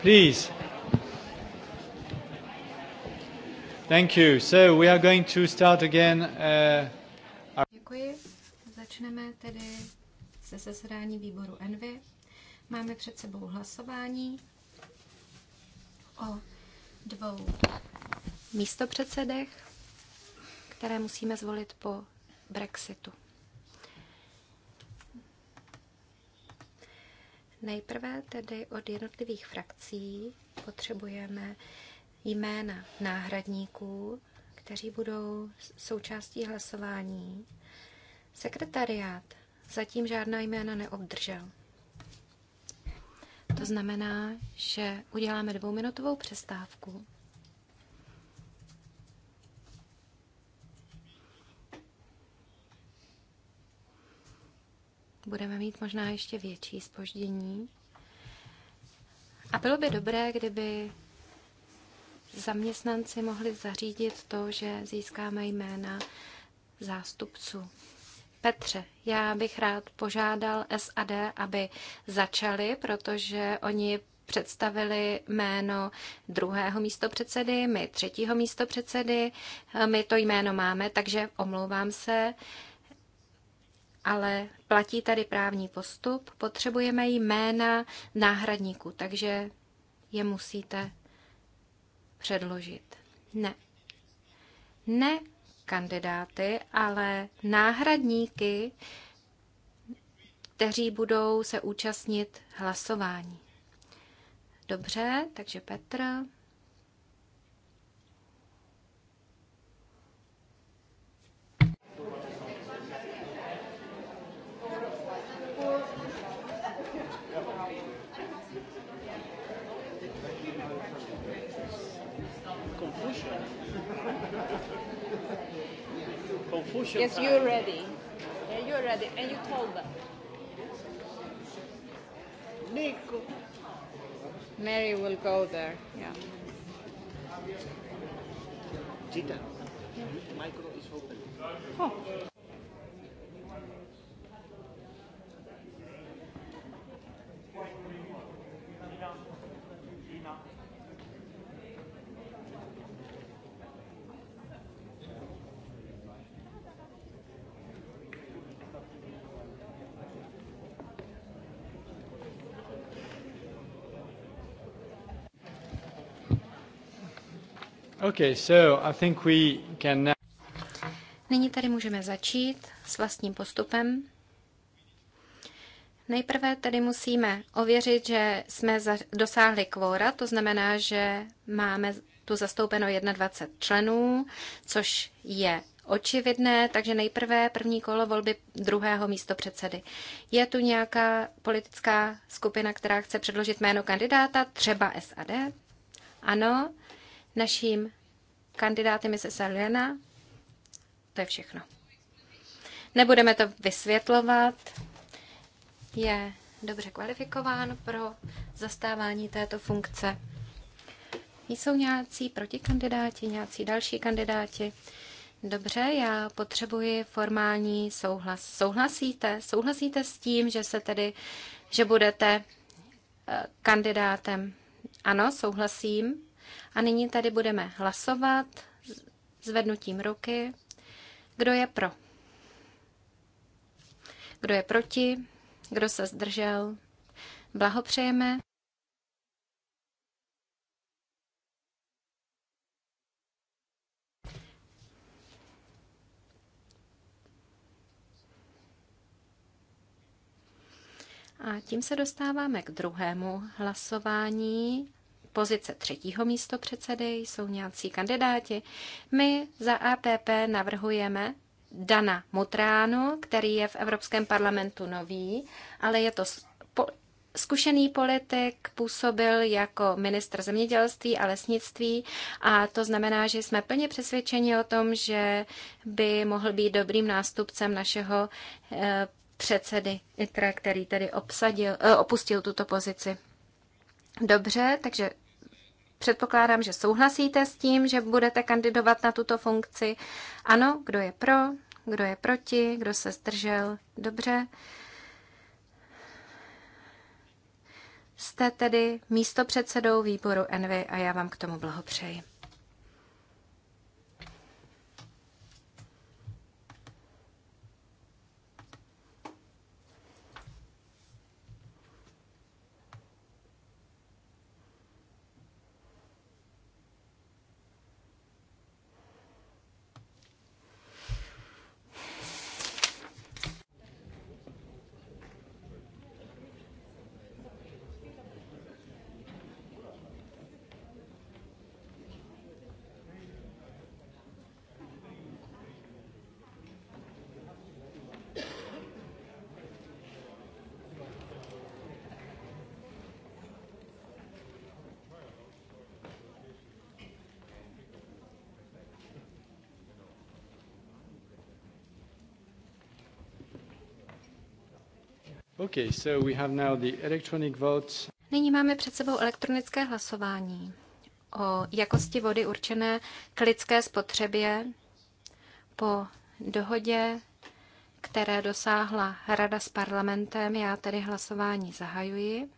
Please. Thank you. So we are going to start again. Uh, our... Děkuji. Začneme tedy se zasedání výboru Envy. Máme před sebou hlasování o dvou místopředsedech, které musíme zvolit po Brexitu. Nejprve tedy od jednotlivých frakcí potřebujeme jména náhradníků, kteří budou součástí hlasování. Sekretariát zatím žádná jména neobdržel. To znamená, že uděláme dvouminutovou přestávku. budeme mít možná ještě větší spoždění. A bylo by dobré, kdyby zaměstnanci mohli zařídit to, že získáme jména zástupců. Petře, já bych rád požádal SAD, aby začali, protože oni představili jméno druhého místopředsedy, my třetího místopředsedy, my to jméno máme, takže omlouvám se ale platí tady právní postup, potřebujeme jména náhradníků, takže je musíte předložit. Ne. Ne kandidáty, ale náhradníky, kteří budou se účastnit hlasování. Dobře, takže Petr. crucial Yes, time. you're ready. Yeah, you're ready. And you told them. Nico. Mary will go there. Yeah. Tita, mm-hmm. micro is open. Oh. Okay, so I think we can... Nyní tady můžeme začít s vlastním postupem. Nejprve tedy musíme ověřit, že jsme dosáhli kvóra, to znamená, že máme tu zastoupeno 21 členů, což je očividné, takže nejprve první kolo volby druhého místo předsedy. Je tu nějaká politická skupina, která chce předložit jméno kandidáta, třeba SAD? Ano, naším kandidáty Mise Arlena. To je všechno. Nebudeme to vysvětlovat. Je dobře kvalifikován pro zastávání této funkce. Jsou nějací protikandidáti, nějací další kandidáti? Dobře, já potřebuji formální souhlas. Souhlasíte? Souhlasíte s tím, že se tedy, že budete eh, kandidátem? Ano, souhlasím. A nyní tady budeme hlasovat zvednutím ruky. Kdo je pro? Kdo je proti? Kdo se zdržel? Blahopřejeme. A tím se dostáváme k druhému hlasování pozice třetího místo předsedy, jsou nějací kandidáti. My za APP navrhujeme Dana Mutránu, který je v Evropském parlamentu nový, ale je to zkušený politik, působil jako ministr zemědělství a lesnictví a to znamená, že jsme plně přesvědčeni o tom, že by mohl být dobrým nástupcem našeho eh, předsedy ITRA, který tedy obsadil, eh, opustil tuto pozici. Dobře, takže předpokládám, že souhlasíte s tím, že budete kandidovat na tuto funkci. Ano, kdo je pro, kdo je proti, kdo se zdržel. Dobře. Jste tedy místo výboru NV a já vám k tomu blahopřeji. Okay, so we have now the electronic Nyní máme před sebou elektronické hlasování o jakosti vody určené k lidské spotřebě po dohodě, které dosáhla Rada s parlamentem. Já tedy hlasování zahajuji.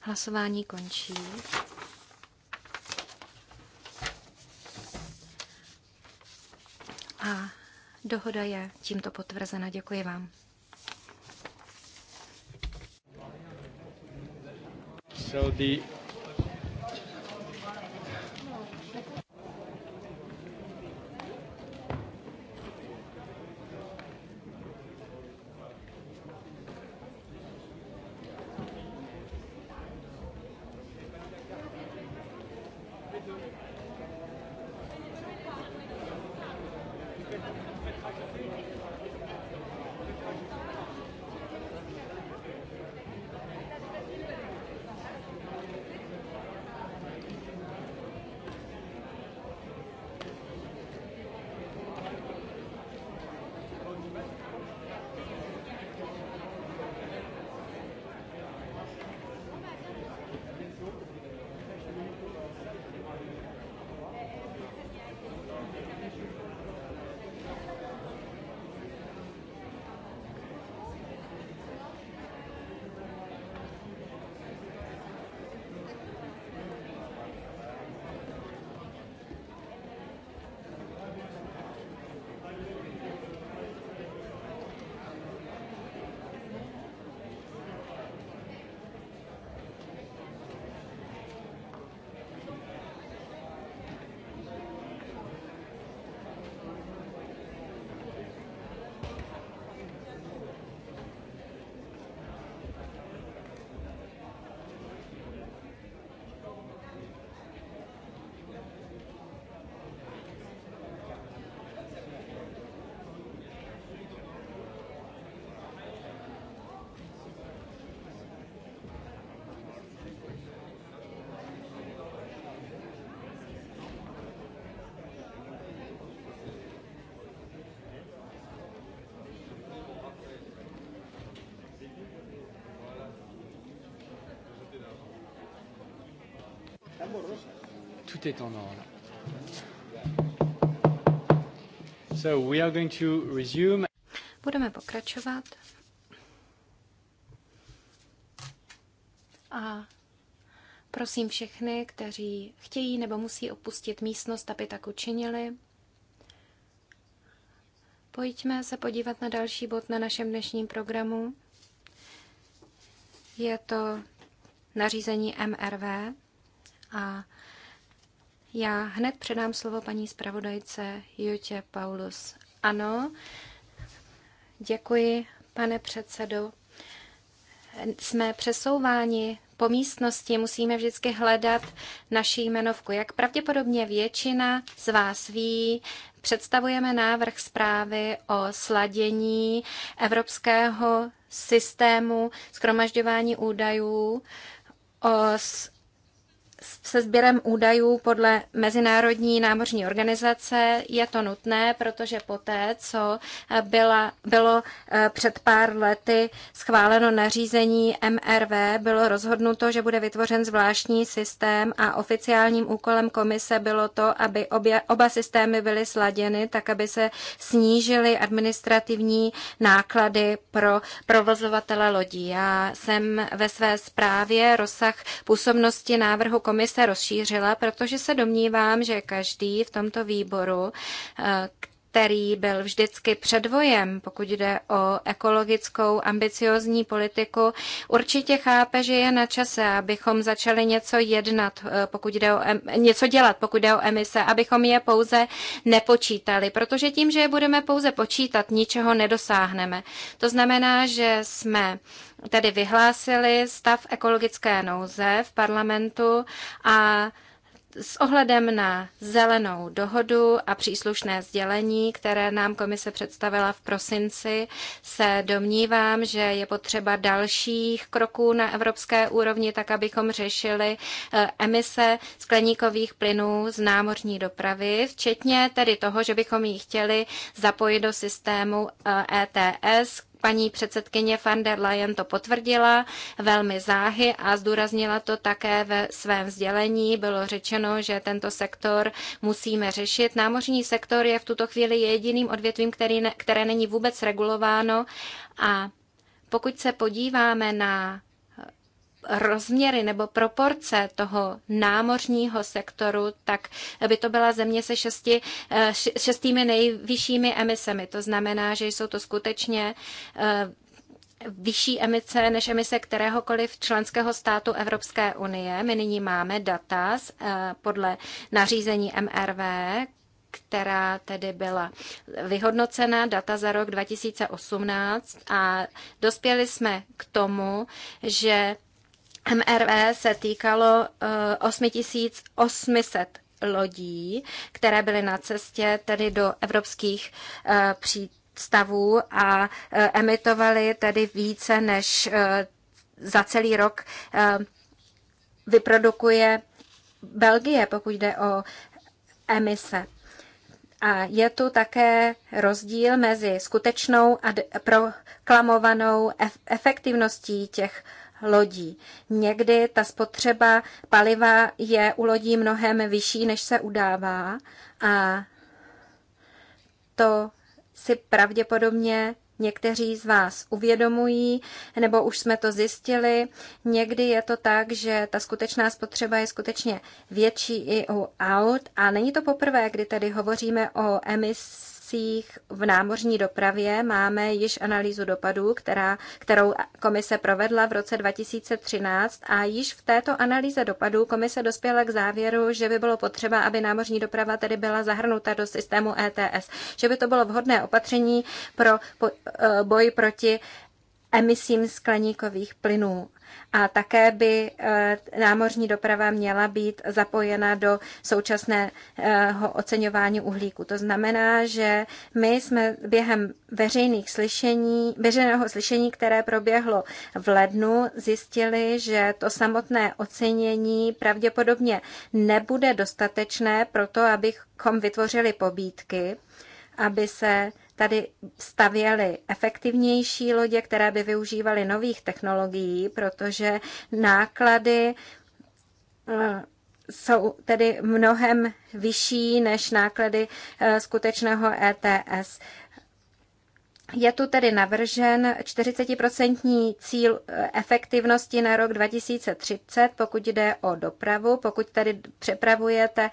Hlasování končí. A dohoda je tímto potvrzena. Děkuji vám. So the Tout est en ordre. So we are going to resume. Budeme pokračovat. A prosím všechny, kteří chtějí nebo musí opustit místnost, aby tak učinili. Pojďme se podívat na další bod na našem dnešním programu. Je to nařízení MRV a já hned předám slovo paní zpravodajce Jutě Paulus. Ano, děkuji, pane předsedo. Jsme přesouváni po místnosti musíme vždycky hledat naši jmenovku. Jak pravděpodobně většina z vás ví, představujeme návrh zprávy o sladění evropského systému schromažďování údajů o, se sběrem údajů podle Mezinárodní námořní organizace je to nutné, protože poté, co eh, byla, bylo eh, před pár lety schváleno nařízení MRV, bylo rozhodnuto, že bude vytvořen zvláštní systém a oficiálním úkolem komise bylo to, aby obě, oba systémy byly sladěny, tak aby se snížily administrativní náklady pro provozovatele lodí. Já jsem ve své zprávě rozsah působnosti návrhu komise komise rozšířila, protože se domnívám, že každý v tomto výboru, eh, který byl vždycky předvojem, pokud jde o ekologickou ambiciozní politiku, určitě chápe, že je na čase, abychom začali něco jednat, eh, pokud jde o něco dělat, pokud jde o emise, abychom je pouze nepočítali, protože tím, že je budeme pouze počítat, ničeho nedosáhneme. To znamená, že jsme tedy vyhlásili stav ekologické nouze v parlamentu a s ohledem na zelenou dohodu a příslušné sdělení, které nám komise představila v prosinci, se domnívám, že je potřeba dalších kroků na evropské úrovni, tak abychom řešili eh, emise skleníkových plynů z námořní dopravy, včetně tedy toho, že bychom ji chtěli zapojit do systému ETS, eh, e Paní předsedkyně van der Leyen to potvrdila velmi záhy a zdůraznila to také ve svém sdělení. Bylo řečeno, že tento sektor musíme řešit. Námořní sektor je v tuto chvíli jediným odvětvím, který ne, které není vůbec regulováno a pokud se podíváme na rozměry nebo proporce toho námořního sektoru, tak by to byla země se šesti, eh, šestými nejvyššími emisemi. To znamená, že jsou to skutečně eh, vyšší emise než emise kteréhokoliv členského státu Evropské unie. My nyní máme data eh, podle nařízení MRV, která tedy byla vyhodnocena, data za rok 2018 a dospěli jsme k tomu, že MRV se týkalo 8800 eh, lodí, které byly na cestě tedy do evropských eh, přístavů a eh, emitovaly tedy více než za celý rok vyprodukuje Belgie, pokud jde o emise. A je tu také rozdíl mezi skutečnou a proklamovanou efektivností těch lodí. Někdy ta spotřeba paliva je u lodí mnohem vyšší, než se udává a to si pravděpodobně někteří z vás uvědomují, nebo už jsme to zjistili. Někdy je to tak, že ta skutečná spotřeba je skutečně větší i u aut a není to poprvé, kdy tedy hovoříme o emis emisích v námořní dopravě máme již analýzu dopadů, která, kterou komise provedla v roce 2013 a již v této analýze dopadů komise dospěla k závěru, že by bylo potřeba, aby námořní doprava tedy byla zahrnuta do systému ETS, že by to bylo vhodné opatření pro eh, boj proti emisím skleníkových plynů. A také by eh, námořní doprava měla být zapojena do současného oceňování uhlíku. To znamená, že my jsme během veřejných slyšení, veřejného slyšení, které proběhlo v lednu, zjistili, že to samotné ocenění pravděpodobně nebude dostatečné pro to, abychom vytvořili pobídky aby se tady stavěly efektivnější lodě, které by využívaly nových technologií, protože náklady eh, jsou tedy mnohem vyšší než náklady eh, skutečného ETS. Je tu tedy navržen 40% cíl eh, efektivnosti na rok 2030, pokud jde o dopravu. Pokud tady přepravujete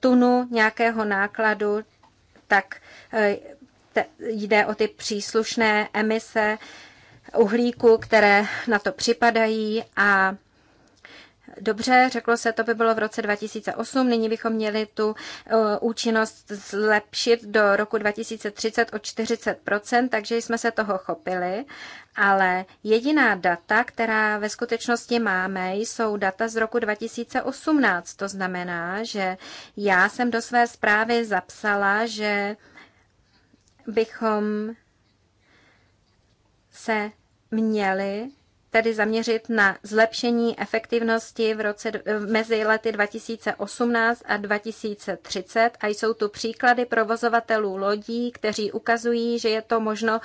tunu nějakého nákladu, tak eh, jde o ty příslušné emise uhlíku, které na to připadají a dobře, řeklo se, to by bylo v roce 2008, nyní bychom měli tu eh, účinnost zlepšit do roku 2030 o 40%, takže jsme se toho chopili, ale jediná data, která ve skutečnosti máme, jsou data z roku 2018. To znamená, že já jsem do své zprávy zapsala, že bychom se měli tedy zaměřit na zlepšení efektivnosti v roce, eh, mezi lety 2018 a 2030 a jsou tu příklady provozovatelů lodí, kteří ukazují, že je to možno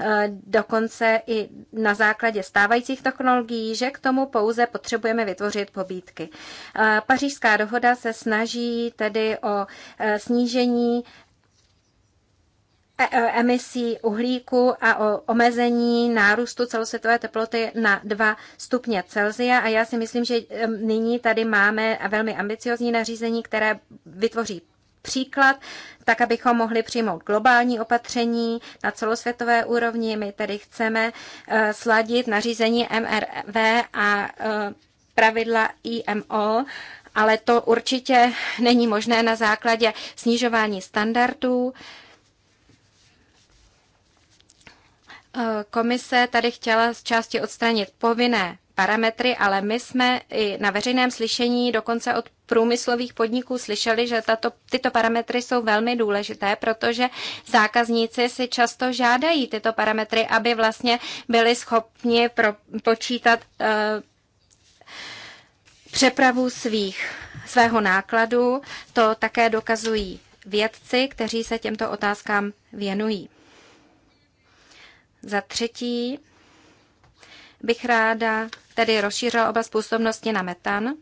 eh, dokonce i na základě stávajících technologií, že k tomu pouze potřebujeme vytvořit pobídky. Eh, Pařížská dohoda se snaží tedy o snížení E, e, emisí uhlíku a o omezení nárůstu celosvětové teploty na 2 stupně Celsia. A já si myslím, že nyní tady máme velmi ambiciozní nařízení, které vytvoří příklad, tak abychom mohli přijmout globální opatření na celosvětové úrovni. My tedy chceme e, sladit nařízení MRV a pravidla IMO ale to určitě není možné na základě snižování standardů. Eh, komise tady chtěla z části odstranit povinné parametry, ale my jsme i na veřejném slyšení dokonce od průmyslových podniků slyšeli, že tato, tyto parametry jsou velmi důležité, protože zákazníci si často žádají tyto parametry, aby vlastně byli schopni pro, počítat uh, přepravu svých, svého nákladu. To také dokazují vědci, kteří se těmto otázkám věnují. Za třetí bych ráda tedy rozšířila oblast působnosti na metan.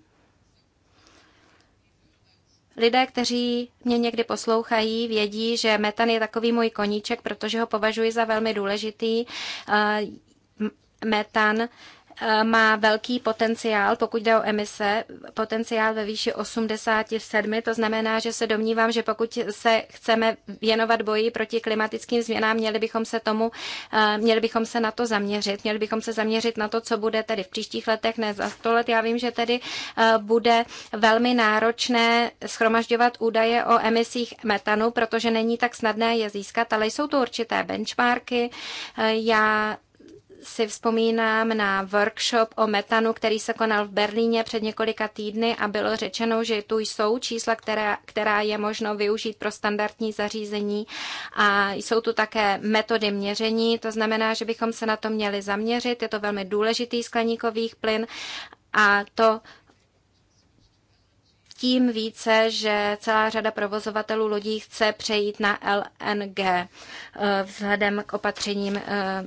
Lidé, kteří mě někdy poslouchají, vědí, že metan je takový můj koníček, protože ho považuji za velmi důležitý. Eh, metan Eh, má velký potenciál, pokud jde o emise, potenciál ve výši 87, to znamená, že se domnívám, že pokud se chceme věnovat boji proti klimatickým změnám, měli bychom se tomu, eh, měli bychom se na to zaměřit, měli bychom se zaměřit na to, co bude tedy v příštích letech, ne za 100 let. Já vím, že tedy eh, bude velmi náročné schromažďovat údaje o emisích metanu, protože není tak snadné je získat, ale jsou tu určité benchmarky. Já si vzpomínám na workshop o metanu, který se konal v Berlíně před několika týdny a bylo řečeno, že tu jsou čísla, která, která je možno využít pro standardní zařízení a jsou tu také metody měření, to znamená, že bychom se na to měli zaměřit. Je to velmi důležitý skleníkový plyn a to tím více, že celá řada provozovatelů lodí chce přejít na LNG eh, vzhledem k opatřením eh,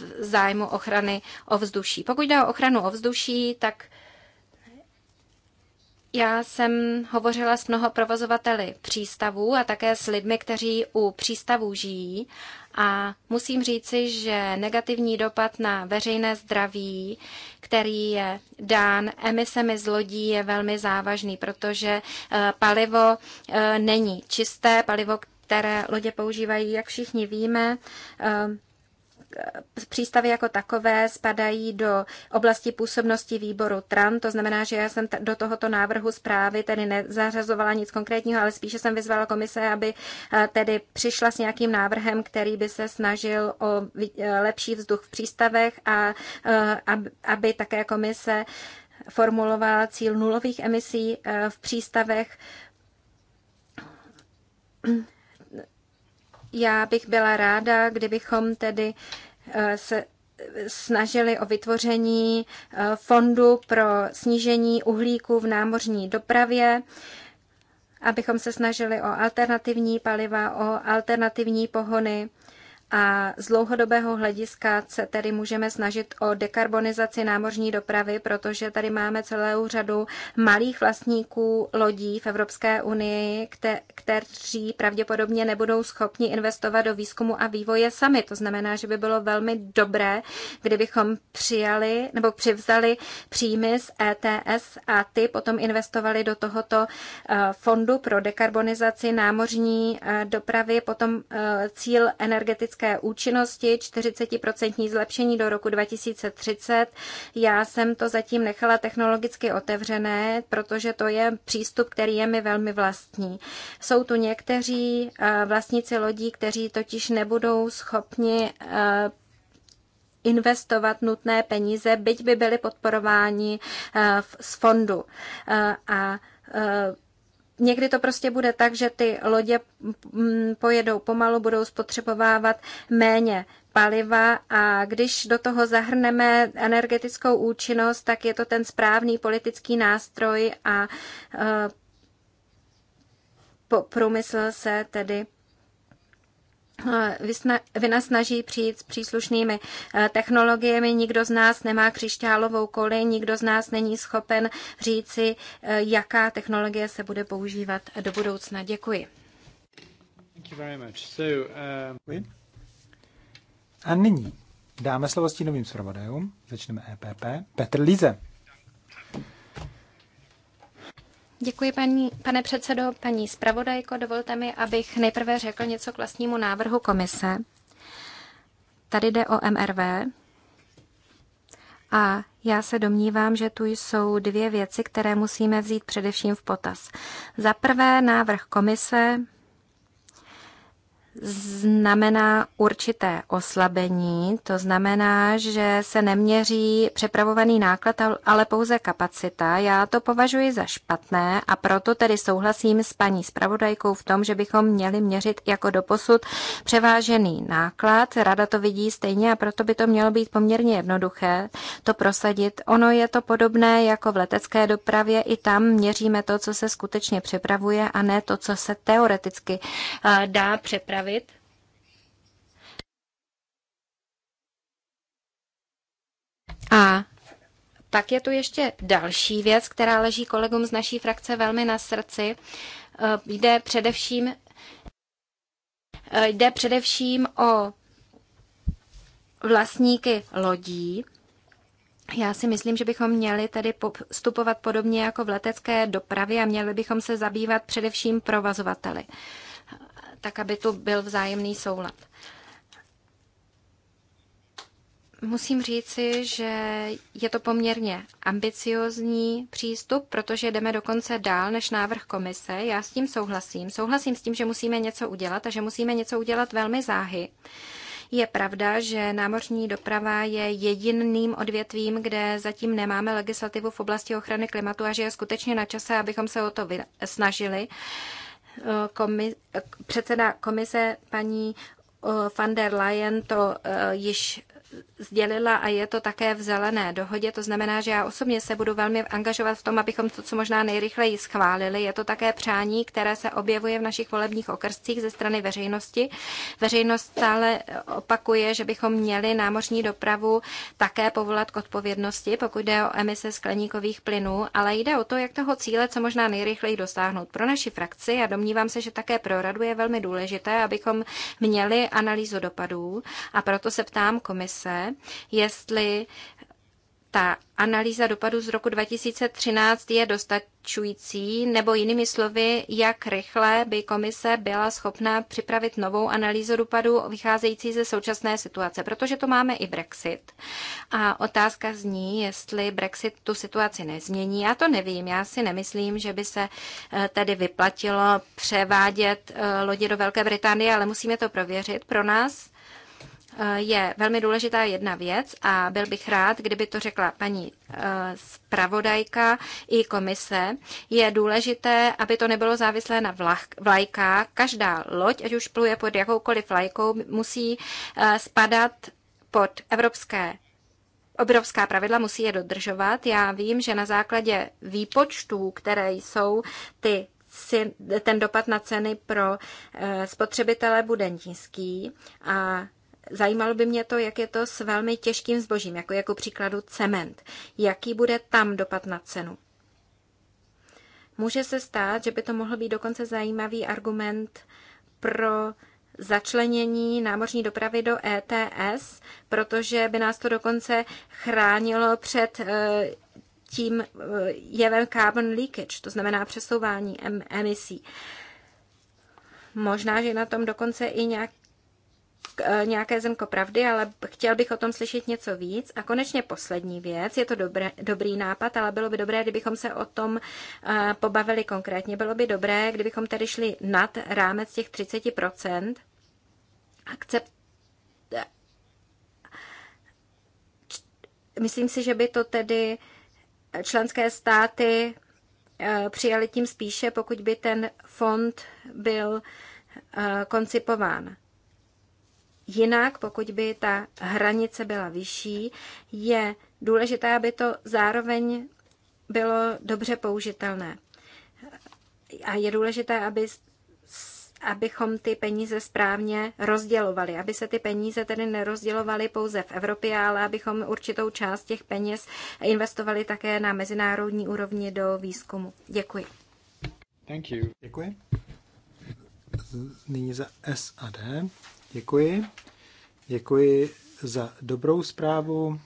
v zájmu ochrany ovzduší. Pokud jde o ochranu ovzduší, tak já jsem hovořila s mnoho provozovateli přístavů a také s lidmi, kteří u přístavů žijí a musím říci, že negativní dopad na veřejné zdraví, který je dán emisemi z lodí, je velmi závažný, protože eh, palivo eh, není čisté, palivo, které lodě používají, jak všichni víme, eh, Eh, přístavy jako takové spadají do oblasti působnosti výboru TRAN, to znamená, že já jsem do tohoto návrhu zprávy tedy nezařazovala nic konkrétního, ale spíše jsem vyzvala komise, aby eh, tedy přišla s nějakým návrhem, který by se snažil o eh, lepší vzduch v přístavech a aby také komise formulovala cíl nulových emisí v přístavech já bych byla ráda, kdybychom tedy e, se snažili o vytvoření e, fondu pro snížení uhlíku v námořní dopravě, abychom se snažili o alternativní paliva, o alternativní pohony a z dlouhodobého hlediska se tedy můžeme snažit o dekarbonizaci námořní dopravy, protože tady máme celou řadu malých vlastníků lodí v Evropské unii, kteří pravděpodobně nebudou schopni investovat do výzkumu a vývoje sami. To znamená, že by bylo velmi dobré, kdybychom přijali nebo přivzali příjmy z ETS a ty potom investovali do tohoto eh, fondu pro dekarbonizaci námořní eh, dopravy, potom eh, cíl energetické energetické účinnosti, 40% zlepšení do roku 2030. Já jsem to zatím nechala technologicky otevřené, protože to je přístup, který je mi velmi vlastní. Jsou tu někteří eh, vlastníci lodí, kteří totiž nebudou schopni eh, investovat nutné peníze, byť by byly podporováni eh, z fondu. A Někdy to prostě bude tak, že ty lodě mm, pojedou pomalu, budou spotřebovávat méně paliva a když do toho zahrneme energetickou účinnost, tak je to ten správný politický nástroj a eh, průmysl se tedy Eh, snaží přijít s příslušnými eh, technologiemi. Nikdo z nás nemá křišťálovou kouli, nikdo z nás není schopen říci, eh, jaká technologie se bude používat do budoucna. Děkuji. Um, A nyní dáme slovo stínovým zpravodajům. Začneme EPP. Petr Líze. Děkuji, paní, pane předsedo, paní zpravodajko. Dovolte mi, abych nejprve řekl něco k vlastnímu návrhu komise. Tady jde o MRV. A já se domnívám, že tu jsou dvě věci, které musíme vzít především v potaz. Za prvé návrh komise znamená určité oslabení, to znamená, že se neměří přepravovaný náklad, ale pouze kapacita. Já to považuji za špatné a proto tedy souhlasím s paní spravodajkou v tom, že bychom měli měřit jako doposud převážený náklad. Rada to vidí stejně a proto by to mělo být poměrně jednoduché to prosadit. Ono je to podobné jako v letecké dopravě, i tam měříme to, co se skutečně přepravuje a ne to, co se teoreticky eh, dá přepravit připravit. A pak je tu ještě další věc, která leží kolegům z naší frakce velmi na srdci. Eh, jde především, eh, jde především o vlastníky lodí. Já si myslím, že bychom měli tedy postupovat podobně jako v letecké dopravě a měli bychom se zabývat především provazovateli tak aby tu byl vzájemný soulad. Musím říci, že je to poměrně ambiciozní přístup, protože jdeme dokonce dál než návrh komise. Já s tím souhlasím. Souhlasím s tím, že musíme něco udělat a že musíme něco udělat velmi záhy. Je pravda, že námořní doprava je jediným odvětvím, kde zatím nemáme legislativu v oblasti ochrany klimatu a že je skutečně na čase, abychom se o to snažili komi- eh, předseda komise paní eh, van der Leyen to eh, již sdělila a je to také v zelené dohodě. To znamená, že já osobně se budu velmi angažovat v tom, abychom to co možná nejrychleji schválili. Je to také přání, které se objevuje v našich volebních okrscích ze strany veřejnosti. Veřejnost stále opakuje, že bychom měli námořní dopravu také povolat k odpovědnosti, pokud jde o emise skleníkových plynů, ale jde o to, jak toho cíle co možná nejrychleji dosáhnout. Pro naši frakci a domnívám se, že také pro radu je velmi důležité, abychom měli analýzu dopadů a proto se ptám komise, se, jestli ta analýza dopadu z roku 2013 je dostačující, nebo jinými slovy, jak rychle by komise byla schopna připravit novou analýzu dopadu vycházející ze současné situace, protože to máme i Brexit. A otázka zní, jestli Brexit tu situaci nezmění. Já to nevím, já si nemyslím, že by se eh, tedy vyplatilo převádět eh, lodě do Velké Británie, ale musíme to prověřit. Pro nás Eh, je velmi důležitá jedna věc a byl bych rád, kdyby to řekla paní eh, zpravodajka i komise. Je důležité, aby to nebylo závislé na vlajkách. Každá loď, ať už pluje pod jakoukoliv vlajkou, musí eh, spadat pod evropské Obrovská pravidla musí je dodržovat. Já vím, že na základě výpočtů, které jsou ty ten dopad na ceny pro spotřebitele bude nízký a zajímalo by mě to, jak je to s velmi těžkým zbožím, jako jako příkladu cement. Jaký bude tam dopad na cenu? Může se stát, že by to mohl být dokonce zajímavý argument pro začlenění námořní dopravy do ETS, protože by nás to dokonce chránilo před eh, tím eh, jevem carbon leakage, to znamená přesouvání emisí. Možná, že na tom dokonce i nějak Eh, nějaké zrnko pravdy, ale chtěl bych o tom slyšet něco víc. A konečně poslední věc, je to dobré, dobrý nápad, ale bylo by dobré, kdybychom se o tom eh, pobavili konkrétně. Bylo by dobré, kdybychom tedy šli nad rámec těch 30% akcept, eh, myslím si, že by to tedy členské státy přijali tím spíše, pokud by ten fond byl koncipován jinak, pokud by ta hranice byla vyšší, je důležité, aby to zároveň bylo dobře použitelné. A je důležité, aby abychom ty peníze správně rozdělovali, aby se ty peníze tedy nerozdělovaly pouze v Evropě, ale abychom určitou část těch peněz investovali také na mezinárodní úrovni do výzkumu. Děkuji. Thank you. Děkuji. Nyní za SAD. Děkuji. Děkuji za dobrou zprávu.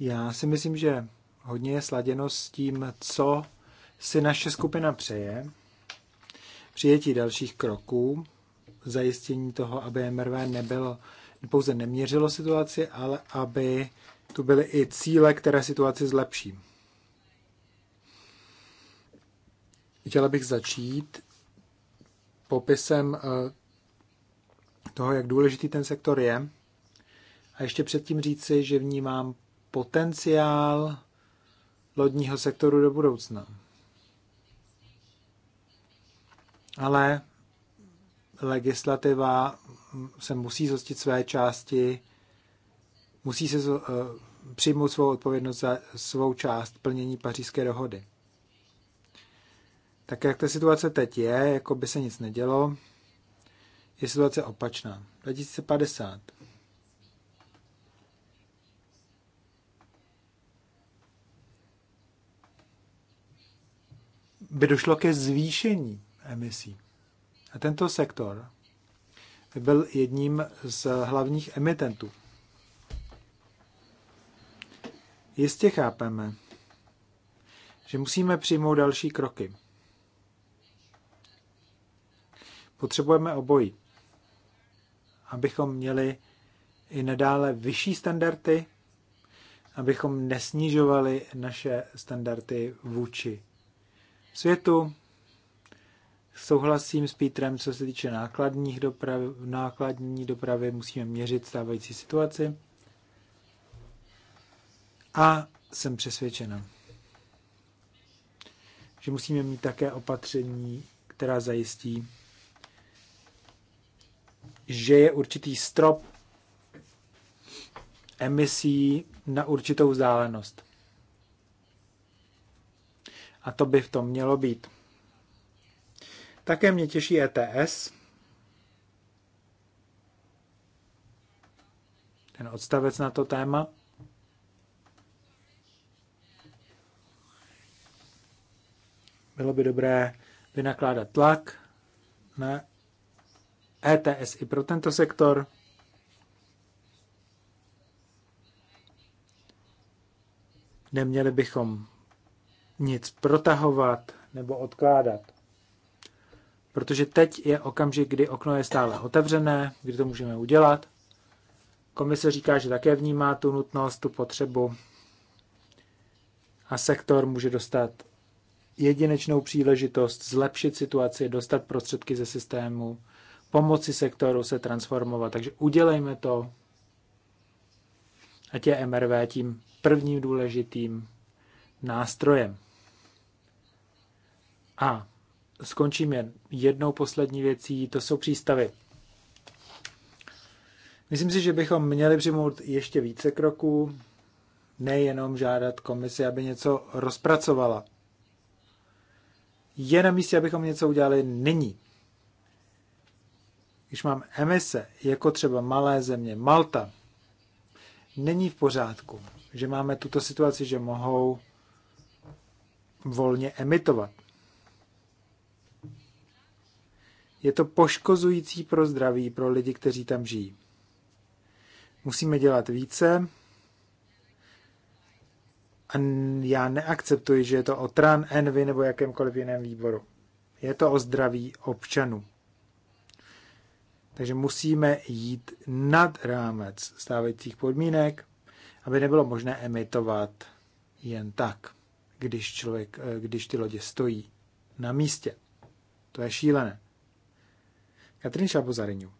Já si myslím, že hodně je sladěno s tím, co si naše skupina přeje. Přijetí dalších kroků, zajištění toho, aby MRV nebylo, pouze neměřilo situaci, ale aby tu byly i cíle, které situaci zlepší. Chtěla bych začít popisem eh, toho, jak důležitý ten sektor je. A ještě předtím říci, že vnímám potenciál lodního sektoru do budoucna. Ale legislativa se musí zhostit své části, musí se eh, přijmout svou odpovědnost za svou část plnění pařížské dohody. Tak jak ta situace teď je, jako by se nic nedělo, je situace opačná. 2050. by došlo ke zvýšení emisí. A tento sektor by byl jedním z hlavních emitentů. Jistě chápeme, že musíme přijmout další kroky. Potřebujeme obojí, abychom měli i nadále vyšší standardy, abychom nesnižovali naše standardy vůči světu. Souhlasím s Pítrem, co se týče nákladních doprav, nákladní dopravy, musíme měřit stávající situaci. A jsem přesvědčena, že musíme mít také opatření, která zajistí že je určitý strop emisí na určitou vzdálenost. A to by v tom mělo být. Také mě těší ETS. Ten odstavec na to téma. Bylo by dobré vynakládat tlak na ETS i pro tento sektor. Neměli bychom nic protahovat nebo odkládat. Protože teď je okamžik, kdy okno je stále otevřené, kdy to můžeme udělat. Komise říká, že také vnímá tu nutnost, tu potřebu a sektor může dostat jedinečnou příležitost zlepšit situaci, dostat prostředky ze systému pomoci sektoru se transformovat. Takže udělejme to. Ať je MRV tím prvním důležitým nástrojem. A skončím jen jednou poslední věcí, to jsou přístavy. Myslím si, že bychom měli přijmout ještě více kroků, nejenom žádat komisi, aby něco rozpracovala. Je na místě, abychom něco udělali nyní když mám emise, jako třeba malé země, Malta, není v pořádku, že máme tuto situaci, že mohou volně emitovat. Je to poškozující pro zdraví, pro lidi, kteří tam žijí. Musíme dělat více. A já neakceptuji, že je to o TRAN, ENVY nebo jakémkoliv jiném výboru. Je to o zdraví občanů. Takže musíme jít nad rámec stávajících podmínek, aby nebylo možné emitovat jen tak, když, člověk, eh, když ty lodě stojí na místě. To je šílené. Katrin Šabozariňu.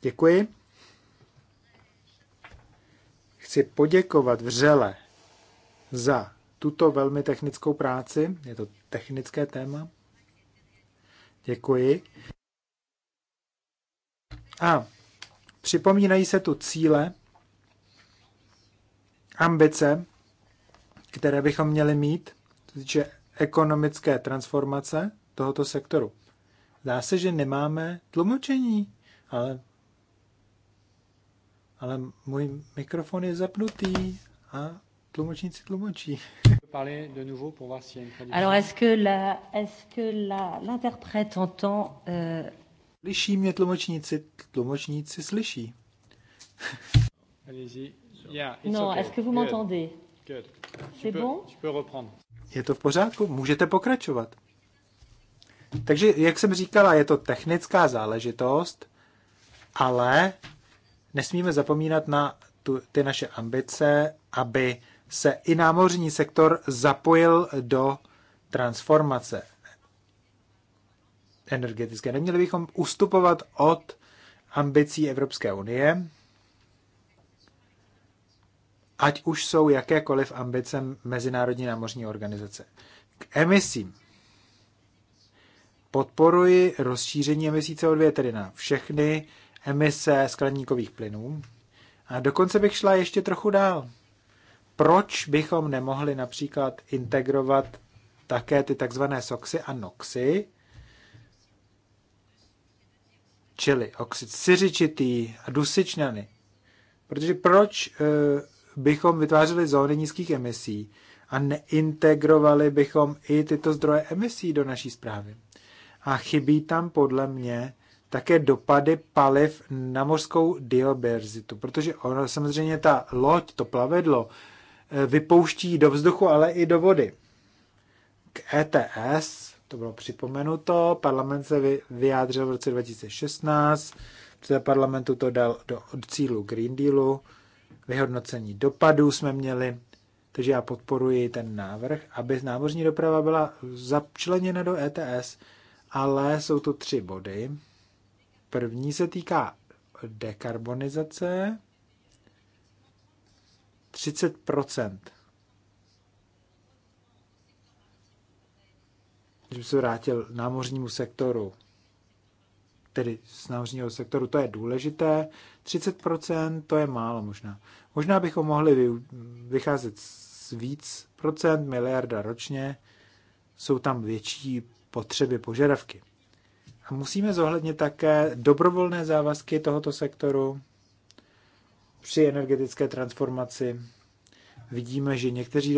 Děkuji. Chci poděkovat vřele za tuto velmi technickou práci. Je to technické téma. Děkuji. A připomínají se tu cíle, ambice, které bychom měli mít, týče ekonomické transformace tohoto sektoru. Zdá se, že nemáme tlumočení, ale, ale můj mikrofon je zapnutý a tlumočníci tlumočí. Alors, est-ce que l'interprète la, est entend euh, Slyší mě tlumočníci, tlumočníci slyší. no, est-ce que vous m'entendez? C'est bon? Je to v pořádku, můžete pokračovat. Takže, jak jsem říkala, je to technická záležitost, ale nesmíme zapomínat na tu, ty naše ambice, aby se i námořní sektor zapojil do transformace energetické. Neměli bychom ustupovat od ambicí Evropské unie, ať už jsou jakékoliv ambice Mezinárodní námořní organizace. K emisím. Podporuji rozšíření emisí CO2, tedy na všechny emise skleníkových plynů. A dokonce bych šla ještě trochu dál. Proč bychom nemohli například integrovat také ty takzvané soxy a noxy čili oxid siřičitý a dusičnany. Protože proč eh, bychom vytvářeli zóny nízkých emisí a neintegrovali bychom i tyto zdroje emisí do naší zprávy? A chybí tam podle mě také dopady paliv na mořskou dioberzitu, protože ono, samozřejmě ta loď, to e, vypouští do vzduchu, ale i do vody. K ETS to bylo připomenuto, parlament se vyjádřil v roce 2016, Před parlamentu to dal do cílu Green Dealu, vyhodnocení dopadů jsme měli, takže já podporuji ten návrh, aby námořní doprava byla začleněna do ETS, ale jsou to tři body. První se týká dekarbonizace, 30 že se vrátil námořnímu sektoru, tedy z námořního sektoru, to je důležité. 30% to je málo možná. Možná bychom mohli vycházet z víc procent, miliarda ročně, jsou tam větší potřeby, požadavky. A musíme zohlednit také dobrovolné závazky tohoto sektoru při energetické transformaci. Vidíme, že někteří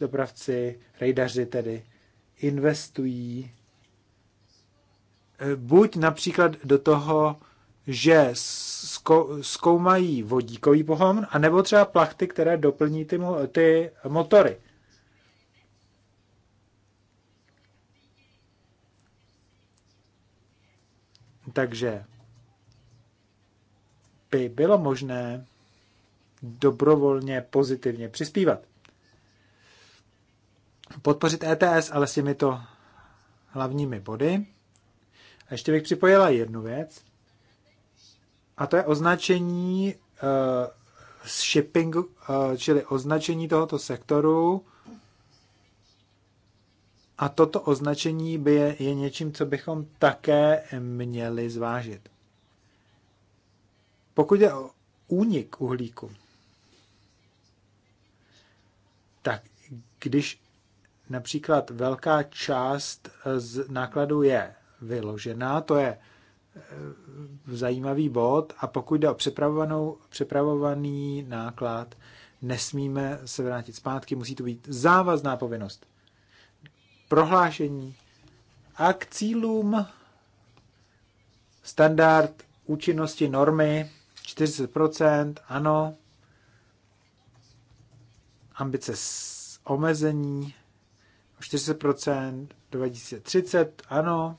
dopravci, rejdaři tedy, investují eh, buď například do toho, že zkoumají vodíkový pohon, anebo třeba plachty, které doplní ty, mo ty motory. Takže by bylo možné dobrovolně pozitivně přispívat podpořit ETS, ale s těmito hlavními body. A ještě bych připojila jednu věc, a to je označení uh, shipping, uh, čili označení tohoto sektoru. A toto označení by je, je něčím, co bychom také měli zvážit. Pokud je o únik uhlíku, tak když Například velká část eh, z nákladu je vyložená, to je eh, zajímavý bod a pokud jde o přepravovanou, přepravovaný náklad, nesmíme se vrátit zpátky, musí to být závazná povinnost. Prohlášení a k cílům standard účinnosti normy 40%, ano, ambice s omezení 2030, ano.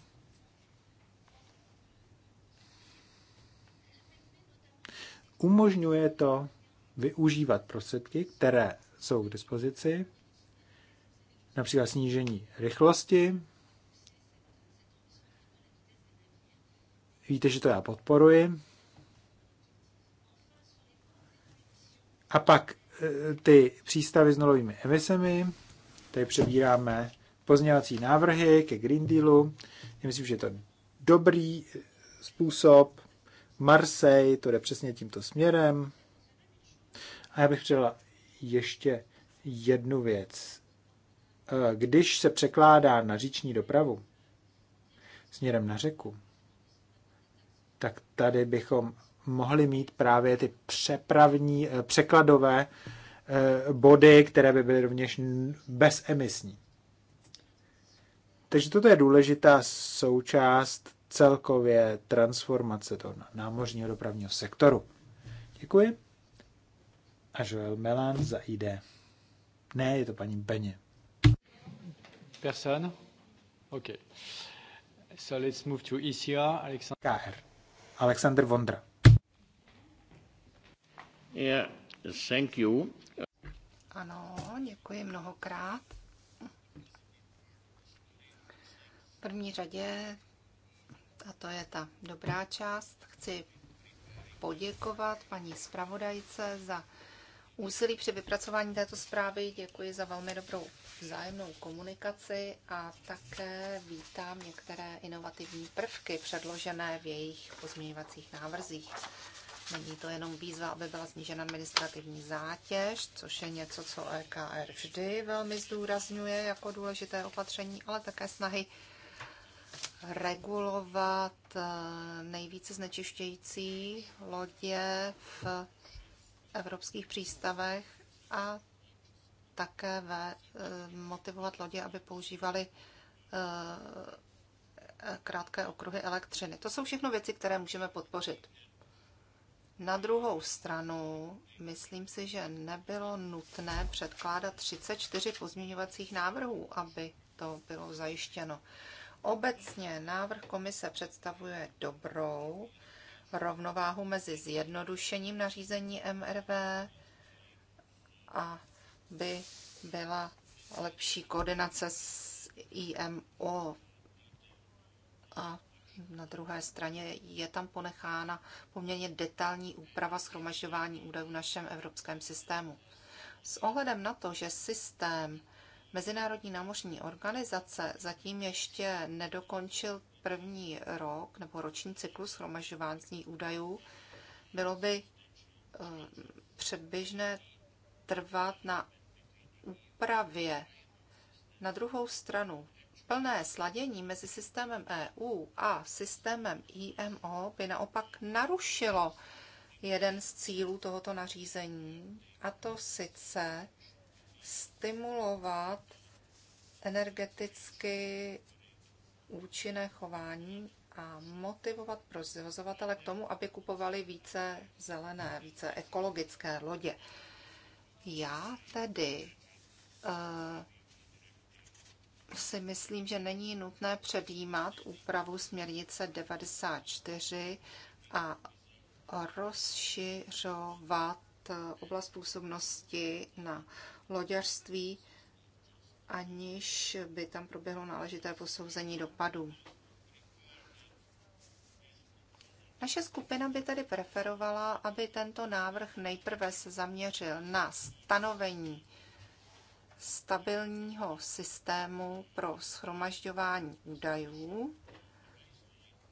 Umožňuje to využívat prostředky, které jsou k dispozici, například snížení rychlosti. Víte, že to já podporuji. A pak eh, ty přístavy s nulovými emisemi. Tady přebíráme pozměňovací návrhy ke Green Dealu. Já myslím, že je to dobrý způsob. Marseille to jde přesně tímto směrem. A já bych přidala ještě jednu věc. E, když se překládá na říční dopravu směrem na řeku, tak tady bychom mohli mít právě ty přepravní, e, překladové Eh, body, které by byly rovněž bezemisní. Takže toto je důležitá součást celkově transformace toho námořního dopravního sektoru. Děkuji. A Joel Melan za ID. Ne, je to paní Beně. Person? OK. So let's move to ICA. E Alexander, KR. Alexander Vondra. Yeah, thank you. Ano, děkuji mnohokrát. V první řadě, a to je ta dobrá část, chci poděkovat paní zpravodajce za úsilí při vypracování této zprávy. Děkuji za velmi dobrou vzájemnou komunikaci a také vítám některé inovativní prvky předložené v jejich pozměňovacích návrzích. Není to jenom výzva, aby byla snížena administrativní zátěž, což je něco, co EKR vždy velmi zdůrazňuje jako důležité opatření, ale také snahy regulovat eh, nejvíce znečišťující lodě v evropských přístavech a také ve, eh, motivovat lodě, aby používali eh, krátké okruhy elektřiny. To jsou všechno věci, které můžeme podpořit. Na druhou stranu, myslím si, že nebylo nutné předkládat 34 pozměňovacích návrhů, aby to bylo zajištěno. Obecně návrh komise představuje dobrou rovnováhu mezi zjednodušením nařízení MRV a by byla lepší koordinace s IMO. A na druhé straně je tam ponechána poměrně detailní úprava schromažďování údajů v našem evropském systému. S ohledem na to, že systém Mezinárodní námořní organizace zatím ještě nedokončil první rok nebo roční cyklus schromažďování údajů, bylo by eh, předběžné trvat na úpravě. Na druhou stranu, Plné sladění mezi systémem EU a systémem IMO by naopak narušilo jeden z cílů tohoto nařízení, a to sice stimulovat energeticky účinné chování a motivovat provozovatele k tomu, aby kupovali více zelené, více ekologické lodě. Já tedy uh, si myslím, že není nutné předjímat úpravu směrnice 94 a rozšiřovat oblast působnosti na loďařství, aniž by tam proběhlo náležité posouzení dopadů. Naše skupina by tedy preferovala, aby tento návrh nejprve se zaměřil na stanovení stabilního systému pro schromažďování údajů,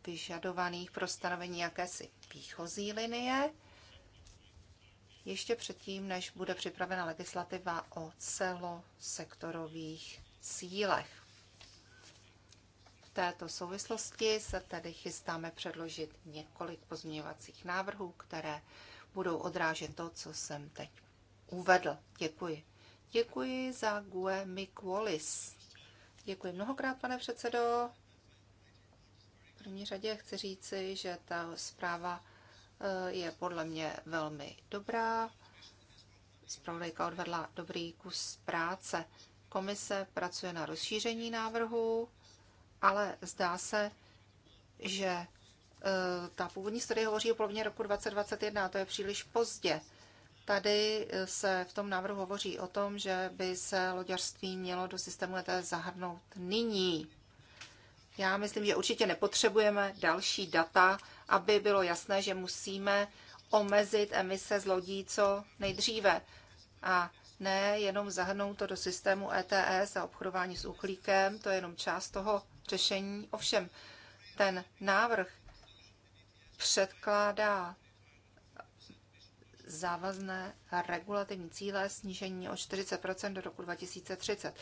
vyžadovaných pro stanovení jakési výchozí linie, ještě předtím, než bude připravena legislativa o celosektorových cílech. V této souvislosti se tedy chystáme předložit několik pozměňovacích návrhů, které budou odrážet to, co jsem teď uvedl. Děkuji. Děkuji za GUE Mick Wallis. Děkuji mnohokrát, pane předsedo. V první řadě chci říci, že ta zpráva eh, je podle mě velmi dobrá. Zpravodajka odvedla dobrý kus práce. Komise pracuje na rozšíření návrhu, ale zdá se, že eh, ta původní studie hovoří o polovině roku 2021 a to je příliš pozdě. Tady eh, se v tom návrhu hovoří o tom, že by se loďařství mělo do systému ETS zahrnout nyní. Já myslím, že určitě nepotřebujeme další data, aby bylo jasné, že musíme omezit emise z lodí co nejdříve. A ne jenom zahrnout to do systému ETS a obchodování s uhlíkem, to je jenom část toho řešení. Ovšem, ten návrh předkládá závazné regulativní cíle snížení o 40 do roku 2030.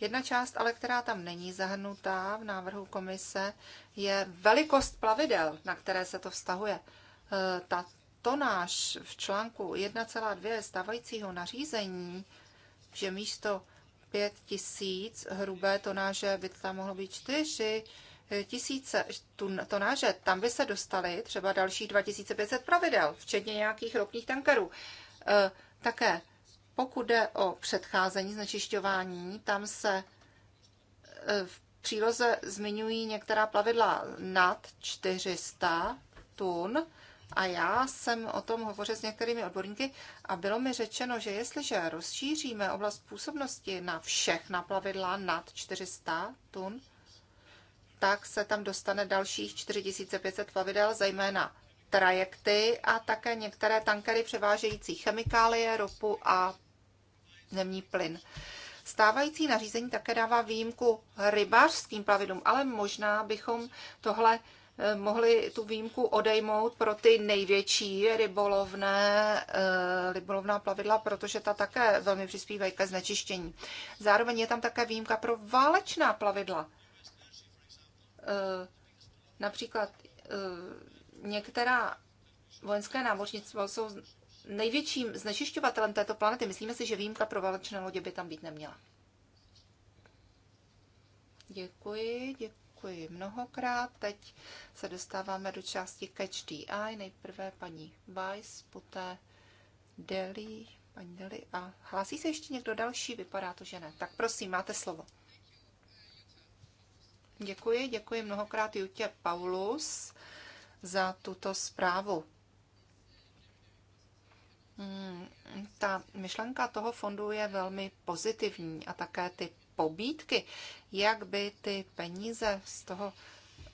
Jedna část, ale která tam není zahrnutá v návrhu komise, je velikost plavidel, na které se to vztahuje. E, ta tonáž v článku 1,2 stávajícího nařízení, že místo 000 hrubé tonáže by tam mohlo být 4 tisíce tonáže, tam by se dostali třeba dalších 2500 pravidel, včetně nějakých ropných tankerů. E, také pokud jde o předcházení znečišťování, tam se e, v příloze zmiňují některá plavidla nad 400 tun a já jsem o tom hovořil s některými odborníky a bylo mi řečeno, že jestliže rozšíříme oblast působnosti na všechna plavidla nad 400 tun, tak se tam dostane dalších 4500 plavidel, zejména trajekty a také některé tankery převážející chemikálie, ropu a zemní plyn. Stávající nařízení také dává výjimku rybářským plavidlům, ale možná bychom tohle eh, mohli tu výjimku odejmout pro ty největší rybolovné, eh, rybolovná plavidla, protože ta také velmi přispívají ke znečištění. Zároveň je tam také výjimka pro válečná plavidla. Eh, například eh, některá vojenské námořnictvo jsou největším znečišťovatelem této planety. Myslíme si, že výjimka pro válečné lodě by tam být neměla. Děkuji, děkuji mnohokrát. Teď se dostáváme do části Catch the Eye. Nejprve paní Weiss, poté Deli, paní Deli. A hlásí se ještě někdo další? Vypadá to, že ne. Tak prosím, máte slovo. Děkuji, děkuji mnohokrát Jutě Paulus za tuto zprávu. Hmm, ta myšlenka toho fondu je velmi pozitivní a také ty pobídky, jak by ty peníze z toho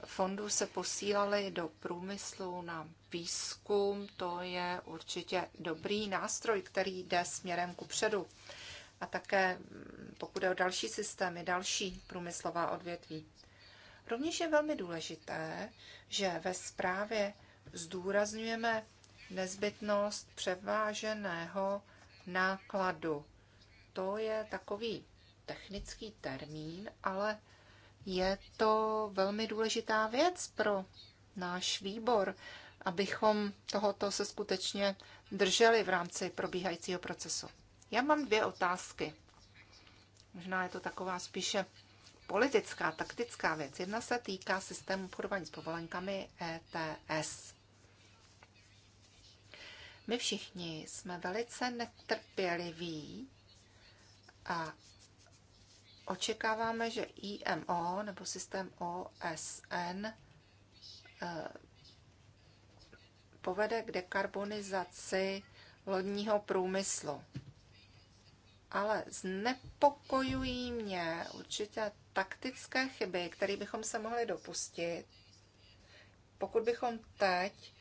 fondu se posílaly do průmyslu na výzkum, to je určitě dobrý nástroj, který jde směrem ku předu. A také hmm, pokud je o další systémy, další průmyslová odvětví. Rovněž je velmi důležité, že ve zprávě zdůrazňujeme nezbytnost převáženého nákladu. To je takový technický termín, ale je to velmi důležitá věc pro náš výbor, abychom tohoto se skutečně drželi v rámci probíhajícího procesu. Já mám dvě otázky. Možná je to taková spíše politická, taktická věc. Jedna se týká systému obchodování s povolenkami ETS. My všichni jsme velice netrpěliví a očekáváme, že IMO nebo systém OSN eh, povede k dekarbonizaci lodního průmyslu. Ale znepokojují mě určité taktické chyby, které bychom se mohli dopustit, pokud bychom teď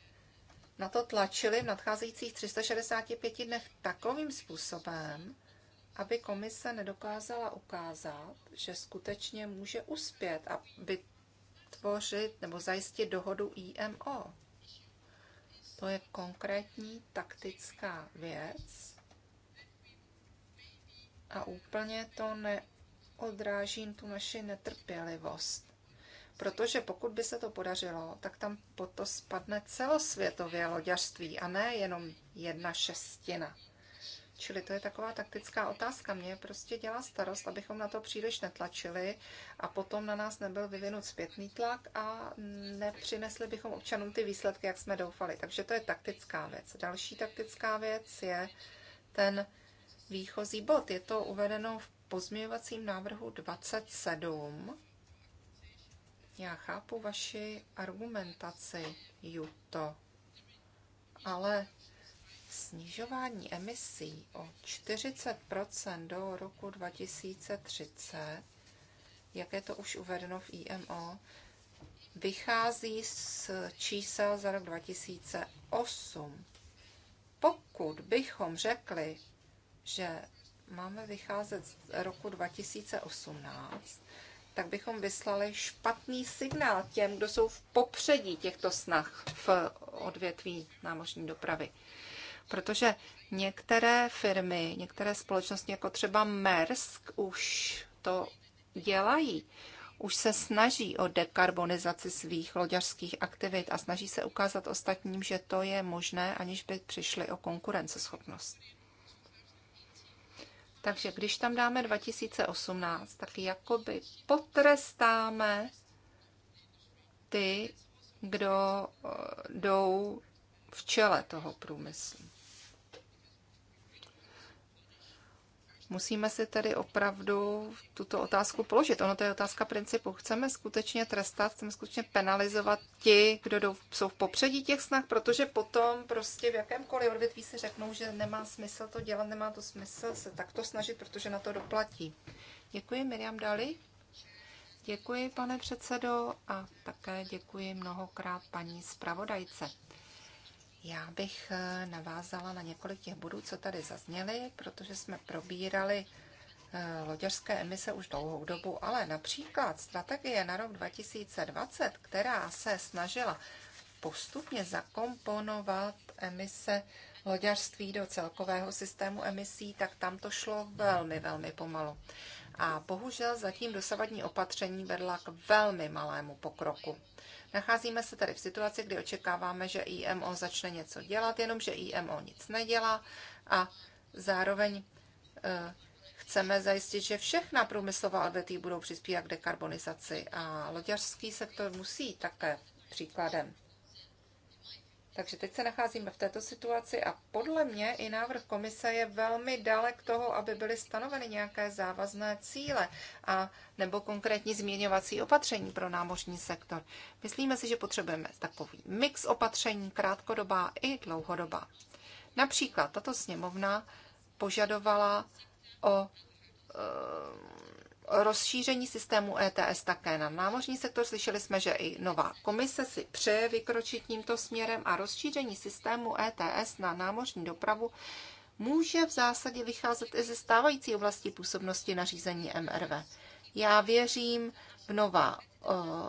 na to tlačili v nadcházejících 365 dnech takovým způsobem, aby komise nedokázala ukázat, že skutečně může uspět a vytvořit nebo zajistit dohodu IMO. To je konkrétní taktická věc a úplně to ne, odráží tu naši netrpělivost. Protože pokud by se to podařilo, tak tam po to spadne celosvětově loďařství a ne jenom jedna šestina. Čili to je taková taktická otázka. Mě prostě dělá starost, abychom na to příliš netlačili a potom na nás nebyl vyvinut zpětný tlak a nepřinesli bychom občanům ty výsledky, jak jsme doufali. Takže to je taktická věc. Další taktická věc je ten výchozí bod. Je to uvedeno v pozměňovacím návrhu 27. Já chápu vaši argumentaci, Juto, ale snižování emisí o 40 do roku 2030, jak je to už uvedeno v IMO, vychází z čísel za rok 2008. Pokud bychom řekli, že máme vycházet z roku 2018, tak bychom vyslali špatný signál těm, kdo jsou v popředí těchto snah v odvětví námořní dopravy. Protože některé firmy, některé společnosti, jako třeba Mersk, už to dělají. Už se snaží o dekarbonizaci svých loďařských aktivit a snaží se ukázat ostatním, že to je možné, aniž by přišli o konkurenceschopnost. Takže když tam dáme 2018, tak jakoby potrestáme ty, kdo eh, jdou v čele toho průmyslu. Musíme si tedy opravdu tuto otázku položit. Ono to je otázka principu. Chceme skutečně trestat, chceme skutečně penalizovat ti, kdo jdou, jsou v popředí těch snah, protože potom prostě v jakémkoliv odvětví si řeknou, že nemá smysl to dělat, nemá to smysl se takto snažit, protože na to doplatí. Děkuji, Miriam Dali. Děkuji, pane předsedo, a také děkuji mnohokrát paní zpravodajce. Já bych eh, navázala na několik těch bodů, co tady zazněly, protože jsme probírali eh, loďařské emise už dlouhou dobu, ale například strategie na rok 2020, která se snažila postupně zakomponovat emise loďařství do celkového systému emisí, tak tam to šlo velmi, velmi pomalu a bohužel zatím dosavadní opatření vedla k velmi malému pokroku. Nacházíme se tady v situaci, kdy očekáváme, že IMO začne něco dělat, jenomže IMO nic nedělá a zároveň e, chceme zajistit, že všechna průmyslová odvětví budou přispívat k dekarbonizaci a loďařský sektor musí také příkladem. Takže teď se nacházíme v této situaci a podle mě i návrh komise je velmi dalek toho, aby byly stanoveny nějaké závazné cíle a nebo konkrétní změňovací opatření pro námořní sektor. Myslíme si, že potřebujeme takový mix opatření, krátkodobá i dlouhodobá. Například tato sněmovna požadovala o rozšíření systému ETS také na námořní sektor. Slyšeli jsme, že i nová komise si přeje vykročit tímto směrem a rozšíření systému ETS na námořní dopravu může v zásadě vycházet i ze stávající oblasti působnosti nařízení MRV. Já věřím v nová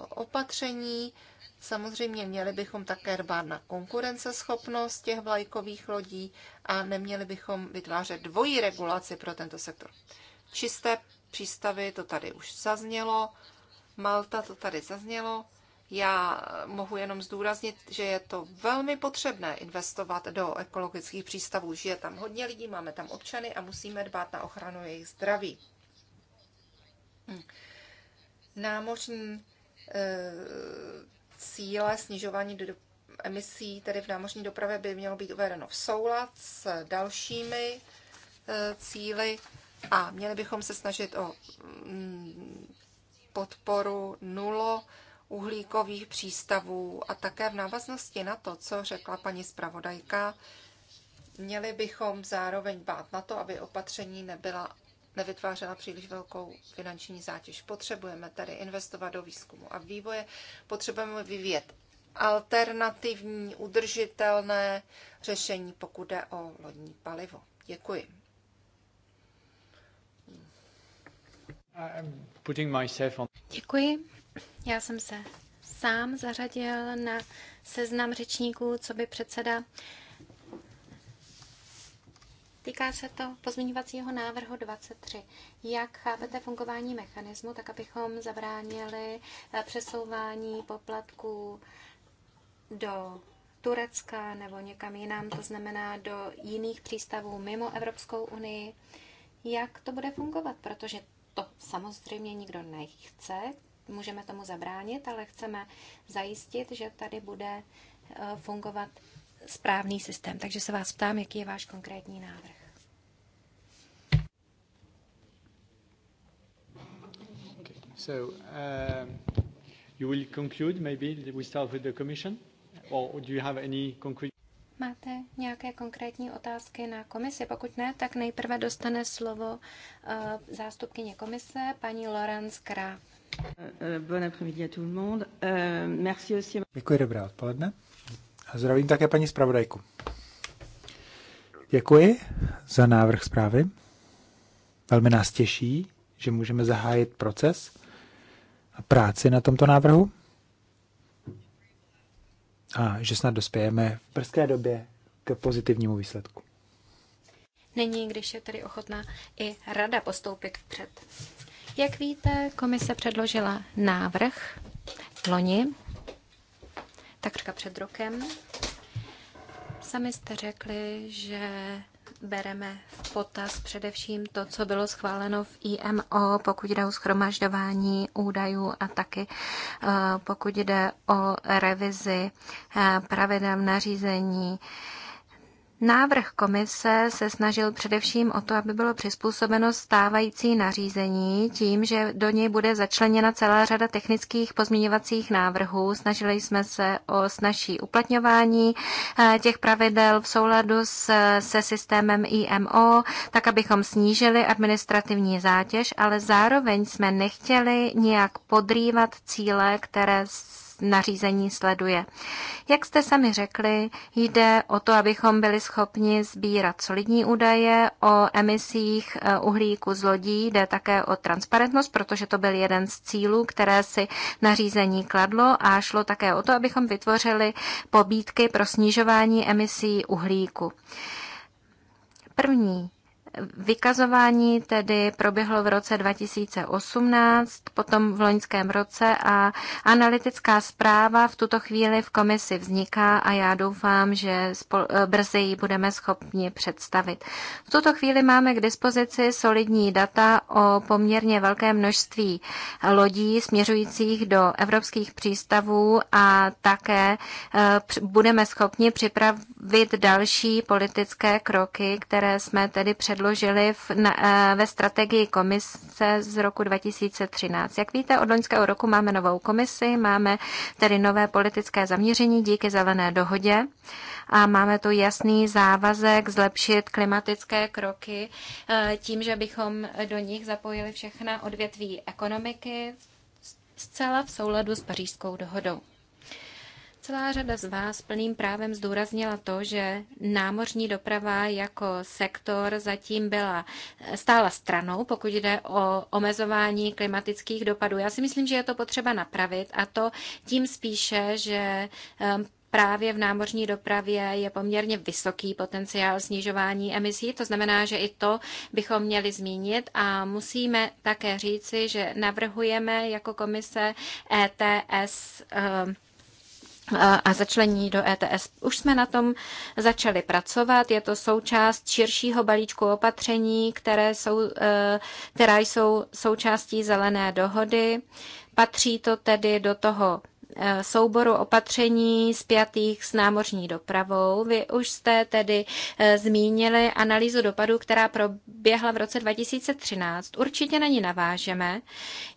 opatření. Samozřejmě měli bychom také dbát na konkurenceschopnost těch vlajkových lodí a neměli bychom vytvářet dvojí regulaci pro tento sektor. Čisté přístavy, to tady už zaznělo, Malta, to tady zaznělo. Já mohu jenom zdůraznit, že je to velmi potřebné investovat do ekologických přístavů. Žije tam hodně lidí, máme tam občany a musíme dbát na ochranu jejich zdraví. Hm. Námořní e, cíle snižování do, emisí tedy v námořní dopravě by mělo být uvedeno v soulad s dalšími e, cíly a měli bychom se snažit o mm, podporu nulo uhlíkových přístavů a také v návaznosti na to, co řekla paní zpravodajka, měli bychom zároveň bát na to, aby opatření nebyla nevytvářela příliš velkou finanční zátěž. Potřebujeme tady investovat do výzkumu a vývoje, potřebujeme vyvíjet alternativní, udržitelné řešení, pokud jde o lodní palivo. Děkuji. Děkuji. Já jsem se sám zařadil na seznam řečníků, co by předseda. Týká se to pozměňovacího návrhu 23. Jak chápete fungování mechanismu, tak abychom zabránili eh, přesouvání poplatků do Turecka nebo někam jinam, to znamená do jiných přístavů mimo Evropskou unii? Jak to bude fungovat? Protože to samozřejmě nikdo nechce, můžeme tomu zabránit, ale chceme zajistit, že tady bude e, fungovat správný systém. Takže se vás ptám, jaký je váš konkrétní návrh. So, uh, you will conclude maybe we start with the commission or do you have any concrete Máte nějaké konkrétní otázky na komisi? Pokud ne, tak nejprve dostane slovo uh, zástupkyně komise, paní Lorenz Graf. Euh, bon à tout le monde. Euh, Děkuji, dobré odpoledne. A zdravím také paní zpravodajku. Děkuji za návrh zprávy. Velmi nás těší, že můžeme zahájit proces a práci na tomto návrhu a že snad dospějeme v brzké době k pozitivnímu výsledku. Není, když je tedy ochotná i rada postoupit vpřed. Jak víte, komise předložila návrh loni, takřka před rokem. Sami jste řekli, že bereme v potaz především to, co bylo schváleno v IMO, pokud jde o schromažďování údajů a taky eh, pokud jde o revizi eh, pravidel nařízení Návrh komise se snažil především o to, aby bylo přizpůsobeno stávající nařízení tím, že do něj bude začleněna celá řada technických pozměňovacích návrhů. Snažili jsme se o snažší uplatňování eh, těch pravidel v souladu s, se systémem IMO, tak abychom snížili administrativní zátěž, ale zároveň jsme nechtěli nijak podrývat cíle, které nařízení sleduje. Jak jste sami řekli, jde o to, abychom byli schopni sbírat solidní údaje o emisích e, uhlíku z lodí, jde také o transparentnost, protože to byl jeden z cílů, které si nařízení kladlo a šlo také o to, abychom vytvořili pobídky pro snižování emisí uhlíku. První Vykazování tedy proběhlo v roce 2018, potom v loňském roce a analytická zpráva v tuto chvíli v komisi vzniká a já doufám, že brzy ji budeme schopni představit. V tuto chvíli máme k dispozici solidní data o poměrně velké množství lodí směřujících do evropských přístavů a také eh, budeme schopni připravit další politické kroky, které jsme tedy předložili předložili v, na, eh, ve strategii komise z roku 2013. Jak víte, od loňského roku máme novou komisi, máme tedy nové politické zaměření díky zelené dohodě a máme tu jasný závazek zlepšit klimatické kroky eh, tím, že bychom do nich zapojili všechna odvětví ekonomiky zcela v souladu s pařížskou dohodou. Celá řada z vás plným právem zdůraznila to, že námořní doprava jako sektor zatím byla eh, stála stranou, pokud jde o omezování klimatických dopadů. Já si myslím, že je to potřeba napravit a to tím spíše, že ehm, právě v námořní dopravě je poměrně vysoký potenciál snižování emisí, to znamená, že i to bychom měli zmínit a musíme také říci, že navrhujeme jako komise ETS ehm, a začlení do ETS. Už jsme na tom začali pracovat, je to součást širšího balíčku opatření, které jsou, e, která jsou součástí zelené dohody. Patří to tedy do toho e, souboru opatření spjatých s námořní dopravou. Vy už jste tedy e, zmínili analýzu dopadů, která proběhla v roce 2013. Určitě na ní navážeme.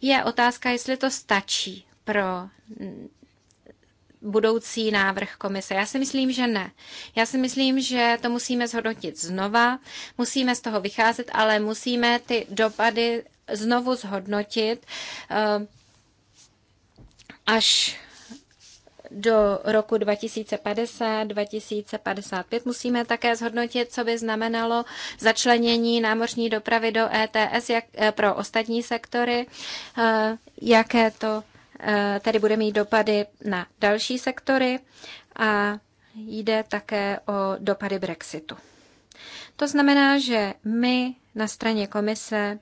Je otázka, jestli to stačí pro budoucí návrh komise? Já si myslím, že ne. Já si myslím, že to musíme zhodnotit znova, musíme z toho vycházet, ale musíme ty dopady znovu zhodnotit eh, až do roku 2050, 2055 musíme také zhodnotit, co by znamenalo začlenění námořní dopravy do ETS jak, eh, pro ostatní sektory, eh, jaké to Eh, tedy bude mít dopady na další sektory a jde také o dopady Brexitu. To znamená, že my na straně komise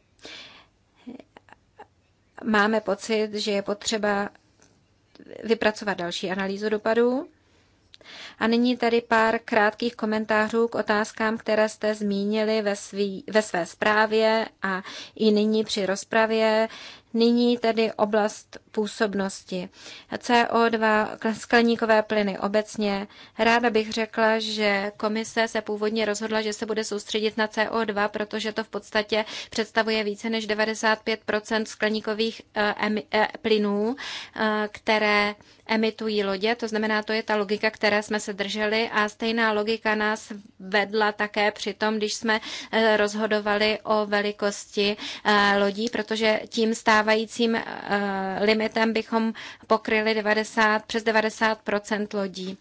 máme pocit, že je potřeba vypracovat další analýzu dopadů. A nyní tady pár krátkých komentářů k otázkám, které jste zmínili ve, svý, ve své zprávě a i nyní při rozpravě. Nyní tedy oblast působnosti. CO2, skleníkové plyny obecně. Ráda bych řekla, že komise se původně rozhodla, že se bude soustředit na CO2, protože to v podstatě představuje více než 95 skleníkových eh, eh, plynů, eh, které emitují lodě. To znamená, to je ta logika, které jsme se drželi a stejná logika nás vedla také při tom, když jsme rozhodovali o velikosti lodí, protože tím stává stávajícím eh, limitem bychom pokryli 90, přes 90 lodí.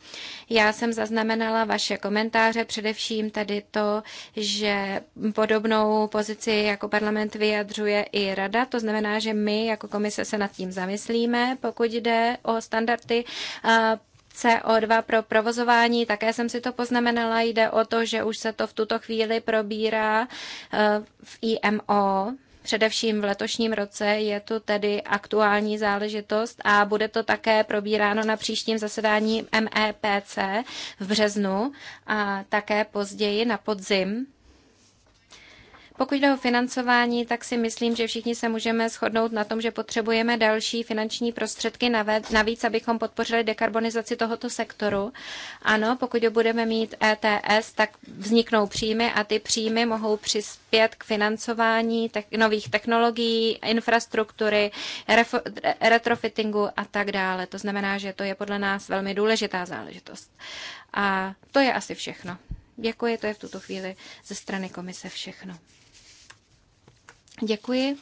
Já jsem zaznamenala vaše komentáře, především tady to, že podobnou pozici jako parlament vyjadřuje i rada. To znamená, že my jako komise se nad tím zamyslíme, pokud jde o standardy eh, CO2 pro provozování, také jsem si to poznamenala, jde o to, že už se to v tuto chvíli probírá eh, v IMO. Především v letošním roce je to tedy aktuální záležitost a bude to také probíráno na příštím zasedání MEPC v březnu a také později na podzim pokud jde o financování, tak si myslím, že všichni se můžeme shodnout na tom, že potřebujeme další finanční prostředky navíc, abychom podpořili dekarbonizaci tohoto sektoru. Ano, pokud budeme mít ETS, tak vzniknou příjmy a ty příjmy mohou přispět k financování nových technologií, infrastruktury, retrofittingu a tak dále. To znamená, že to je podle nás velmi důležitá záležitost. A to je asi všechno. Děkuji, to je v tuto chvíli ze strany komise všechno. Děkuji.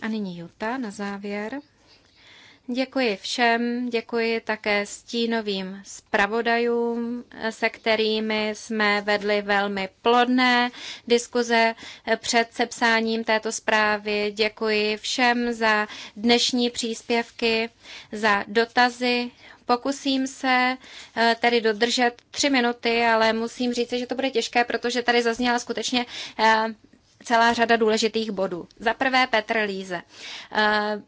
A nyní Juta na závěr. Děkuji všem, děkuji také stínovým zpravodajům, se kterými jsme vedli velmi plodné diskuze před sepsáním této zprávy. Děkuji všem za dnešní příspěvky, za dotazy. Pokusím se eh, tedy dodržet tři minuty, ale musím říct, že to bude těžké, protože tady zazněla skutečně eh, celá řada důležitých bodů. Za prvé Petr Líze. Eh,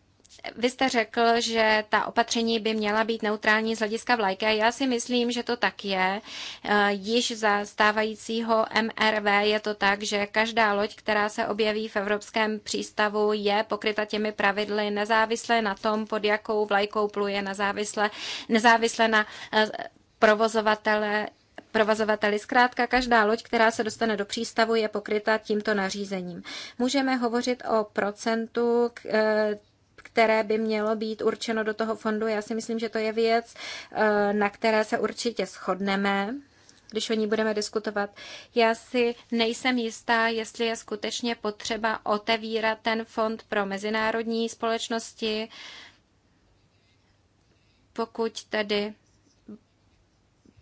vy jste řekl, že ta opatření by měla být neutrální z hlediska vlajky a já si myslím, že to tak je. Eh, již za stávajícího MRV je to tak, že každá loď, která se objeví v evropském přístavu, je pokryta těmi pravidly nezávisle na tom, pod jakou vlajkou pluje, nezávisle, nezávisle na eh, provozovatele provazovateli. Zkrátka každá loď, která se dostane do přístavu, je pokryta tímto nařízením. Můžeme hovořit o procentu, eh, které by mělo být určeno do toho fondu. Já si myslím, že to je věc, eh, na které se určitě shodneme když o ní budeme diskutovat. Já si nejsem jistá, jestli je skutečně potřeba otevírat ten fond pro mezinárodní společnosti, pokud tedy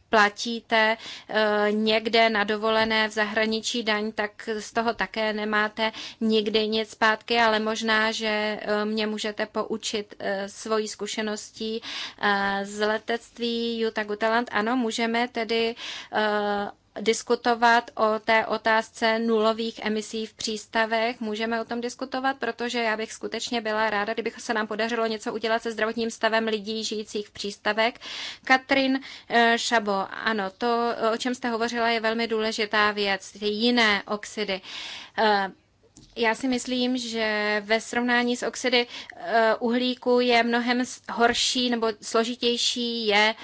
platíte eh, někde na dovolené v zahraničí daň, tak z toho také nemáte nikdy nic zpátky, ale možná, že eh, mě můžete poučit eh, svojí zkušeností z letectví Utah Gutaland. Ano, můžeme tedy diskutovat o té otázce nulových emisí v přístavech. Můžeme o tom diskutovat, protože já bych skutečně byla ráda, kdybych se nám podařilo něco udělat se zdravotním stavem lidí žijících v přístavech. Katrin eh, Šabo, ano, to, o čem jste hovořila, je velmi důležitá věc. Jiné oxidy. Eh, já si myslím, že ve srovnání s oxidy eh, uhlíku je mnohem horší nebo složitější je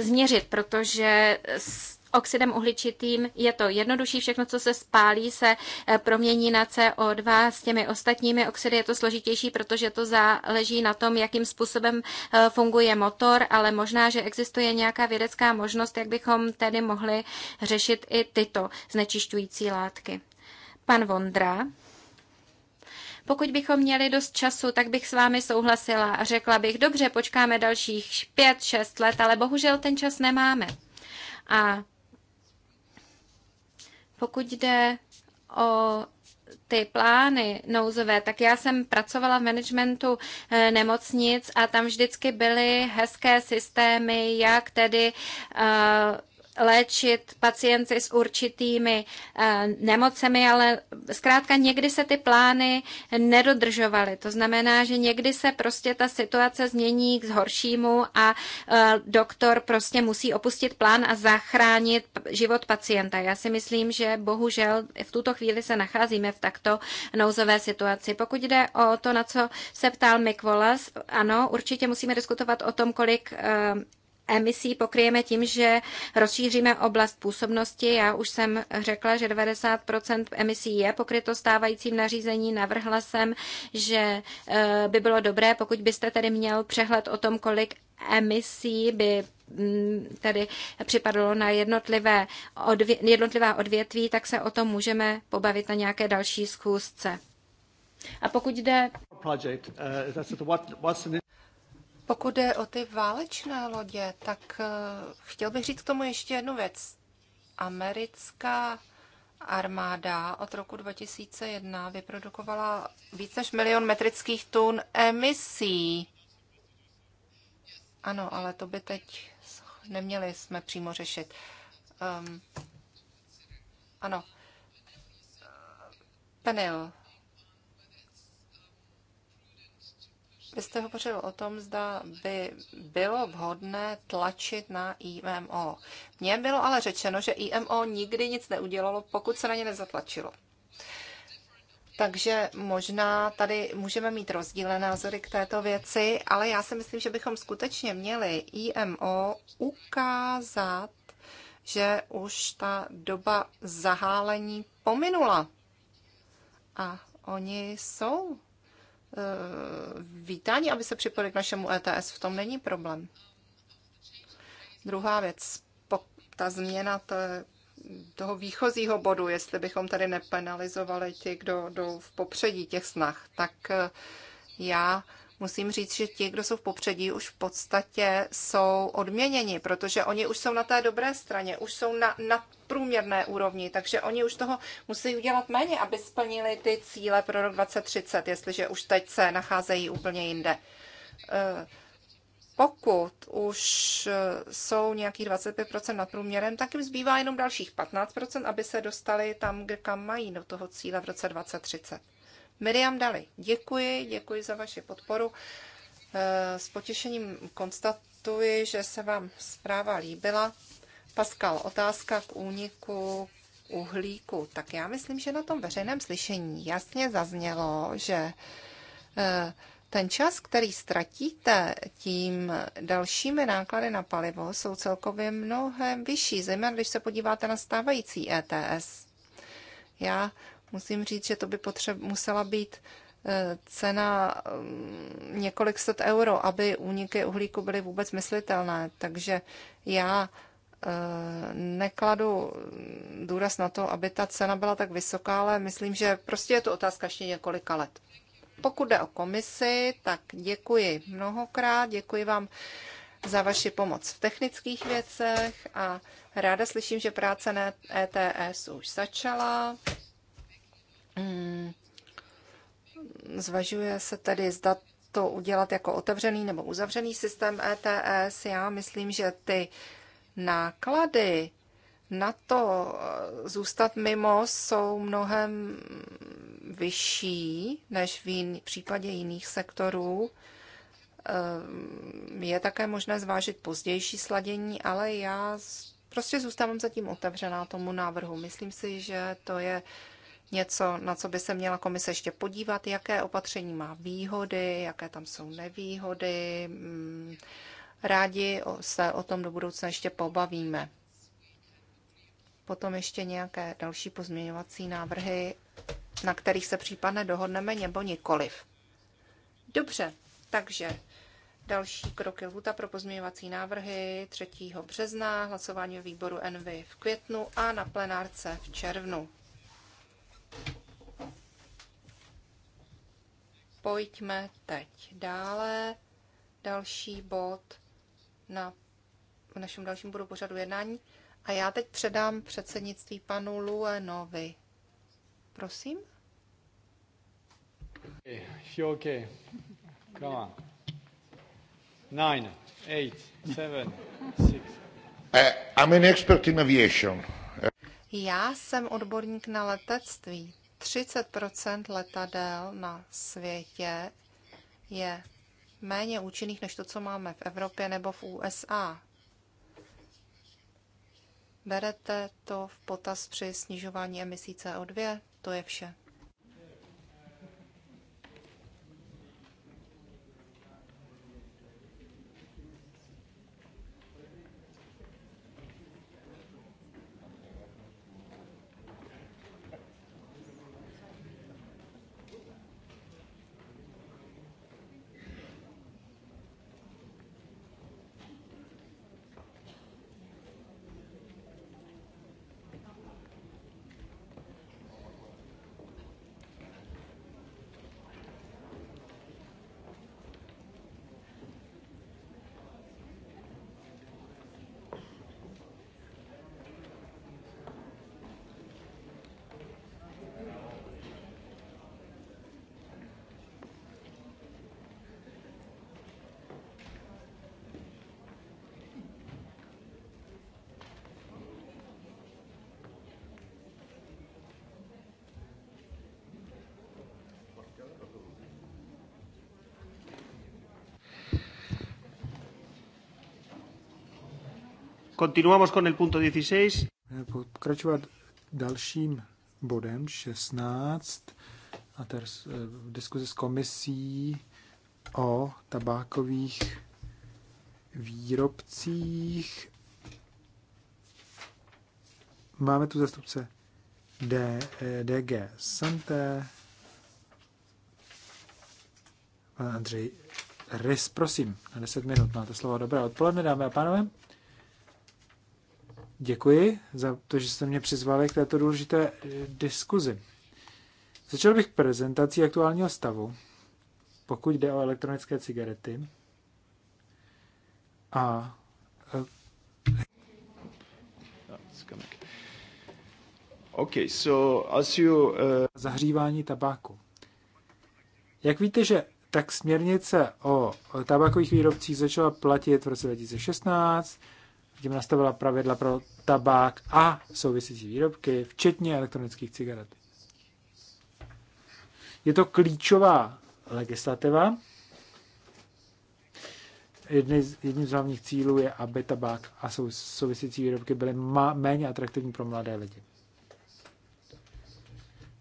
změřit, protože oxidem uhličitým je to jednodušší, všechno, co se spálí, se eh, promění na CO2. S těmi ostatními oxidy je to složitější, protože to záleží na tom, jakým způsobem eh, funguje motor, ale možná, že existuje nějaká vědecká možnost, jak bychom tedy mohli řešit i tyto znečišťující látky. Pan Vondra. Pokud bychom měli dost času, tak bych s vámi souhlasila a řekla bych, dobře, počkáme dalších 5-6 let, ale bohužel ten čas nemáme. A pokud jde o ty plány nouzové, tak já jsem pracovala v managementu eh, nemocnic a tam vždycky byly hezké systémy, jak tedy eh, léčit pacienty s určitými eh, nemocemi, ale zkrátka někdy se ty plány nedodržovaly. To znamená, že někdy se prostě ta situace změní k zhoršímu a eh, doktor prostě musí opustit plán a zachránit život pacienta. Já si myslím, že bohužel v tuto chvíli se nacházíme v takto nouzové situaci. Pokud jde o to, na co se ptal Mikolas, ano, určitě musíme diskutovat o tom, kolik eh, emisí pokryjeme tím, že rozšíříme oblast působnosti. Já už jsem řekla, že 90 emisí je pokryto stávajícím nařízení. Navrhla jsem, že eh, by bylo dobré, pokud byste tedy měl přehled o tom, kolik emisí by mm, tedy připadlo na jednotlivé odvě, jednotlivá odvětví, tak se o tom můžeme pobavit na nějaké další schůzce. A pokud jde... Eh, pokud jde o ty válečné lodě, tak eh, chtěl bych říct k tomu ještě jednu věc. Americká armáda od roku 2001 vyprodukovala více než milion metrických tun emisí. Ano, ale to by teď neměli jsme přímo řešit. Um, ano. Penil, Vy jste hovořil o tom, zda by bylo vhodné tlačit na IMO. Mně bylo ale řečeno, že IMO nikdy nic neudělalo, pokud se na ně nezatlačilo. Takže možná tady můžeme mít rozdílné názory k této věci, ale já si myslím, že bychom skutečně měli IMO ukázat, že už ta doba zahálení pominula. A oni jsou Eh, vítání, aby se připojili k našemu ETS. V tom není problém. Druhá věc, ta změna té, toho výchozího bodu, jestli bychom tady nepenalizovali ti, kdo jdou v popředí těch snah, tak eh, já musím říct, že ti, kdo jsou v popředí, už v podstatě jsou odměněni, protože oni už jsou na té dobré straně, už jsou na, na průměrné úrovni, takže oni už toho musí udělat méně, aby splnili ty cíle pro rok 2030, jestliže už teď se nacházejí úplně jinde. Eh, pokud už eh, jsou nějakých 25% nad průměrem, tak jim zbývá jenom dalších 15%, aby se dostali tam, kde kam mají do toho cíle v roce 2030. Miriam Dali, děkuji, děkuji za vaši podporu. Eh, s potěšením konstatuji, že se vám zpráva líbila. Pascal, otázka k úniku uhlíku. Tak já myslím, že na tom veřejném slyšení jasně zaznělo, že eh, ten čas, který ztratíte tím dalšími náklady na palivo, jsou celkově mnohem vyšší, zejména když se podíváte na stávající ETS. Já Musím říct, že to by potřeb, musela být eh, cena mm, několik set euro, aby úniky uhlíku byly vůbec myslitelné. Takže já eh, nekladu důraz na to, aby ta cena byla tak vysoká, ale myslím, že prostě je to otázka ještě několika let. Pokud jde o komisi, tak děkuji mnohokrát, děkuji vám za vaši pomoc v technických věcech a ráda slyším, že práce na ETS už začala. Mm. Zvažuje se tedy, zda to udělat jako otevřený nebo uzavřený systém ETS. Já myslím, že ty náklady na to eh, zůstat mimo jsou mnohem vyšší než v případě jiných sektorů. Ehm, je také možné zvážit pozdější sladění, ale já prostě zůstávám zatím otevřená tomu návrhu. Myslím si, že to je něco, na co by se měla komise ještě podívat, jaké opatření má výhody, jaké tam jsou nevýhody. Mm, rádi se o tom do budoucna ještě pobavíme. Potom ještě nějaké další pozměňovací návrhy, na kterých se případně dohodneme nebo nikoliv. Dobře, takže Další kroky lhuta pro pozměňovací návrhy 3. března, hlasování výboru NV v květnu a na plenárce v červnu. Pojďme teď dále. Další bod na v našem dalším bodu pořadu jednání. A já teď předám předsednictví panu Luenovi. Prosím. Okay. okay. Come on. Nine, eight, seven, six. Uh, I'm an expert in aviation. Já jsem odborník na letectví. 30 letadel na světě je méně účinných než to, co máme v Evropě nebo v USA. Berete to v potaz při snižování emisí CO2? To je vše. Continuamos con el punto 16. Eh, pokračovat dalším bodem 16 a tady eh, diskuzi s komisí o tabákových výrobcích. Máme tu zastupce D, eh, DG Santé. Pan Andřej Rys, prosím, na 10 minut máte slovo. Dobré odpoledne, dámy a pánové. Děkuji za to, že jste mě přizvali k této důležité eh, diskuzi. Začal bych prezentací aktuálního stavu, pokud jde o elektronické cigarety. A eh, Okay, so as you, uh... Zahřívání tabáku. Jak víte, že tak směrnice o tabakových výrobcích začala platit v roce 2016, tím nastavila pravidla pro tabák a související výrobky, včetně elektronických cigaret. Je to klíčová legislativa. Jedný z, jedním z hlavních cílů je, aby tabák a sou, související výrobky byly ma, méně atraktivní pro mladé lidi.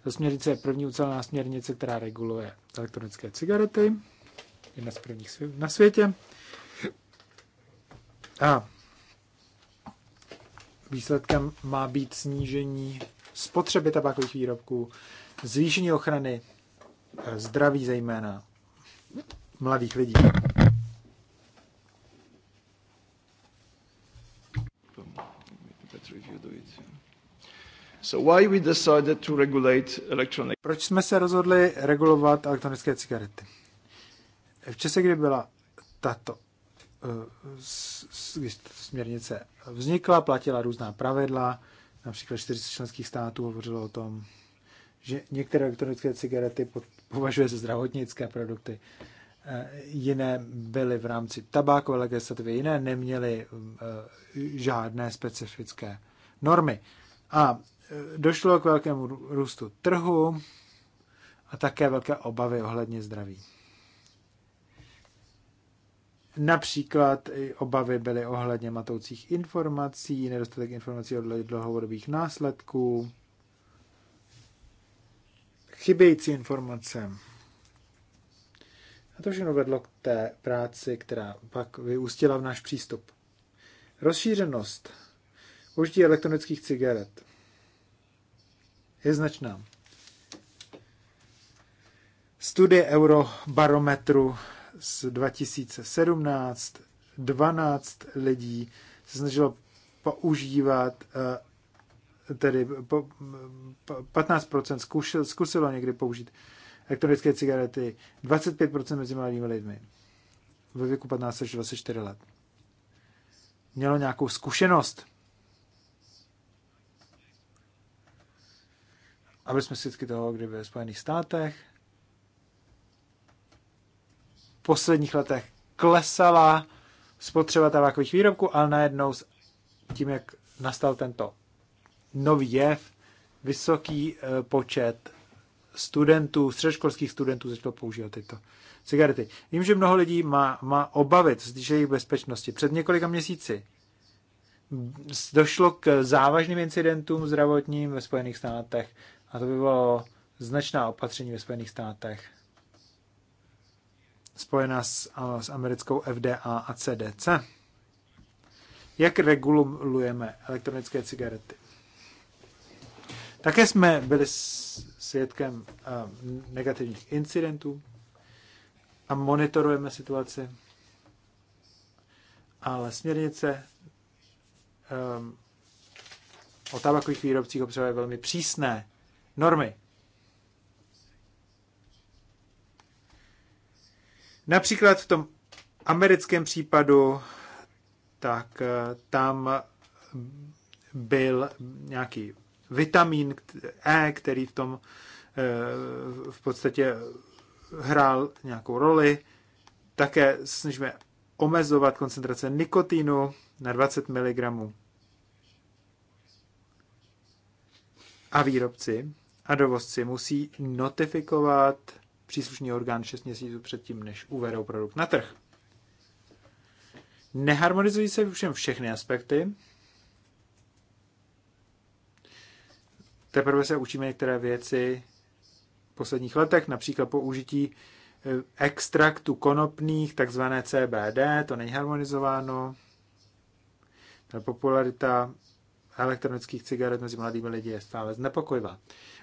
Ta směrnice je první ucelená směrnice, která reguluje elektronické cigarety. Jedna z prvních na světě. A Výsledkem má být snížení spotřeby tabákových výrobků, zvýšení ochrany eh, zdraví zejména mladých lidí. So why we decided to regulate electronic... Proč jsme se rozhodli regulovat elektronické cigarety? V čase, kdy byla tato když eh, směrnice vznikla, platila různá pravidla, například 40 členských států hovořilo o tom, že některé elektronické cigarety považuje za zdravotnické produkty, eh, jiné byly v rámci tabákové legislativy, jiné neměly eh, žádné specifické normy. A došlo k velkému růstu trhu a také velké obavy ohledně zdraví. Například obavy byly ohledně matoucích informací, nedostatek informací o dlouhodobých následků, chybějící informace. A to všechno vedlo k té práci, která pak vyústila v náš přístup. Rozšířenost použití elektronických cigaret je značná. Studie Eurobarometru z 2017 12 lidí se snažilo používat eh, tedy 15% zkušil, zkusilo někdy použít elektronické cigarety, 25% mezi mladými lidmi ve věku 15 až 24 let. Mělo nějakou zkušenost. A byli jsme svědky toho, kdyby ve Spojených státech posledních letech klesala spotřeba tabákových výrobků, ale najednou tím, jak nastal tento nový jev, vysoký e, počet studentů, středoškolských studentů začalo používat tyto cigarety. Vím, že mnoho lidí má, má obavy, z týče jejich bezpečnosti. Před několika měsíci došlo k závažným incidentům zdravotním ve Spojených státech a to by bylo značná opatření ve Spojených státech spojená s, s americkou FDA a CDC. Jak regulujeme elektronické cigarety? Také jsme byli svědkem negativních incidentů a monitorujeme situaci, ale směrnice um, o tabakových výrobcích obsahuje velmi přísné normy. Například v tom americkém případu, tak eh, tam byl nějaký vitamin E, který v tom eh, v podstatě hrál nějakou roli. Také snažíme omezovat koncentrace nikotinu na 20 mg. A výrobci a dovozci musí notifikovat příslušný orgán 6 měsíců předtím, než uvedou produkt na trh. Neharmonizují se všem všechny aspekty. Teprve se učíme některé věci v posledních letech, například použití eh, extraktu konopných, takzvané CBD, to není harmonizováno. Ta popularita elektronických cigaret mezi mladými lidi je stále znepokojivá.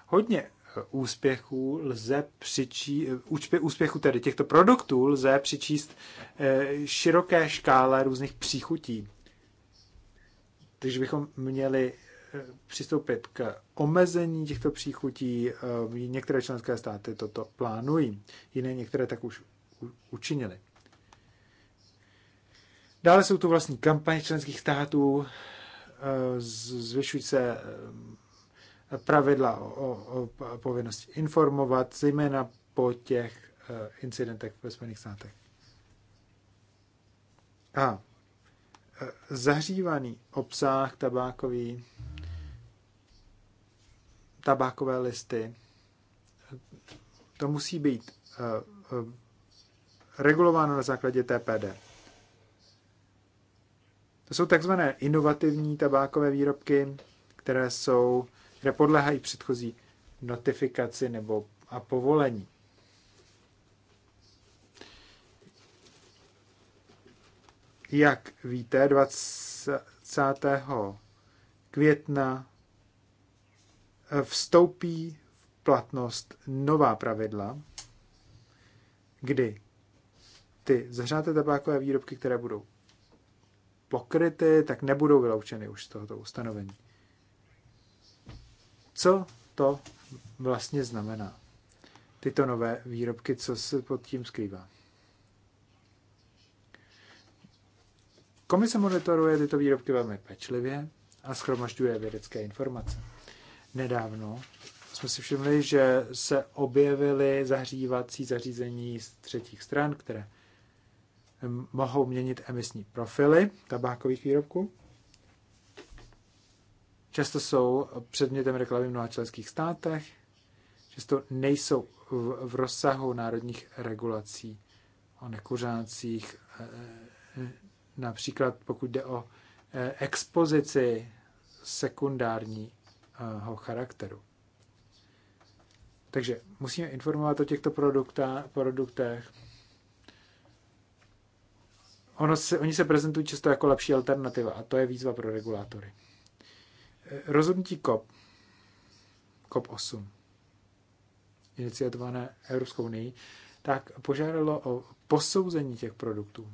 Hodně úspěchů lze přičíst, úspěchu tedy těchto produktů lze přičíst eh, široké škále různých příchutí. Takže bychom měli eh, přistoupit k omezení těchto příchutí. Eh, některé členské státy toto plánují, jiné některé tak už učinili. Dále jsou tu vlastní kampaně členských států, zvyšují se pravidla o, o, o povinnosti informovat, zejména po těch eh, incidentech ve Spojených státech. A eh, zahřívaný obsah tabákový, tabákové listy, to musí být eh, regulováno na základě TPD. To jsou takzvané inovativní tabákové výrobky, které jsou které podléhají předchozí notifikaci nebo a povolení. Jak víte, 20. května vstoupí v platnost nová pravidla, kdy ty zahřáté tabákové výrobky, které budou pokryty, tak nebudou vyloučeny už z tohoto ustanovení. Co to vlastně znamená? Tyto nové výrobky, co se pod tím skrývá? Komise monitoruje tyto výrobky velmi pečlivě a schromažďuje vědecké informace. Nedávno jsme si všimli, že se objevily zahřívací zařízení z třetích stran, které mohou měnit emisní profily tabákových výrobků často jsou předmětem reklamy v mnoha členských státech, často nejsou v, v rozsahu národních regulací o nekuřácích, e, e, například pokud jde o e, expozici sekundárního charakteru. Takže musíme informovat o těchto produktech. Ono se, oni se prezentují často jako lepší alternativa a to je výzva pro regulátory. Rozhodnutí COP, COP 8, iniciatované Evropskou unii, tak požádalo o posouzení těch produktů.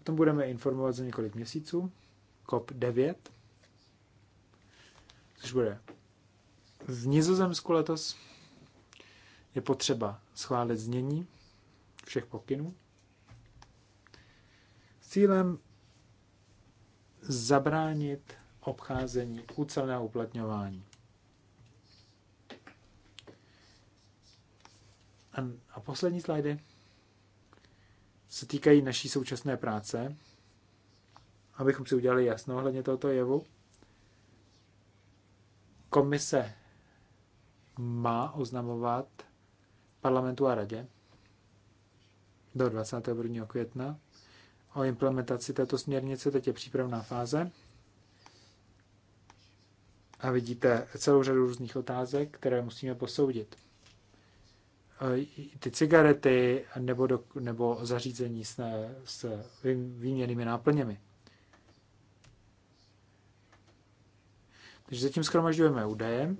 O tom budeme informovat za několik měsíců. COP 9, což bude v Nizozemsku letos. Je potřeba schválit znění všech pokynů s cílem zabránit obcházení úcelného uplatňování. A poslední slajdy se týkají naší současné práce, abychom si udělali jasno ohledně tohoto jevu. Komise má oznamovat parlamentu a radě do 21. května o implementaci této směrnice. Teď je přípravná fáze. A vidíte celou řadu různých otázek, které musíme posoudit. E, ty cigarety nebo, do, nebo zařízení s, s výměnými náplněmi. Takže zatím schromažďujeme údaje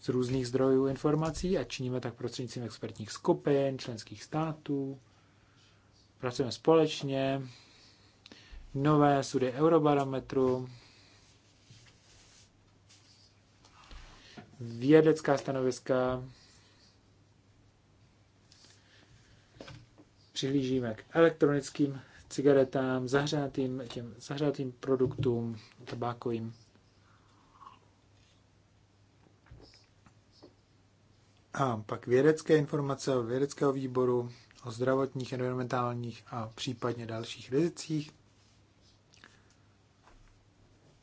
z různých zdrojů informací a činíme tak prostřednictvím expertních skupin, členských států, pracujeme společně, nové studie Eurobarometru, vědecká stanoviska, přihlížíme k elektronickým cigaretám, zahřátým, těm zahřátým produktům tabákovým. A pak vědecké informace od vědeckého výboru, o zdravotních, environmentálních a případně dalších rizicích.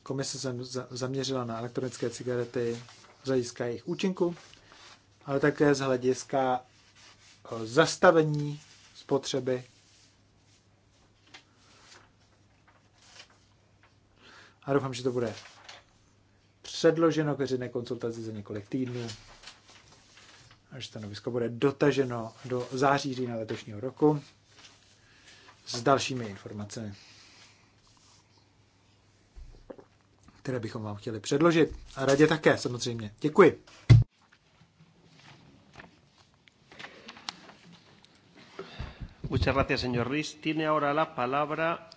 Komise se zaměřila na elektronické cigarety z hlediska jejich účinku, ale také z hlediska eh, zastavení spotřeby. A doufám, že to bude předloženo k veřejné konzultaci za několik týdnů. Až že stanovisko bude dotaženo do září října letošního roku s dalšími informacemi, které bychom vám chtěli předložit. A radě také, samozřejmě. Děkuji. Muchas gracias, señor Ruiz. Tiene ahora la palabra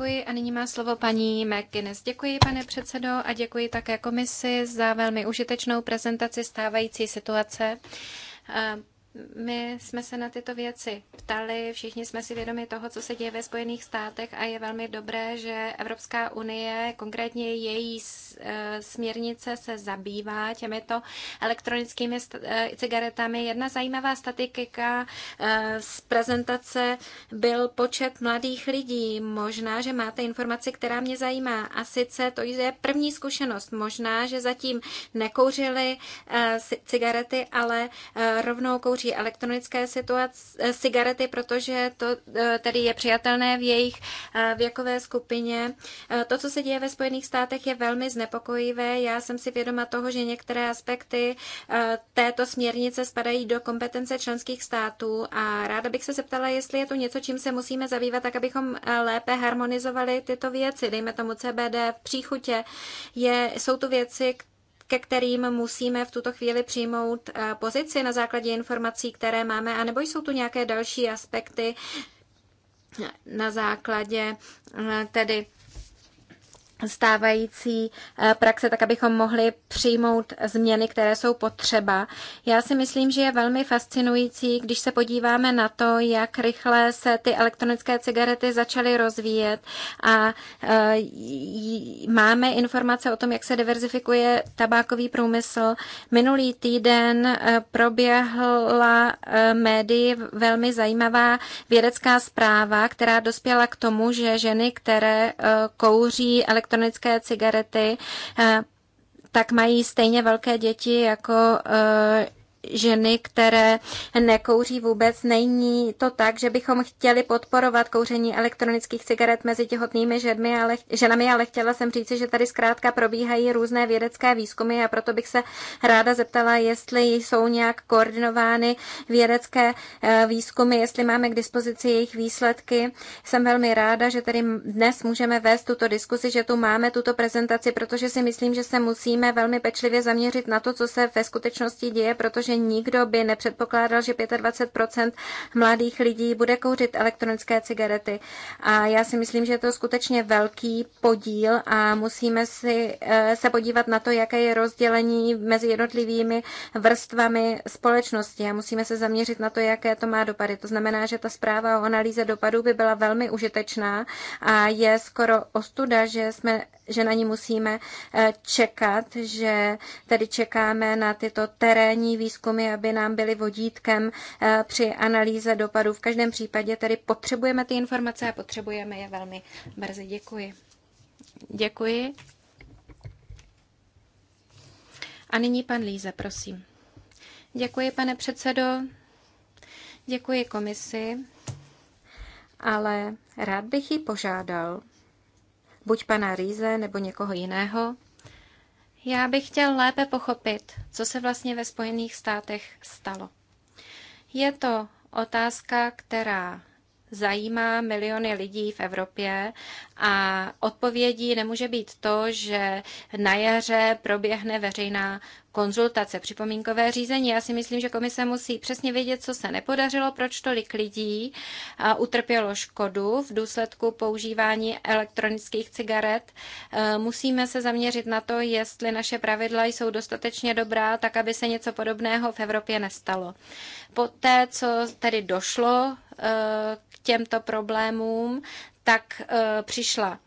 Děkuji a nyní má slovo paní McGuinness. Děkuji, pane předsedo, a děkuji také komisi za velmi užitečnou prezentaci stávající situace my jsme se na tyto věci ptali, všichni jsme si vědomi toho, co se děje ve Spojených státech a je velmi dobré, že Evropská unie, konkrétně její e, směrnice se zabývá těmito elektronickými e, cigaretami. Jedna zajímavá statistika e, z prezentace byl počet mladých lidí. Možná, že máte informaci, která mě zajímá. A sice to je první zkušenost. Možná, že zatím nekouřili cigarety, ale rovnou kouřili kouří elektronické situace, eh, cigarety, protože to eh, tedy je přijatelné v jejich eh, věkové skupině. To, co se děje ve Spojených státech, je velmi znepokojivé. Já jsem si vědoma toho, že některé aspekty této směrnice spadají do kompetence členských států a ráda bych se zeptala, jestli je to něco, čím se musíme zabývat, tak abychom lépe harmonizovali tyto věci. Dejme tomu CBD v příchutě. Je, jsou to věci, které ke kterým musíme v tuto chvíli přijmout eh, pozici na základě informací, které máme, anebo jsou tu nějaké další aspekty na základě eh, tedy stávající eh, praxe, tak abychom mohli přijmout změny, které jsou potřeba. Já si myslím, že je velmi fascinující, když se podíváme na to, jak rychle se ty elektronické cigarety začaly rozvíjet a eh, máme informace o tom, jak se diverzifikuje tabákový průmysl. Minulý týden eh, proběhla médii velmi zajímavá vědecká zpráva, která dospěla k tomu, že ženy, které kouří elektronické elektronické cigarety, eh, tak mají stejně velké děti jako eh, ženy, které nekouří vůbec. Není to tak, že bychom chtěli podporovat kouření elektronických cigaret mezi těhotnými ženami, ale, ženami, ale chtěla jsem říci, že tady zkrátka probíhají různé vědecké výzkumy a proto bych se ráda zeptala, jestli jsou nějak koordinovány vědecké eh, výzkumy, jestli máme k dispozici jejich výsledky. Jsem velmi ráda, že tady dnes můžeme vést tuto diskusi, že tu máme tuto prezentaci, protože si myslím, že se musíme velmi pečlivě zaměřit na to, co se ve skutečnosti děje, protože protože nikdo by nepředpokládal, že 25 mladých lidí bude kouřit elektronické cigarety. A já si myslím, že je to skutečně velký podíl a musíme si, eh, se podívat na to, jaké je rozdělení mezi jednotlivými vrstvami společnosti a musíme se zaměřit na to, jaké to má dopady. To znamená, že ta zpráva o analýze dopadů by byla velmi užitečná a je skoro ostuda, že, jsme, že na ní musíme eh, čekat, že tedy čekáme na tyto terénní výzkumy výzkumy, aby nám byly vodítkem eh, při analýze dopadů. V každém případě tedy potřebujeme ty informace a potřebujeme je velmi brzy. Děkuji. Děkuji. A nyní pan Líze, prosím. Děkuji, pane předsedo. Děkuji komisi. Ale rád bych ji požádal, buď pana Rýze nebo někoho jiného, já bych chtěl lépe pochopit, co se vlastně ve Spojených státech stalo. Je to otázka, která zajímá miliony lidí v Evropě a odpovědí nemůže být to, že na jaře proběhne veřejná konzultace, připomínkové řízení. Já si myslím, že komise musí přesně vědět, co se nepodařilo, proč tolik lidí utrpělo škodu v důsledku používání elektronických cigaret. E, musíme se zaměřit na to, jestli naše pravidla jsou dostatečně dobrá, tak aby se něco podobného v Evropě nestalo. Po té, co tedy došlo e, těmto problémům, tak e, přišla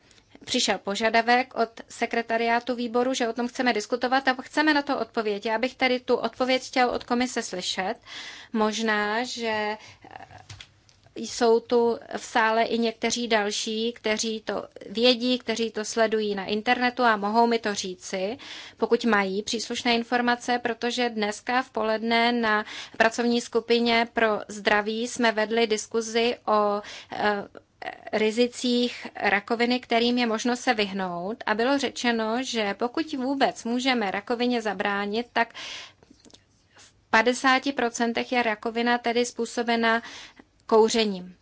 přišel požadavek od sekretariátu výboru, že o tom chceme diskutovat a chceme na to odpověď. Já bych tady tu odpověď chtěl od komise slyšet. Možná, že jsou tu v sále i někteří další, kteří to vědí, kteří to sledují na internetu a mohou mi to říci, pokud mají příslušné informace, protože dneska v poledne na pracovní skupině pro zdraví jsme vedli diskuzi o eh, rizicích rakoviny, kterým je možno se vyhnout. A bylo řečeno, že pokud vůbec můžeme rakovině zabránit, tak 50% je rakovina tedy způsobena kouřením.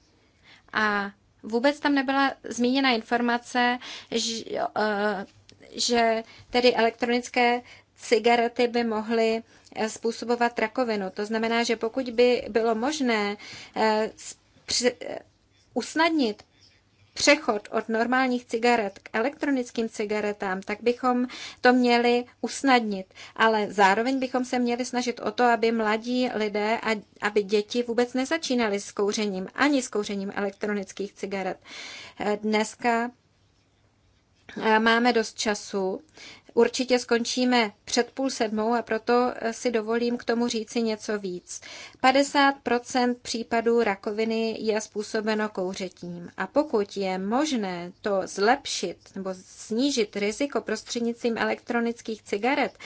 A vůbec tam nebyla zmíněna informace, že, eh, že tedy elektronické cigarety by mohly eh, způsobovat rakovinu. To znamená, že pokud by bylo možné eh, usnadnit přechod od normálních cigaret k elektronickým cigaretám, tak bychom to měli usnadnit. Ale zároveň bychom se měli snažit o to, aby mladí lidé a aby děti vůbec nezačínaly s kouřením, ani s kouřením elektronických cigaret. Dneska eh, máme dost času Určitě skončíme před půl sedmou a proto eh, si dovolím k tomu říci něco víc. 50 případů rakoviny je způsobeno kouřetím a pokud je možné to zlepšit nebo snížit riziko prostřednictvím elektronických cigaret,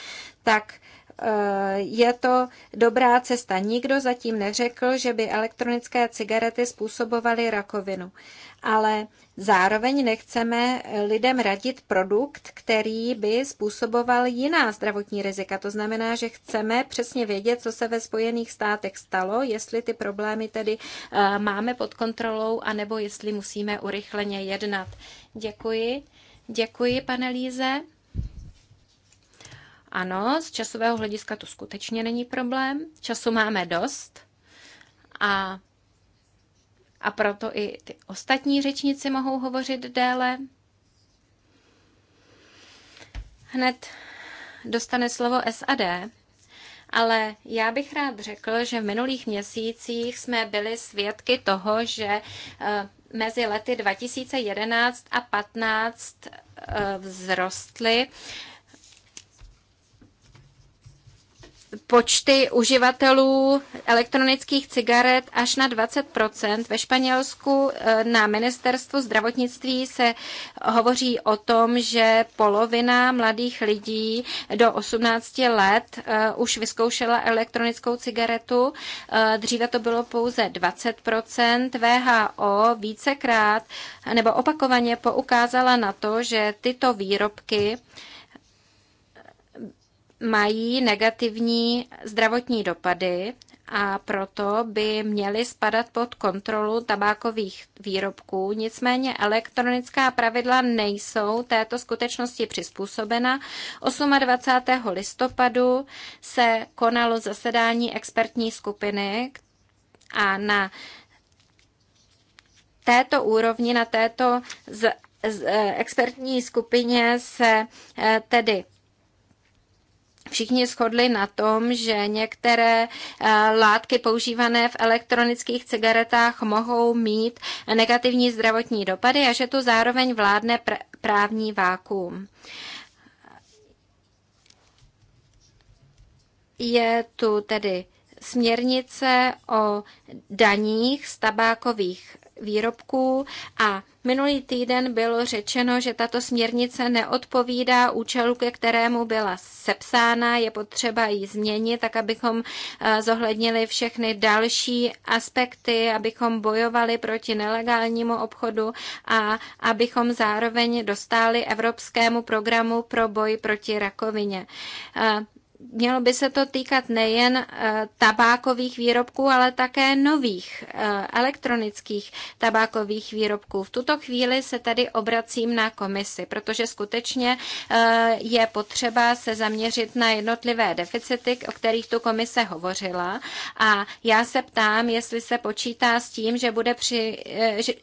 tak Eh, je to dobrá cesta. Nikdo zatím neřekl, že by elektronické cigarety způsobovaly rakovinu. Ale zároveň nechceme lidem radit produkt, který by způsoboval jiná zdravotní rizika. To znamená, že chceme přesně vědět, co se ve Spojených státech stalo, jestli ty problémy tedy eh, máme pod kontrolou, anebo jestli musíme urychleně jednat. Děkuji. Děkuji, pane Líze. Ano, z časového hlediska to skutečně není problém. Času máme dost a, a proto i ty ostatní řečníci mohou hovořit déle. Hned dostane slovo SAD, ale já bych rád řekl, že v minulých měsících jsme byli svědky toho, že eh, mezi lety 2011 a 15 eh, vzrostly počty uživatelů elektronických cigaret až na 20 Ve Španělsku eh, na ministerstvu zdravotnictví se hovoří o tom, že polovina mladých lidí do 18 let eh, už vyzkoušela elektronickou cigaretu. Eh, dříve to bylo pouze 20 VHO vícekrát nebo opakovaně poukázala na to, že tyto výrobky, mají negativní zdravotní dopady a proto by měly spadat pod kontrolu tabákových výrobků. Nicméně elektronická pravidla nejsou této skutečnosti přizpůsobena. 28. listopadu se konalo zasedání expertní skupiny a na této úrovni, na této z, z, eh, expertní skupině se eh, tedy všichni shodli na tom, že některé eh, látky používané v elektronických cigaretách mohou mít negativní zdravotní dopady a že tu zároveň vládne pr- právní vákuum. Je tu tedy směrnice o daních z tabákových výrobků a minulý týden bylo řečeno, že tato směrnice neodpovídá účelu, ke kterému byla sepsána, je potřeba ji změnit, tak abychom eh, zohlednili všechny další aspekty, abychom bojovali proti nelegálnímu obchodu a abychom zároveň dostali Evropskému programu pro boj proti rakovině. Eh, Mělo by se to týkat nejen eh, tabákových výrobků, ale také nových eh, elektronických tabákových výrobků. V tuto chvíli se tady obracím na komisi, protože skutečně eh, je potřeba se zaměřit na jednotlivé deficity, o kterých tu komise hovořila. A já se ptám, jestli se počítá s tím, že bude při, že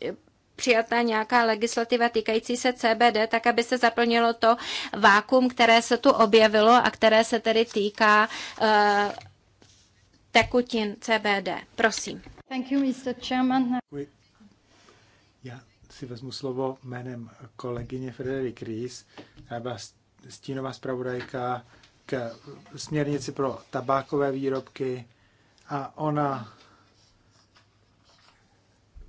přijata nějaká legislativa týkající se CBD, tak aby se zaplnilo to vákum, které se tu objevilo a které se tedy týká uh, tekutin CBD. Prosím. Thank you, Mr. Chairman. Já si vezmu slovo jménem kolegyně Frederik Ries, stínová zpravodajka k směrnici pro tabákové výrobky a ona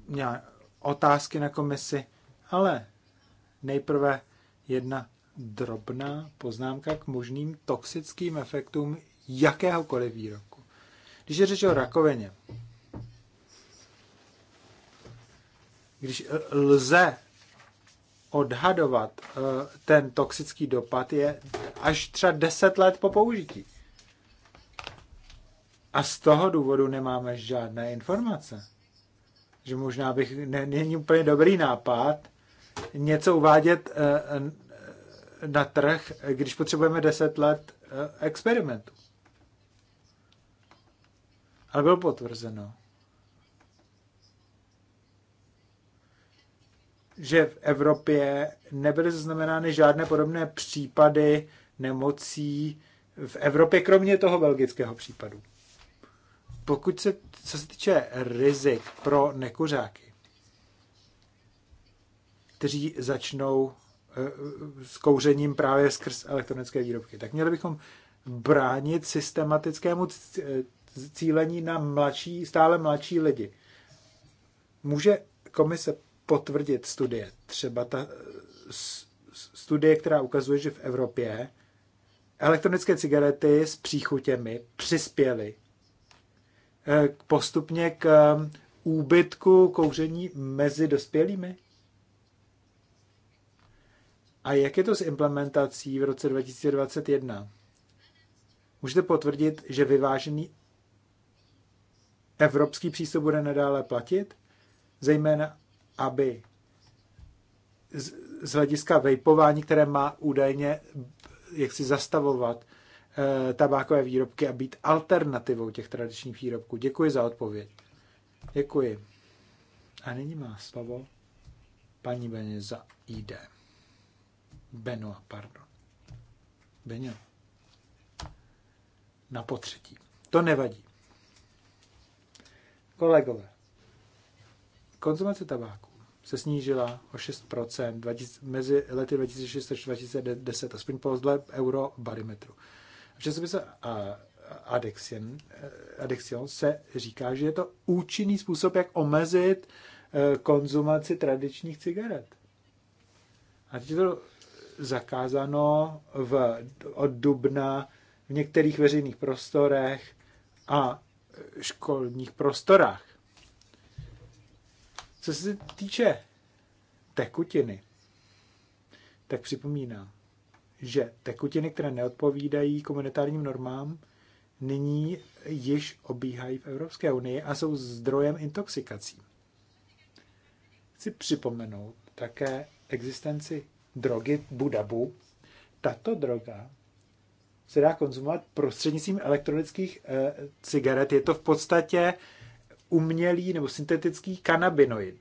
měla otázky na komisi, ale nejprve jedna drobná poznámka k možným toxickým efektům jakéhokoliv výroku. Když je řeč o rakovině, když lze odhadovat eh, ten toxický dopad, je až třeba 10 let po použití. A z toho důvodu nemáme žádné informace že možná bych, ne, není úplně dobrý nápad něco uvádět eh, eh, na trh, když potřebujeme 10 let eh, experimentu. Ale bylo potvrzeno, že v Evropě nebyly zaznamenány žádné podobné případy nemocí v Evropě, kromě toho belgického případu. Pokud se, co se týče rizik pro nekuřáky, kteří začnou eh, s kouřením právě skrz elektronické výrobky, tak měli bychom bránit systematickému cílení na mladší, stále mladší lidi. Může komise potvrdit studie, třeba ta studie, která ukazuje, že v Evropě elektronické cigarety s příchutěmi přispěly Eh, postupně k eh, úbytku kouření mezi dospělými? A jak je to s implementací v roce 2021? Můžete potvrdit, že vyvážený evropský přístup bude nadále platit, zejména aby z, hlediska vejpování, které má údajně eh, jak si zastavovat Eh, tabákové výrobky a být alternativou těch tradičních výrobků. Děkuji za odpověď. Děkuji. A nyní má slovo paní Beně za ID. Beno, pardon. Beně. Na potřetí. To nevadí. Kolegové, konzumace tabáku se snížila o 6% 20, mezi lety 2006 až 2010, aspoň podle eurobarometru že se adexion, eh, adexion se říká, že je to účinný způsob, jak omezit eh, konzumaci tradičních cigaret. A teď je to zakázáno v, od dubna v některých veřejných prostorech a školních prostorách. Co se týče tekutiny, tak připomínám, že tekutiny, které neodpovídají komunitárním normám, nyní již obíhají v Evropské unii a jsou zdrojem intoxikací. Chci připomenout také existenci drogy Budabu. Tato droga se dá konzumovat prostřednictvím elektronických e, cigaret. Je to v podstatě umělý nebo syntetický kanabinoid.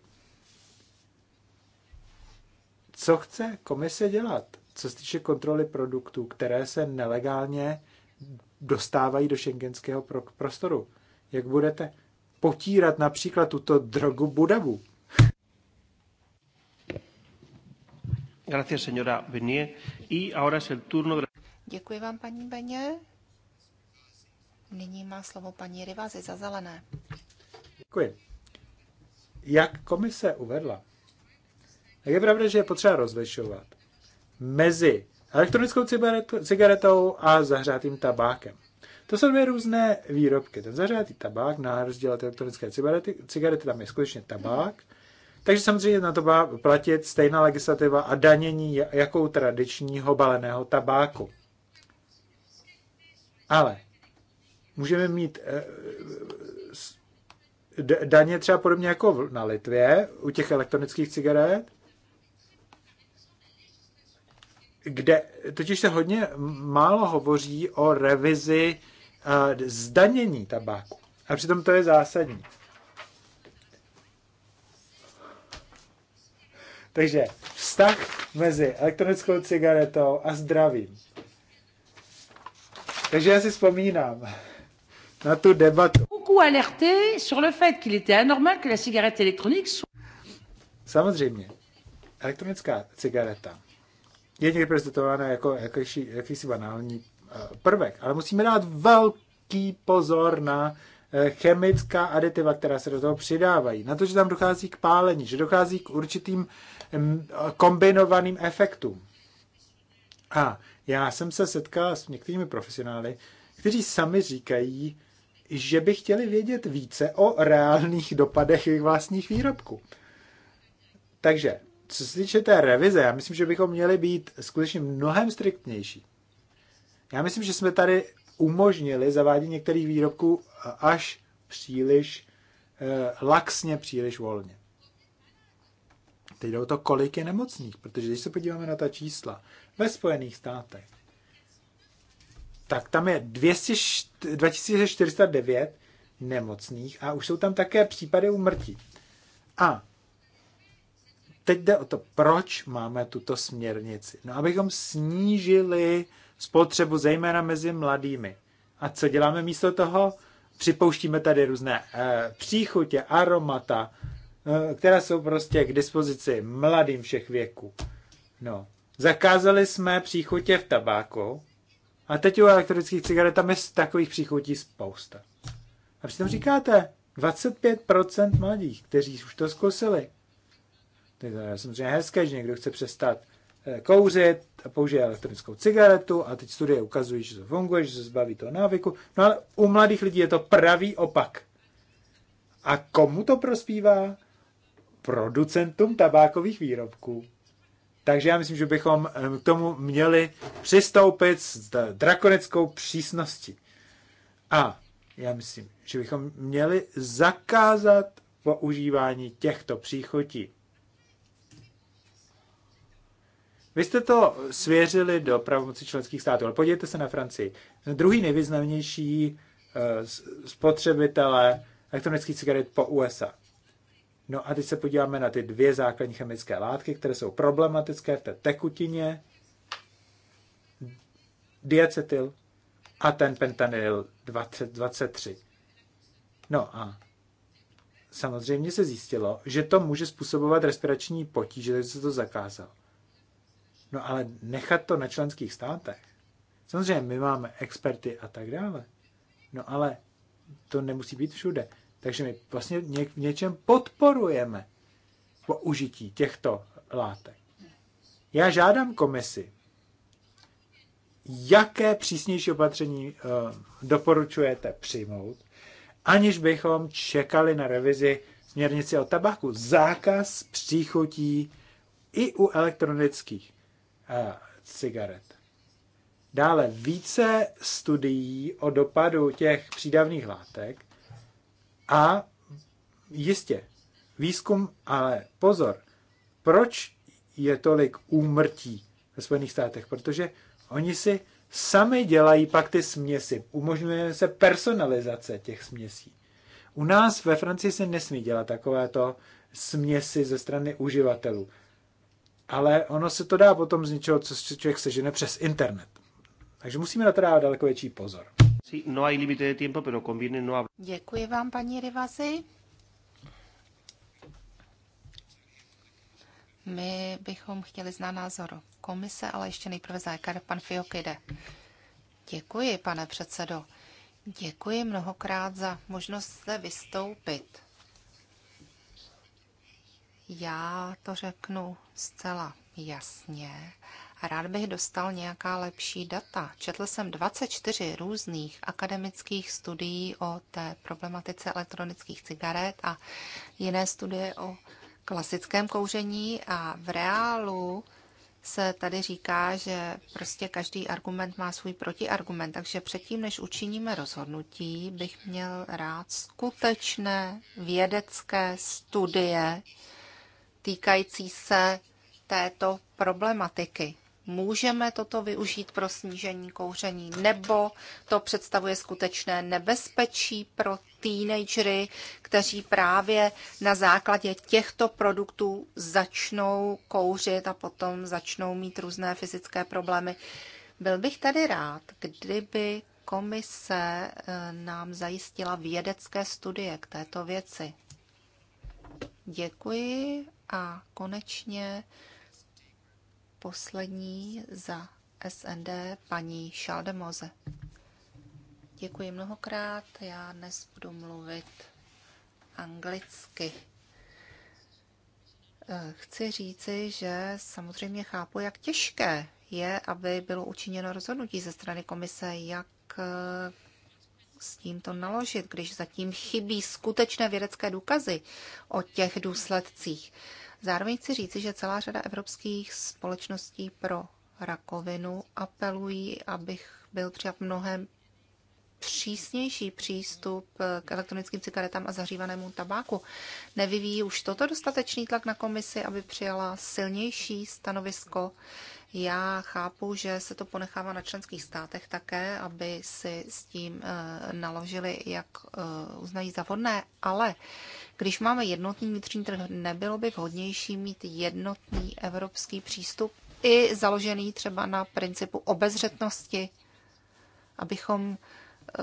Co chce komise dělat? Co se týče kontroly produktů, které se nelegálně dostávají do šengenského prostoru, jak budete potírat například tuto drogu Budavu? Děkuji vám, paní Beně. Nyní má slovo paní Rivazi za zelené. Děkuji. Jak komise uvedla, tak je pravda, že je potřeba rozlišovat mezi elektronickou cigaretou a zahřátým tabákem. To jsou dvě různé výrobky. Ten zahřátý tabák, na rozdíl od elektronické cigarety, cigarety, tam je skutečně tabák. Takže samozřejmě na to má platit stejná legislativa a danění jako u tradičního baleného tabáku. Ale můžeme mít eh, daně třeba podobně jako na Litvě u těch elektronických cigaret, kde totiž se hodně málo hovoří o revizi eh, zdanění tabáku. A přitom to je zásadní. Takže vztah mezi elektronickou cigaretou a zdravím. Takže já si vzpomínám na tu debatu. Samozřejmě, elektronická cigareta je někdy prezentována jako jakýsi, jakýsi banální eh, prvek. Ale musíme dát velký pozor na eh, chemická aditiva, která se do toho přidávají, na to, že tam dochází k pálení, že dochází k určitým kombinovaným efektům. A já jsem se setkal s některými profesionály, kteří sami říkají, že by chtěli vědět více o reálných dopadech jejich vlastních výrobků. Takže co se týče té revize, já myslím, že bychom měli být skutečně mnohem striktnější. Já myslím, že jsme tady umožnili zavádění některých výrobků eh, až příliš eh, laxně, příliš volně. Teď jde o to, kolik je nemocných, protože když se podíváme na ta čísla ve Spojených státech, tak tam je 200, 2409 nemocných a už jsou tam také případy umrtí. A teď jde o to, proč máme tuto směrnici. No, abychom snížili spotřebu, zejména mezi mladými. A co děláme místo toho? Připouštíme tady různé e, příchutě, aromata, e, která jsou prostě k dispozici mladým všech věků. No, zakázali jsme příchutě v tabáku a teď u elektrických cigaret tam je z takových příchutí spousta. A přitom říkáte, 25% mladých, kteří už to zkusili, Eh, je samozřejmě hezké, že někdo chce přestat eh, kouřit a použije elektronickou cigaretu a teď studie ukazují, že to funguje, že se zbaví toho návyku. No ale u mladých lidí je to pravý opak. A komu to prospívá? Producentům tabákových výrobků. Takže já myslím, že bychom eh, k tomu měli přistoupit s drakonickou přísností. A já myslím, že bychom měli zakázat používání těchto příchotí. Vy jste to svěřili do pravomocí členských států, ale podívejte se na Francii. Druhý nejvýznamnější eh, spotřebitelé elektronických cigaret po USA. No a teď se podíváme na ty dvě základní chemické látky, které jsou problematické v té tekutině. Diacetyl a ten pentanyl 23. No a samozřejmě se zjistilo, že to může způsobovat respirační potíže, takže se to zakázalo. No ale nechat to na členských státech. Samozřejmě my máme experty a tak dále. No ale to nemusí být všude. Takže my vlastně něk- v něčem podporujeme použití těchto látek. Já žádám komisi, jaké přísnější opatření uh, doporučujete přijmout, aniž bychom čekali na revizi směrnice o tabaku. Zákaz příchutí i u elektronických cigaret. Dále více studií o dopadu těch přídavných látek a jistě výzkum, ale pozor, proč je tolik úmrtí ve Spojených státech? Protože oni si sami dělají pak ty směsi. Umožňuje se personalizace těch směsí. U nás ve Francii se nesmí dělat takovéto směsi ze strany uživatelů ale ono se to dá potom z něčeho, co se člověk sežene přes internet. Takže musíme na to dát daleko větší pozor. No no Děkuji vám, paní Rivazi. My bychom chtěli znát názor komise, ale ještě nejprve zájkar pan Fiokide. Děkuji, pane předsedo. Děkuji mnohokrát za možnost zde vystoupit. Já to řeknu zcela jasně. Rád bych dostal nějaká lepší data. Četl jsem 24 různých akademických studií o té problematice elektronických cigaret a jiné studie o klasickém kouření a v reálu se tady říká, že prostě každý argument má svůj protiargument, takže předtím, než učiníme rozhodnutí, bych měl rád skutečné vědecké studie, týkající se této problematiky. Můžeme toto využít pro snížení kouření, nebo to představuje skutečné nebezpečí pro teenagery, kteří právě na základě těchto produktů začnou kouřit a potom začnou mít různé fyzické problémy. Byl bych tady rád, kdyby komise eh, nám zajistila vědecké studie k této věci. Děkuji a konečně poslední za SND paní Šaldemoze. Děkuji mnohokrát, já dnes budu mluvit anglicky. Eh, chci říci, že samozřejmě chápu, jak těžké je, aby bylo učiněno rozhodnutí ze strany komise, jak eh, s tímto naložit, když zatím chybí skutečné vědecké důkazy o těch důsledcích. Zároveň chci říci, že celá řada evropských společností pro rakovinu apelují, abych byl přijat mnohem přísnější přístup k elektronickým cigaretám a zahřívanému tabáku. Nevyvíjí už toto dostatečný tlak na komisi, aby přijala silnější stanovisko. Já chápu, že se to ponechává na členských státech také, aby si s tím eh, naložili, jak eh, uznají za vhodné, ale když máme jednotný vnitřní trh, nebylo by vhodnější mít jednotný evropský přístup i založený třeba na principu obezřetnosti, abychom eh,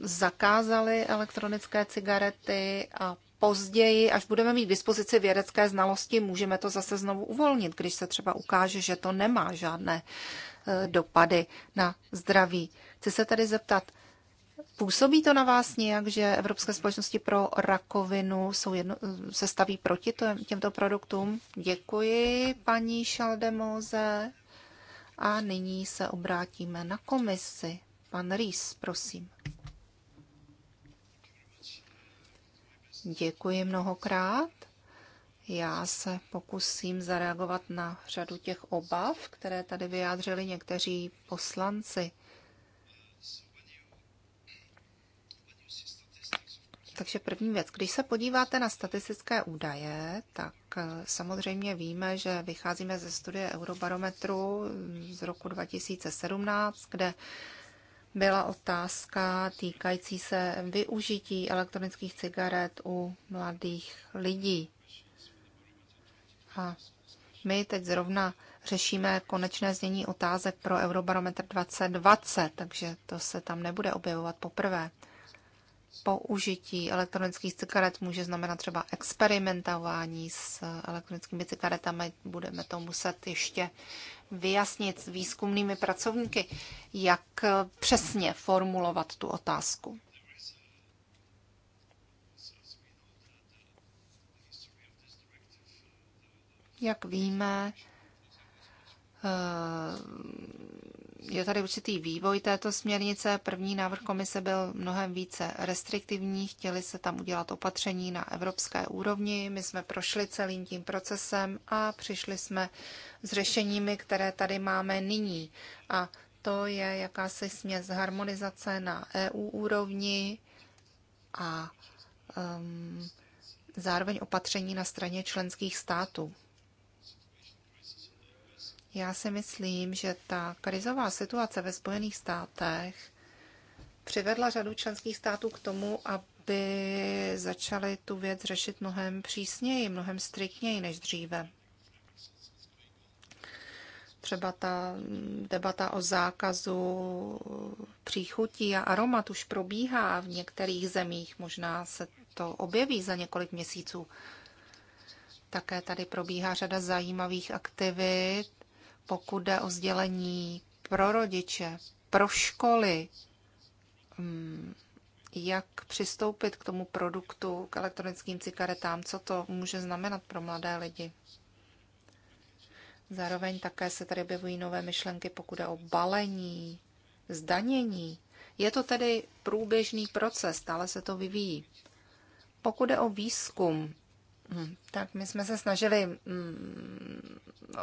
zakázali elektronické cigarety a později, až budeme mít v dispozici vědecké znalosti, můžeme to zase znovu uvolnit, když se třeba ukáže, že to nemá žádné e, dopady na zdraví. Chci se tady zeptat, působí to na vás nějak, že Evropské společnosti pro rakovinu jsou jedno, e, se staví proti těmto produktům? Děkuji, paní Šaldemoze. A nyní se obrátíme na komisi. Pan Rýs, prosím. Děkuji mnohokrát. Já se pokusím zareagovat na řadu těch obav, které tady vyjádřili někteří poslanci. Takže první věc, když se podíváte na statistické údaje, tak eh, samozřejmě víme, že vycházíme ze studie Eurobarometru z roku 2017, kde byla otázka týkající se využití elektronických cigaret u mladých lidí. A my teď zrovna řešíme konečné znění otázek pro Eurobarometr 2020, takže to se tam nebude objevovat poprvé použití elektronických cigaret může znamenat třeba experimentování s elektronickými cigaretami. Budeme to muset ještě vyjasnit s výzkumnými pracovníky, jak přesně formulovat tu otázku. Jak víme, eh, je tady určitý vývoj této směrnice. První návrh komise byl mnohem více restriktivní, chtěli se tam udělat opatření na evropské úrovni. My jsme prošli celým tím procesem a přišli jsme s řešeními, které tady máme nyní. A to je jakási směs harmonizace na EU úrovni a um, zároveň opatření na straně členských států. Já si myslím, že ta krizová situace ve Spojených státech přivedla řadu členských států k tomu, aby začaly tu věc řešit mnohem přísněji, mnohem striktněji než dříve. Třeba ta debata o zákazu příchutí a aromat už probíhá v některých zemích. Možná se to objeví za několik měsíců. Také tady probíhá řada zajímavých aktivit pokud jde o sdělení pro rodiče, pro školy, mm, jak přistoupit k tomu produktu, k elektronickým cigaretám, co to může znamenat pro mladé lidi. Zároveň také se tady objevují nové myšlenky, pokud jde o balení, zdanění. Je to tedy průběžný proces, stále se to vyvíjí. Pokud jde o výzkum, Hm, tak my jsme se snažili mm,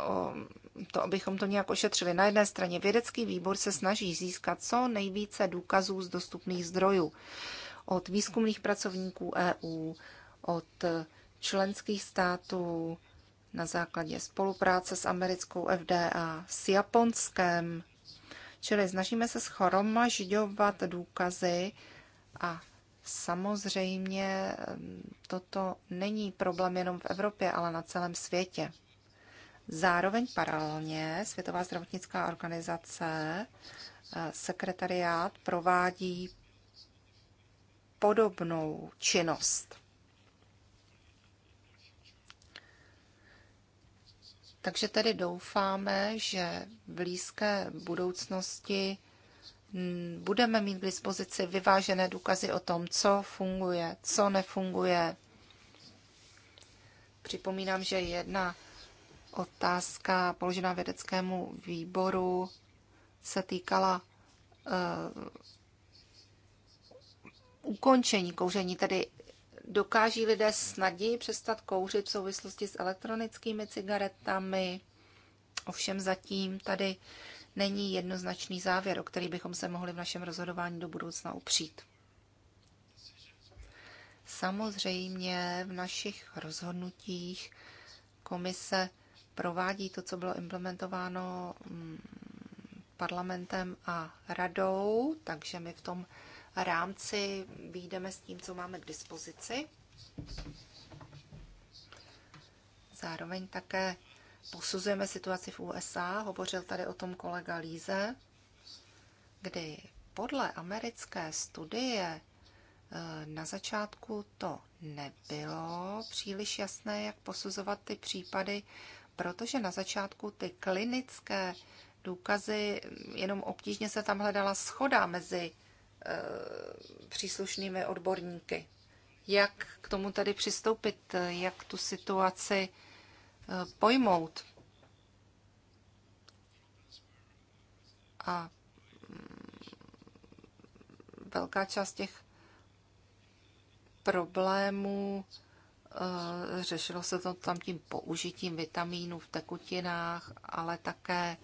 o to, abychom to nějak ošetřili. Na jedné straně vědecký výbor se snaží získat co nejvíce důkazů z dostupných zdrojů. Od výzkumných pracovníků EU, od členských států na základě spolupráce s americkou FDA, s Japonskem. Čili snažíme se schromažďovat důkazy a Samozřejmě toto není problém jenom v Evropě, ale na celém světě. Zároveň paralelně Světová zdravotnická organizace, e, sekretariát provádí podobnou činnost. Takže tedy doufáme, že v blízké budoucnosti Mm, budeme mít k dispozici vyvážené důkazy o tom, co funguje, co nefunguje. Připomínám, že jedna otázka položená vědeckému výboru se týkala uh, ukončení kouření, tedy dokáží lidé snadněji přestat kouřit v souvislosti s elektronickými cigaretami. Ovšem zatím tady uh, není jednoznačný závěr, o který bychom se mohli v našem rozhodování do budoucna upřít. Samozřejmě v našich rozhodnutích komise provádí to, co bylo implementováno mm, parlamentem a radou, takže my v tom rámci výjdeme s tím, co máme k dispozici. Zároveň také posuzujeme situaci v USA, hovořil tady o tom kolega Líze, kdy podle americké studie eh, na začátku to nebylo příliš jasné, jak posuzovat ty případy, protože na začátku ty klinické důkazy, jenom obtížně se tam hledala schoda mezi eh, příslušnými odborníky. Jak k tomu tedy přistoupit, jak tu situaci pojmout. A mm, velká část těch problémů eh, řešilo se to tam tím použitím vitamínů v tekutinách, ale také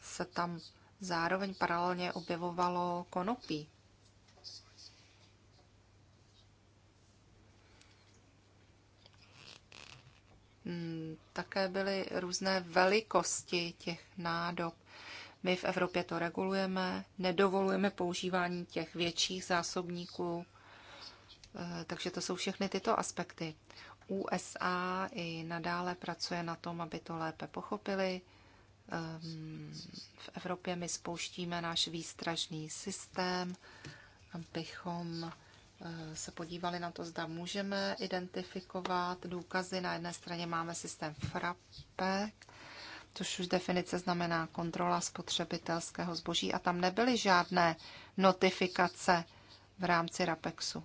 se tam zároveň paralelně objevovalo konopí. Mm, také byly různé velikosti těch nádob. My v Evropě to regulujeme, nedovolujeme používání těch větších zásobníků, eh, takže to jsou všechny tyto aspekty. USA i nadále pracuje na tom, aby to lépe pochopili. Ehm, v Evropě my spouštíme náš výstražný systém, abychom se podívali na to, zda můžeme identifikovat důkazy. Na jedné straně máme systém FRAPE, což už definice znamená kontrola spotřebitelského zboží a tam nebyly žádné notifikace v rámci RAPEXu.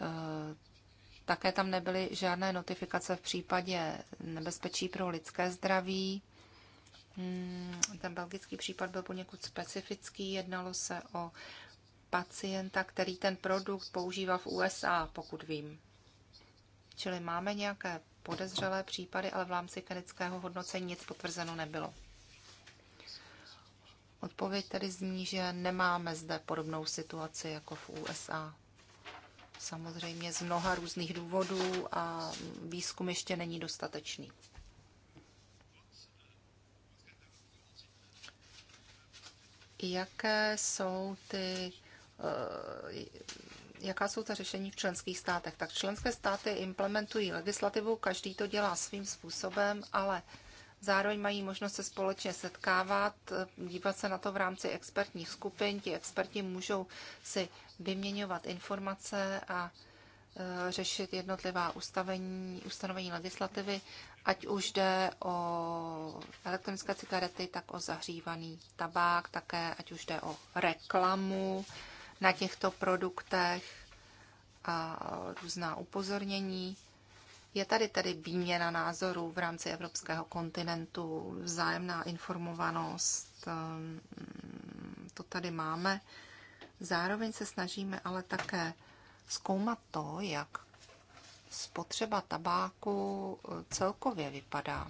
Eh, také tam nebyly žádné notifikace v případě nebezpečí pro lidské zdraví. Hmm, ten belgický případ byl poněkud specifický, jednalo se o pacienta, který ten produkt používá v USA, pokud vím. Čili máme nějaké podezřelé případy, ale v rámci klinického hodnocení nic potvrzeno nebylo. Odpověď tedy zní, že nemáme zde podobnou situaci jako v USA. Samozřejmě z mnoha různých důvodů a výzkum ještě není dostatečný. Jaké jsou ty Eh, jaká jsou ta řešení v členských státech. Tak členské státy implementují legislativu, každý to dělá svým způsobem, ale zároveň mají možnost se společně setkávat, eh, dívat se na to v rámci expertních skupin. Ti experti můžou si vyměňovat informace a eh, řešit jednotlivá ustavení, ustanovení legislativy, ať už jde o elektronické cigarety, tak o zahřívaný tabák, také ať už jde o reklamu, na těchto produktech a různá upozornění. Je tady tedy výměna názorů v rámci evropského kontinentu, vzájemná informovanost, mm, to tady máme. Zároveň se snažíme ale také zkoumat to, jak spotřeba tabáku celkově vypadá.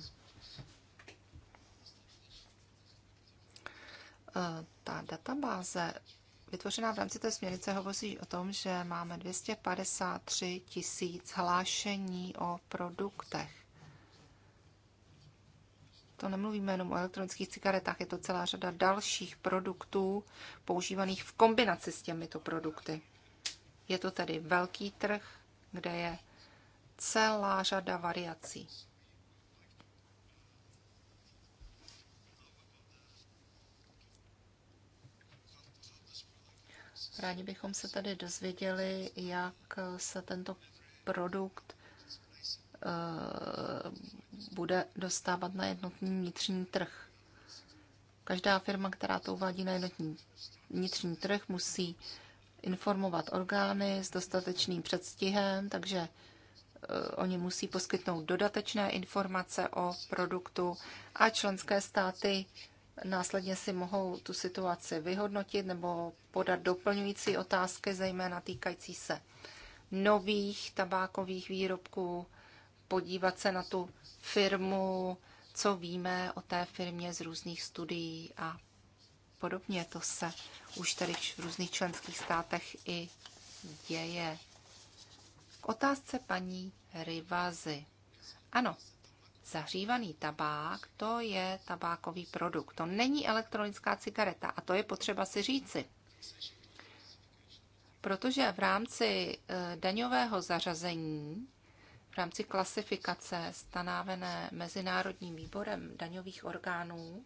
Eh, ta databáze vytvořená v rámci té směrnice hovoří o tom, že máme 253 tisíc hlášení o produktech. To nemluvíme jenom o elektronických cigaretách, je to celá řada dalších produktů používaných v kombinaci s těmito produkty. Je to tedy velký trh, kde je celá řada variací. Rádi bychom se tady dozvěděli, jak se tento produkt eh, bude dostávat na jednotný vnitřní trh. Každá firma, která to uvádí na jednotný vnitřní trh, musí informovat orgány s dostatečným předstihem, takže eh, oni musí poskytnout dodatečné informace o produktu a členské státy Následně si mohou tu situaci vyhodnotit nebo podat doplňující otázky, zejména týkající se nových tabákových výrobků, podívat se na tu firmu, co víme o té firmě z různých studií a podobně. To se už tady v různých členských státech i děje. K otázce paní Rivazy. Ano, zahřívaný tabák, to je tabákový produkt. To není elektronická cigareta a to je potřeba si říci. Protože v rámci eh, daňového zařazení, v rámci klasifikace stanávené Mezinárodním výborem daňových orgánů,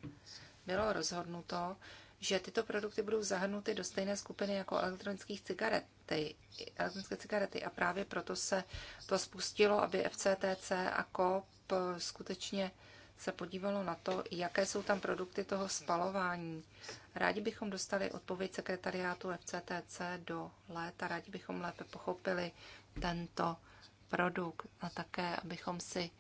bylo rozhodnuto, že tyto produkty budou zahrnuty do stejné skupiny jako elektronických cigarety, elektronické cigarety a právě proto se to spustilo, aby FCTC a COP Eh, skutečně se podívalo na to, jaké jsou tam produkty toho spalování. Rádi bychom dostali odpověď sekretariátu FCTC do léta, rádi bychom lépe pochopili tento produkt a také, abychom si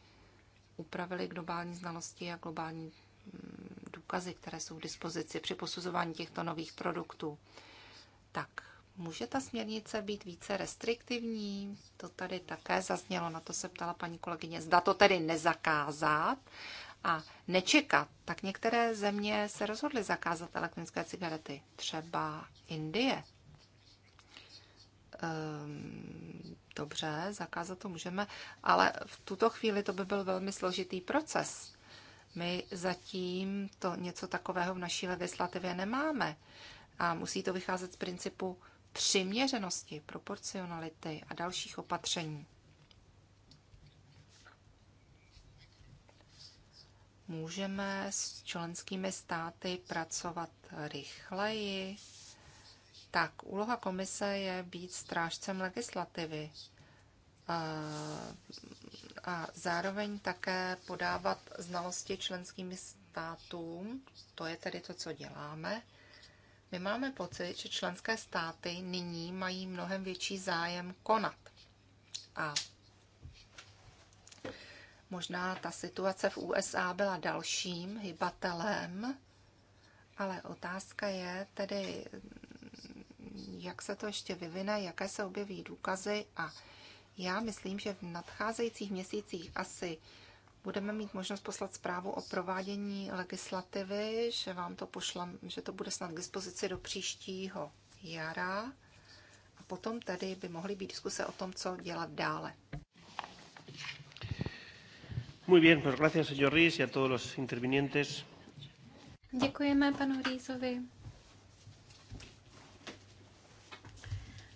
upravili globální znalosti a globální mm, důkazy, které jsou k dispozici při posuzování těchto nových produktů. Tak, Může ta směrnice být více restriktivní? To tady také zaznělo, na to se ptala paní kolegyně. Zda to tedy nezakázat a nečekat, tak některé země se rozhodly zakázat elektronické cigarety, třeba Indie. Um, dobře, zakázat to můžeme, ale v tuto chvíli to by byl velmi složitý proces. My zatím to něco takového v naší legislativě nemáme a musí to vycházet z principu přiměřenosti, proporcionality a dalších opatření. Můžeme s členskými státy pracovat rychleji. Tak, úloha komise je být strážcem legislativy a zároveň také podávat znalosti členským státům, to je tedy to, co děláme, my máme pocit, že členské státy nyní mají mnohem větší zájem konat. A možná ta situace v USA byla dalším hybatelem, ale otázka je tedy, jak se to ještě vyvine, jaké se objeví důkazy a já myslím, že v nadcházejících měsících asi budeme mít možnost poslat zprávu o provádění legislativy, že vám to pošlem, že to bude snad k dispozici do příštího jara. A potom tedy by mohly být diskuse o tom, co dělat dále. Muy bien, pues gracias, señor Ries, y a todos los intervinientes. Děkujeme panu Rýzovi.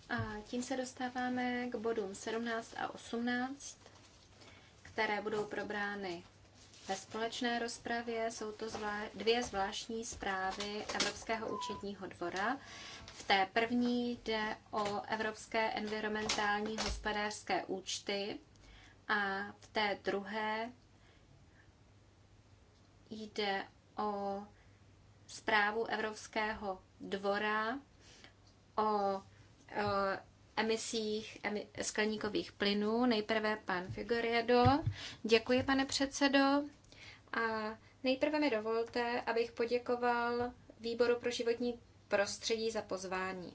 A tím se dostáváme k bodům 17 a 18 které budou probrány ve společné rozpravě. Jsou to zvlá- dvě zvláštní zprávy Evropského účetního dvora. V té první jde o evropské environmentální hospodářské účty a v té druhé jde o zprávu Evropského dvora o, o emisích emi, skleníkových plynů. Nejprve pan Figueredo. Děkuji, pane předsedo. A nejprve mi dovolte, abych poděkoval Výboru pro životní prostředí za pozvání.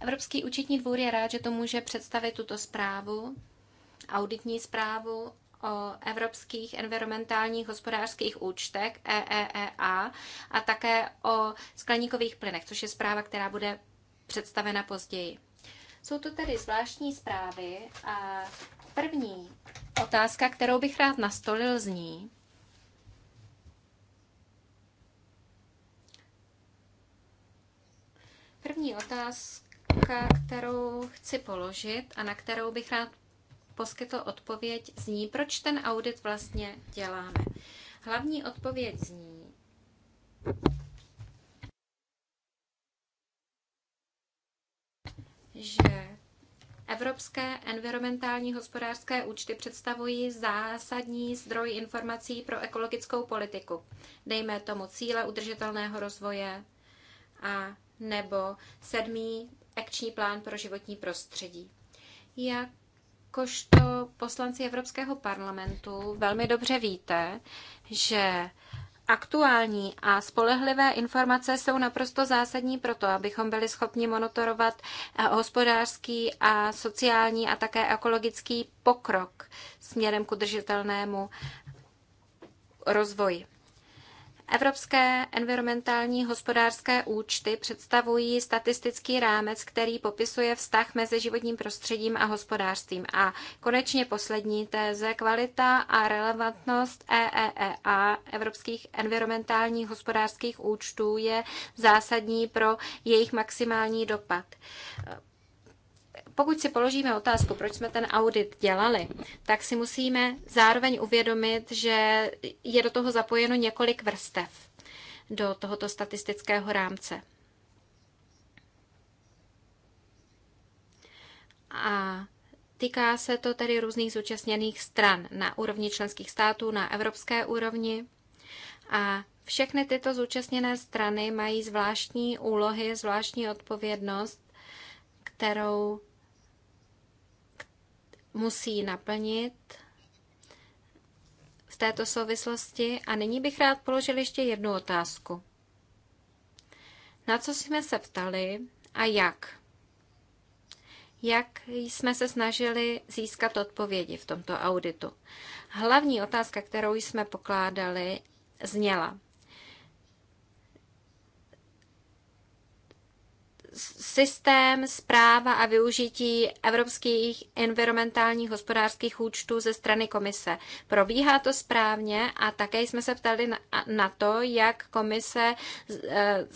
Evropský účetní dvůr je rád, že to může představit tuto zprávu, auditní zprávu o evropských environmentálních hospodářských účtech EEEA a také o skleníkových plynech, což je zpráva, která bude představena později. Jsou to tedy zvláštní zprávy a první otázka, kterou bych rád nastolil, zní, První otázka, kterou chci položit a na kterou bych rád poskytl odpověď, zní, proč ten audit vlastně děláme. Hlavní odpověď zní, že Evropské environmentální hospodářské účty představují zásadní zdroj informací pro ekologickou politiku, dejme tomu cíle udržitelného rozvoje a nebo sedmý akční plán pro životní prostředí. Jakožto poslanci Evropského parlamentu velmi dobře víte, že aktuální a spolehlivé informace jsou naprosto zásadní pro to, abychom byli schopni monitorovat eh, hospodářský a sociální a také ekologický pokrok směrem k udržitelnému rozvoji. Evropské environmentální hospodářské účty představují statistický rámec, který popisuje vztah mezi životním prostředím a hospodářstvím. A konečně poslední téze, kvalita a relevantnost EEEA, evropských environmentálních hospodářských účtů, je zásadní pro jejich maximální dopad. Pokud si položíme otázku, proč jsme ten audit dělali, tak si musíme zároveň uvědomit, že je do toho zapojeno několik vrstev do tohoto statistického rámce. A týká se to tedy různých zúčastněných stran na úrovni členských států, na evropské úrovni. A všechny tyto zúčastněné strany mají zvláštní úlohy, zvláštní odpovědnost, kterou musí naplnit v této souvislosti. A nyní bych rád položil ještě jednu otázku. Na co jsme se ptali a jak? Jak jsme se snažili získat odpovědi v tomto auditu? Hlavní otázka, kterou jsme pokládali, zněla. systém zpráva a využití evropských environmentálních hospodářských účtů ze strany komise. Probíhá to správně a také jsme se ptali na to, jak komise eh,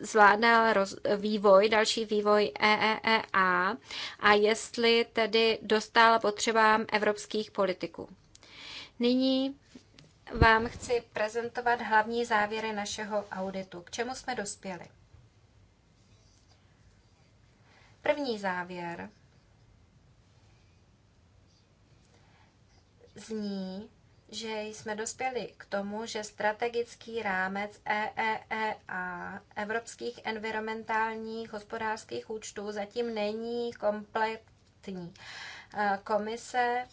zvládá vývoj, další vývoj EEEA a jestli tedy dostala potřebám evropských politiků. Nyní vám chci prezentovat hlavní závěry našeho auditu, k čemu jsme dospěli. První závěr zní, že jsme dospěli k tomu, že strategický rámec EEEA evropských environmentálních hospodářských účtů zatím není kompletní. E, komise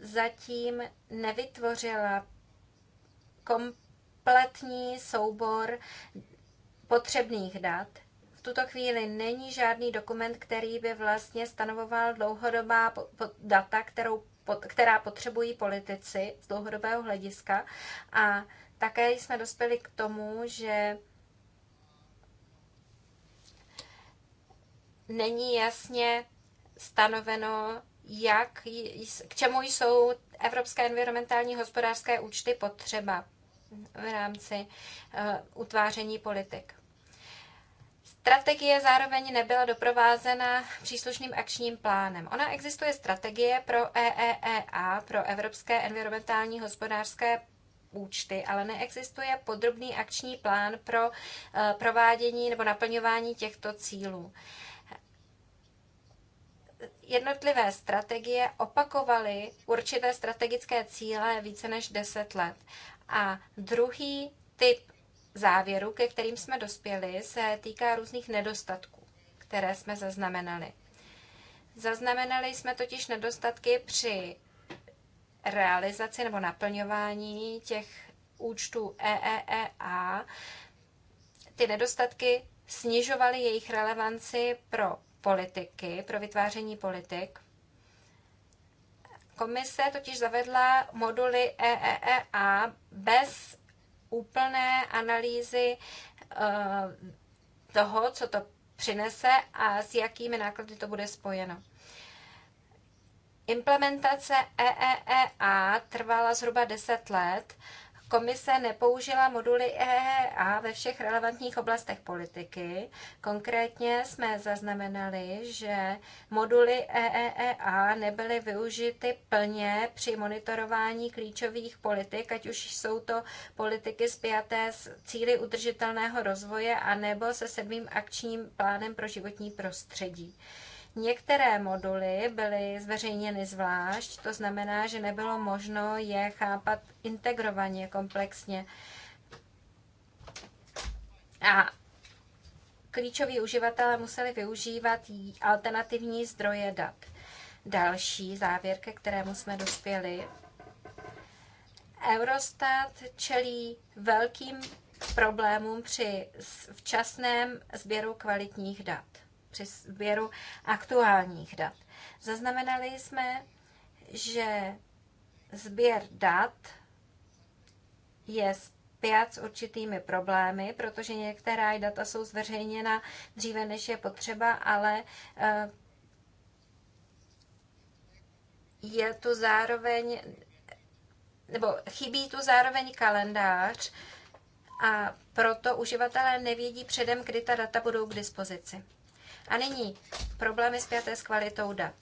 zatím nevytvořila kompletní soubor potřebných dat, v tuto chvíli není žádný dokument, který by vlastně stanovoval dlouhodobá data, kterou, která potřebují politici z dlouhodobého hlediska. A také jsme dospěli k tomu, že není jasně stanoveno, jak, k čemu jsou evropské environmentální hospodářské účty potřeba v rámci uh, utváření politik. Strategie zároveň nebyla doprovázena příslušným akčním plánem. Ona existuje strategie pro EEEA, pro Evropské environmentální hospodářské účty, ale neexistuje podrobný akční plán pro eh, provádění nebo naplňování těchto cílů. Jednotlivé strategie opakovaly určité strategické cíle více než 10 let. A druhý typ závěru, ke kterým jsme dospěli, se týká různých nedostatků, které jsme zaznamenali. Zaznamenali jsme totiž nedostatky při realizaci nebo naplňování těch účtů EEEA. Ty nedostatky snižovaly jejich relevanci pro politiky, pro vytváření politik. Komise totiž zavedla moduly EEEA bez úplné analýzy eh, toho, co to přinese a s jakými náklady to bude spojeno. Implementace EEEA trvala zhruba 10 let Komise nepoužila moduly EEA ve všech relevantních oblastech politiky. Konkrétně jsme zaznamenali, že moduly EEA nebyly využity plně při monitorování klíčových politik, ať už jsou to politiky spjaté s cíly udržitelného rozvoje anebo se sedmým akčním plánem pro životní prostředí. Některé moduly byly zveřejněny zvlášť, to znamená, že nebylo možno je chápat integrovaně, komplexně. A klíčoví uživatelé museli využívat alternativní zdroje dat. Další závěr, ke kterému jsme dospěli, Eurostat čelí velkým problémům při včasném sběru kvalitních dat při sběru aktuálních dat. Zaznamenali jsme, že sběr dat je zpět s určitými problémy, protože některá data jsou zveřejněna dříve, než je potřeba, ale eh, je tu zároveň, nebo chybí tu zároveň kalendář a proto uživatelé nevědí předem, kdy ta data budou k dispozici. A nyní problémy zpěté s kvalitou dat.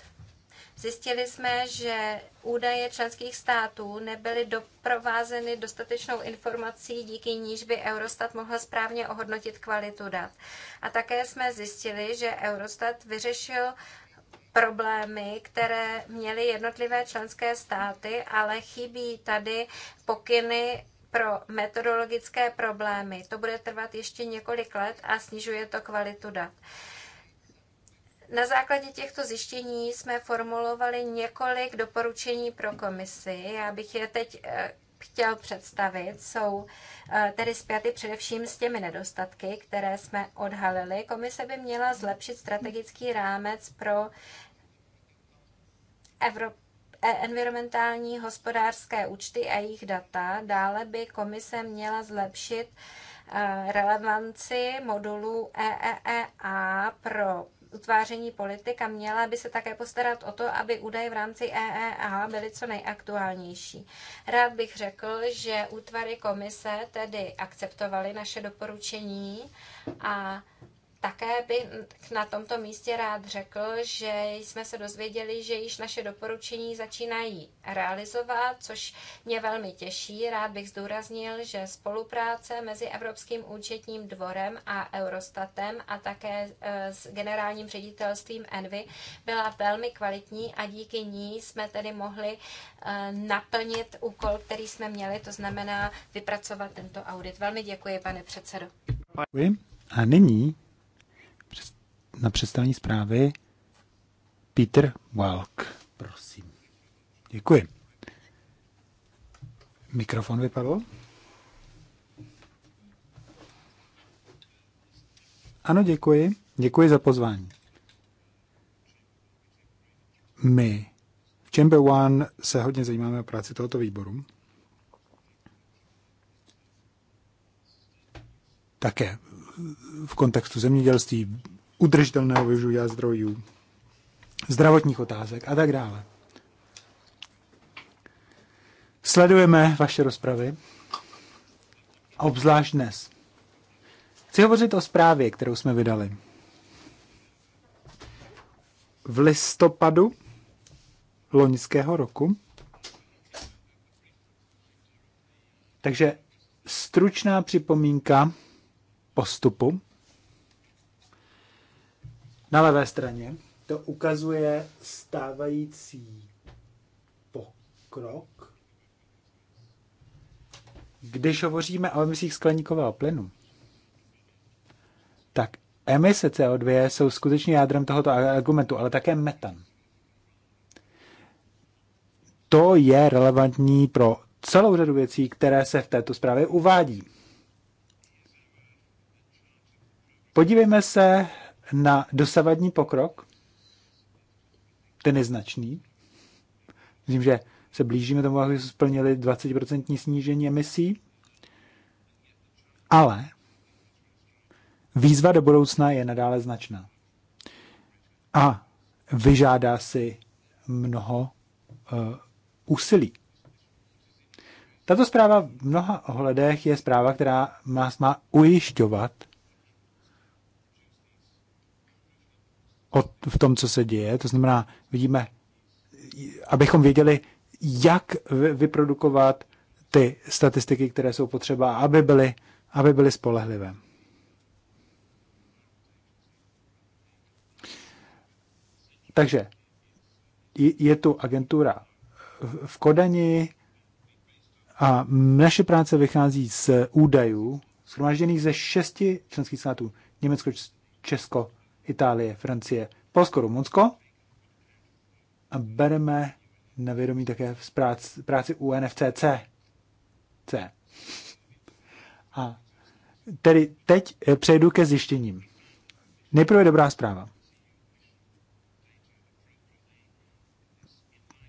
Zjistili jsme, že údaje členských států nebyly doprovázeny dostatečnou informací, díky níž by Eurostat mohl správně ohodnotit kvalitu dat. A také jsme zjistili, že Eurostat vyřešil problémy, které měly jednotlivé členské státy, ale chybí tady pokyny pro metodologické problémy. To bude trvat ještě několik let a snižuje to kvalitu dat. Na základě těchto zjištění jsme formulovali několik doporučení pro komisi. Já bych je teď eh, chtěl představit, jsou eh, tedy zpěty především s těmi nedostatky, které jsme odhalili. Komise by měla zlepšit strategický rámec pro Evropu e, environmentální hospodářské účty a jejich data. Dále by komise měla zlepšit eh, relevanci modulu EEEA pro utváření politik a měla by se také postarat o to, aby údaje v rámci EEA byly co nejaktuálnější. Rád bych řekl, že útvary komise tedy akceptovaly naše doporučení a také bych na tomto místě rád řekl, že jsme se dozvěděli, že již naše doporučení začínají realizovat, což mě velmi těší. Rád bych zdůraznil, že spolupráce mezi Evropským účetním dvorem a Eurostatem a také e, s generálním ředitelstvím Envy byla velmi kvalitní a díky ní jsme tedy mohli e, naplnit úkol, který jsme měli, to znamená vypracovat tento audit. Velmi děkuji, pane předsedo. A nyní na představení zprávy Peter Walk. Prosím. Děkuji. Mikrofon vypadl? Ano, děkuji. Děkuji za pozvání. My v Chamber One se hodně zajímáme o práci tohoto výboru. Také v kontextu zemědělství, udržitelného využití zdrojů, zdravotních otázek a tak dále. Sledujeme vaše rozpravy, obzvlášť dnes. Chci hovořit o zprávě, kterou jsme vydali. V listopadu loňského roku. Takže stručná připomínka postupu na levé straně, to ukazuje stávající pokrok. Když hovoříme o emisích skleníkového plynu, tak emise CO2 jsou skutečně jádrem tohoto argumentu, ale také metan. To je relevantní pro celou řadu věcí, které se v této zprávě uvádí. Podívejme se na dosavadní pokrok, ten je značný. Myslím, že se blížíme tomu, aby jsme splnili 20% snížení emisí, ale výzva do budoucna je nadále značná. A vyžádá si mnoho uh, úsilí. Tato zpráva v mnoha ohledech je zpráva, která má má ujišťovat v tom, co se děje. To znamená, vidíme, abychom věděli, jak vyprodukovat ty statistiky, které jsou potřeba, aby byly, aby byly spolehlivé. Takže je tu agentura v Kodani a naše práce vychází z údajů schromážděných ze šesti členských států. Německo, Česko, Itálie, Francie, Polsko, Rumunsko. A bereme na vědomí také v práci, práci UNFCC. C. A tedy teď eh, přejdu ke zjištěním. Nejprve dobrá zpráva.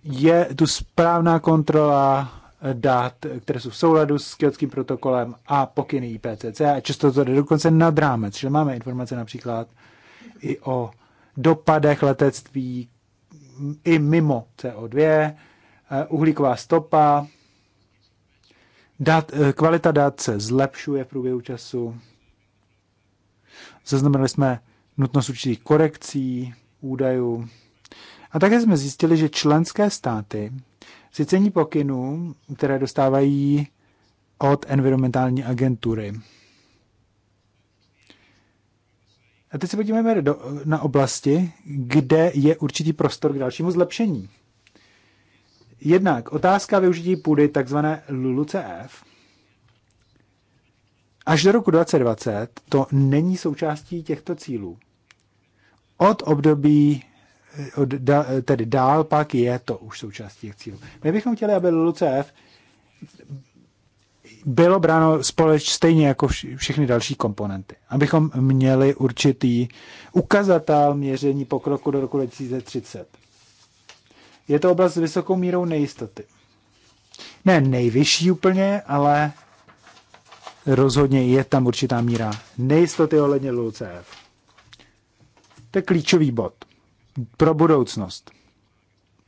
Je tu správná kontrola dát, které jsou v souladu s kyotským protokolem a pokyny IPCC a často to jde dokonce nad rámec, že máme informace například i o dopadech letectví i mimo CO2, eh, uhlíková stopa, dat, eh, kvalita dat se zlepšuje v průběhu času. Zaznamenali jsme nutnost určitých korekcí údajů. A také jsme zjistili, že členské státy si cení pokynů, které dostávají od environmentální agentury. A teď se podíváme do, na oblasti, kde je určitý prostor k dalšímu zlepšení. Jednak otázka využití půdy takzvané LULUCF. Až do roku 2020 to není součástí těchto cílů. Od období, od, da, tedy dál pak je to už součástí těch cílů. My bychom chtěli, aby LULUCF bylo bráno společ stejně jako všechny další komponenty. Abychom měli určitý ukazatel měření pokroku do roku 2030. Je to oblast s vysokou mírou nejistoty. Ne nejvyšší úplně, ale rozhodně je tam určitá míra nejistoty ohledně LUCF. To je klíčový bod pro budoucnost.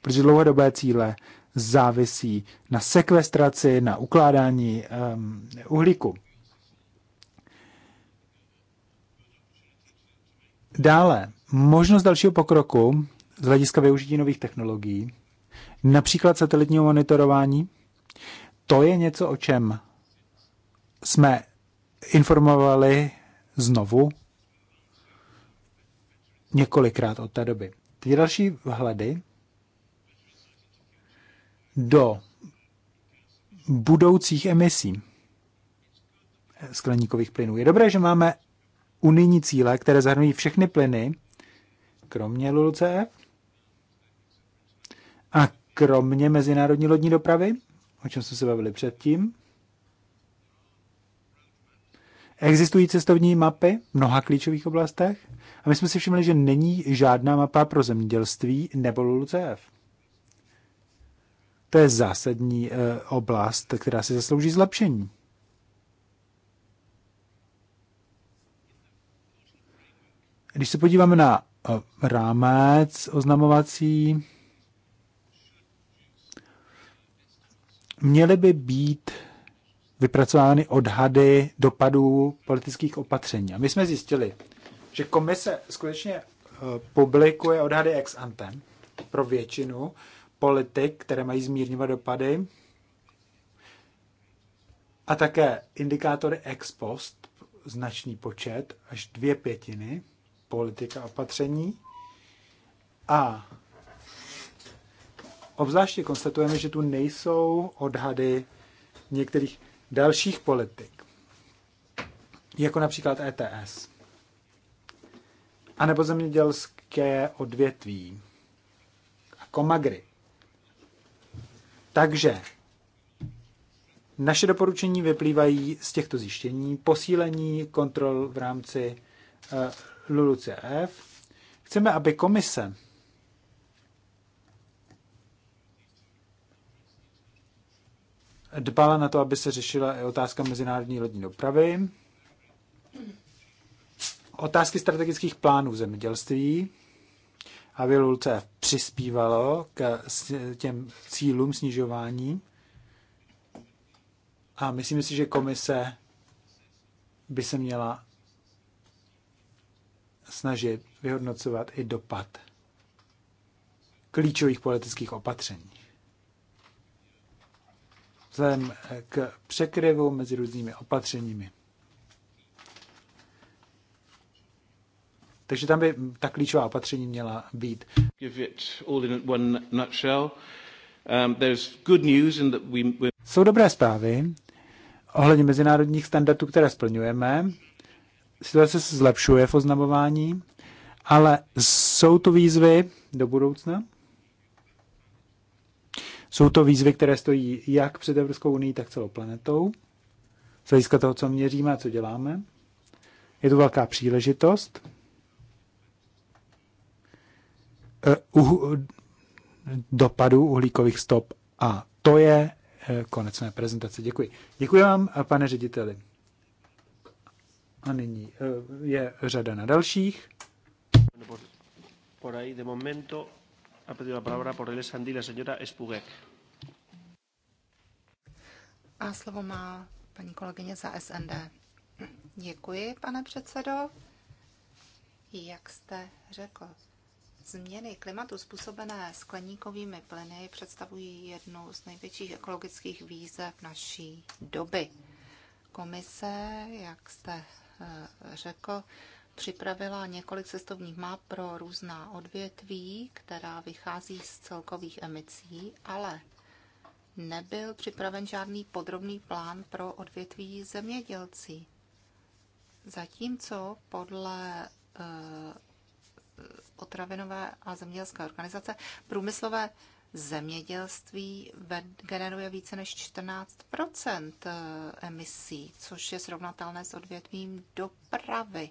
Protože dlouhodobé cíle závisí na sekvestraci, na ukládání um, uhlíku. Dále, možnost dalšího pokroku z hlediska využití nových technologií, například satelitního monitorování, to je něco, o čem jsme informovali znovu několikrát od té doby. Ty další vhledy do budoucích emisí skleníkových plynů. Je dobré, že máme unijní cíle, které zahrnují všechny plyny, kromě LULCF a kromě mezinárodní lodní dopravy, o čem jsme se bavili předtím. Existují cestovní mapy v mnoha klíčových oblastech a my jsme si všimli, že není žádná mapa pro zemědělství nebo LULCF. To je zásadní eh, oblast, která si zaslouží zlepšení. Když se podíváme na eh, rámec oznamovací, měly by být vypracovány odhady dopadů politických opatření. A my jsme zjistili, že komise skutečně eh, publikuje odhady ex ante pro většinu politik, které mají zmírňovat dopady, a také indikátory ex post, značný počet, až dvě pětiny, politika opatření. A obzvláště konstatujeme, že tu nejsou odhady některých dalších politik, jako například ETS, anebo zemědělské odvětví a komagry. Takže naše doporučení vyplývají z těchto zjištění. Posílení kontrol v rámci eh, LULUCF. Chceme, aby komise dbala na to, aby se řešila i otázka mezinárodní lodní dopravy, otázky strategických plánů v zemědělství, aby Lulce přispívalo k těm cílům snižování. A myslím si, že komise by se měla snažit vyhodnocovat i dopad klíčových politických opatření. Vzhledem k překryvu mezi různými opatřeními. Takže tam by ta klíčová opatření měla být. Um, jsou dobré zprávy ohledně mezinárodních standardů, které splňujeme. Situace se zlepšuje v oznamování, ale jsou to výzvy do budoucna? Jsou to výzvy, které stojí jak před Evropskou unii, tak celou planetou. Z hlediska toho, co měříme a co děláme. Je to velká příležitost Eh, uh, dopadu uhlíkových stop. A to je eh, konec mé prezentace. Děkuji. Děkuji vám, eh, pane řediteli. A nyní je řada na dalších. Por ahí de momento ha pedido la palabra por el Sandy la señora A slovo má paní kolegyně za SND. Děkuji, pane předsedo. Jak jste řekl, Změny klimatu způsobené skleníkovými plyny představují jednu z největších ekologických výzev naší doby. Komise, jak jste eh, řekl, připravila několik cestovních map pro různá odvětví, která vychází z celkových emisí, ale nebyl připraven žádný podrobný plán pro odvětví zemědělcí. Zatímco podle eh, potravinové a zemědělské organizace, průmyslové zemědělství generuje více než 14 eh, emisí, což je srovnatelné s odvětvím dopravy.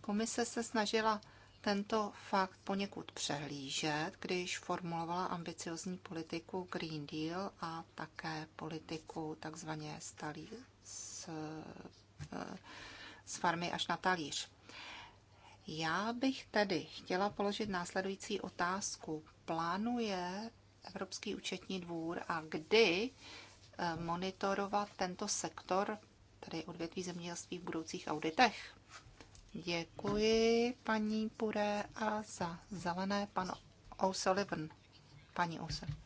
Komise se snažila tento fakt poněkud přehlížet, když formulovala ambiciozní politiku Green Deal a také politiku takzvaně stalí z, z eh, farmy až na talíř. Já bych tedy chtěla položit následující otázku. Plánuje Evropský účetní dvůr a kdy eh, monitorovat tento sektor, tedy odvětví zemědělství v budoucích auditech? Děkuji paní Pure a za zelené pan O'Sullivan. Paní O'Sullivan.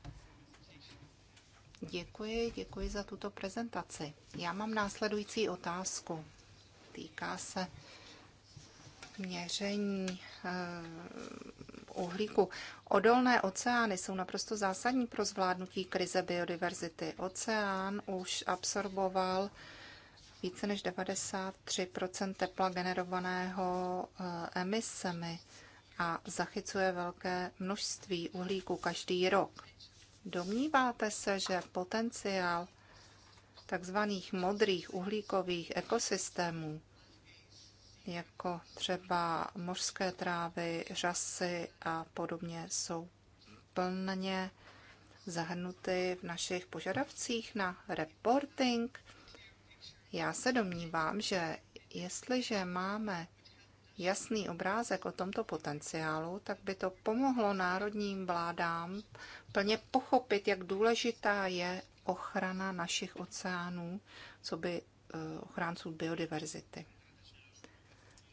Děkuji, děkuji za tuto prezentaci. Já mám následující otázku. Týká se měření eh, uhlíku. Odolné oceány jsou naprosto zásadní pro zvládnutí krize biodiverzity. Oceán už absorboval více než 93 tepla generovaného eh, emisemi a zachycuje velké množství uhlíku každý rok. Domníváte se, že potenciál takzvaných modrých uhlíkových ekosystémů jako třeba mořské trávy, řasy a podobně, jsou plně zahrnuty v našich požadavcích na reporting. Já se domnívám, že jestliže máme jasný obrázek o tomto potenciálu, tak by to pomohlo národním vládám plně pochopit, jak důležitá je ochrana našich oceánů, co by eh, ochránců biodiverzity.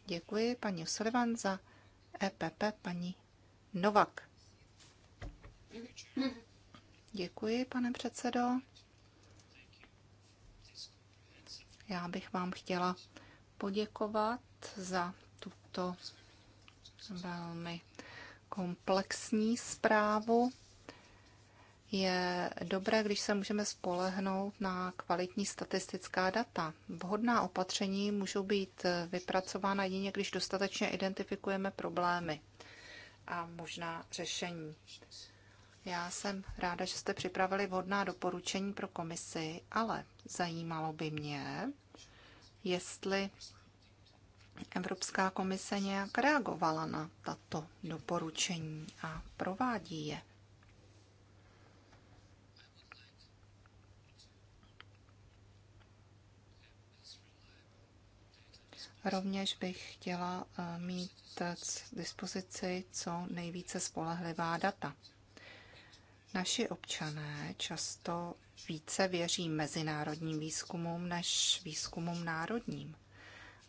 Děkuji paní Sullivan za EPP paní Novak. Děkuji, pane předsedo. Já bych vám chtěla poděkovat za tuto velmi komplexní zprávu je dobré, když se můžeme spolehnout na kvalitní statistická data. Vhodná opatření můžou být vypracována jedině, když dostatečně identifikujeme problémy a možná řešení. Já jsem ráda, že jste připravili vhodná doporučení pro komisi, ale zajímalo by mě, jestli Evropská komise nějak reagovala na tato doporučení a provádí je. Rovněž bych chtěla eh, mít k dispozici co nejvíce spolehlivá data. Naši občané často více věří mezinárodním výzkumům než výzkumům národním.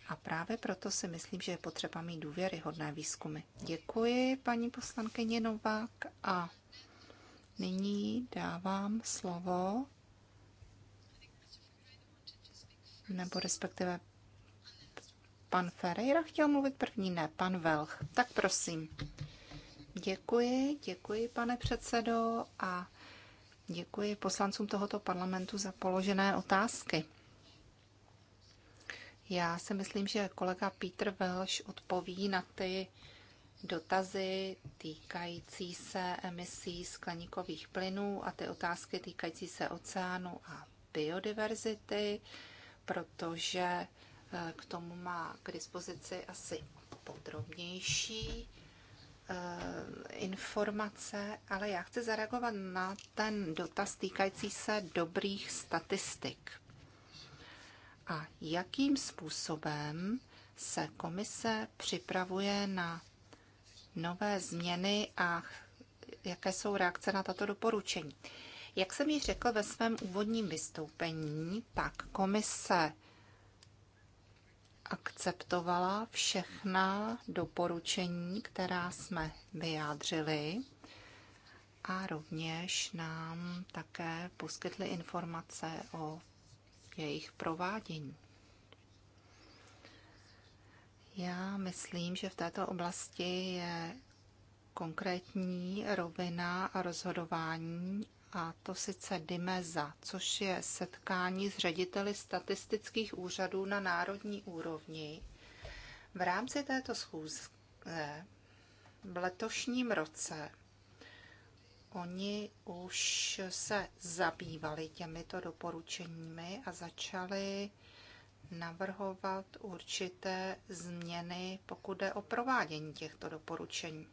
A právě proto si myslím, že je potřeba mít důvěryhodné výzkumy. Děkuji, paní poslankyně Novák, a nyní dávám slovo, nebo respektive Pan Ferreira chtěl mluvit první, ne, pan Velch. Tak prosím. Děkuji, děkuji, pane předsedo, a děkuji poslancům tohoto parlamentu za položené otázky. Já si myslím, že kolega Peter Velš odpoví na ty dotazy týkající se emisí skleníkových plynů a ty otázky týkající se oceánu a biodiverzity, protože Eh, k tomu má k dispozici asi podrobnější eh, informace, ale já chci zareagovat na ten dotaz týkající se dobrých statistik. A jakým způsobem se komise připravuje na nové změny a jaké jsou reakce na tato doporučení? Jak jsem již řekl ve svém úvodním vystoupení, tak komise akceptovala všechna doporučení, která jsme vyjádřili a rovněž nám také poskytli informace o jejich provádění. Já myslím, že v této oblasti je konkrétní rovina a rozhodování a to sice Dimeza, což je setkání s řediteli statistických úřadů na národní úrovni. V rámci této schůzky v letošním roce oni už se zabývali těmito doporučeními a začali navrhovat určité změny, pokud jde o provádění těchto doporučení.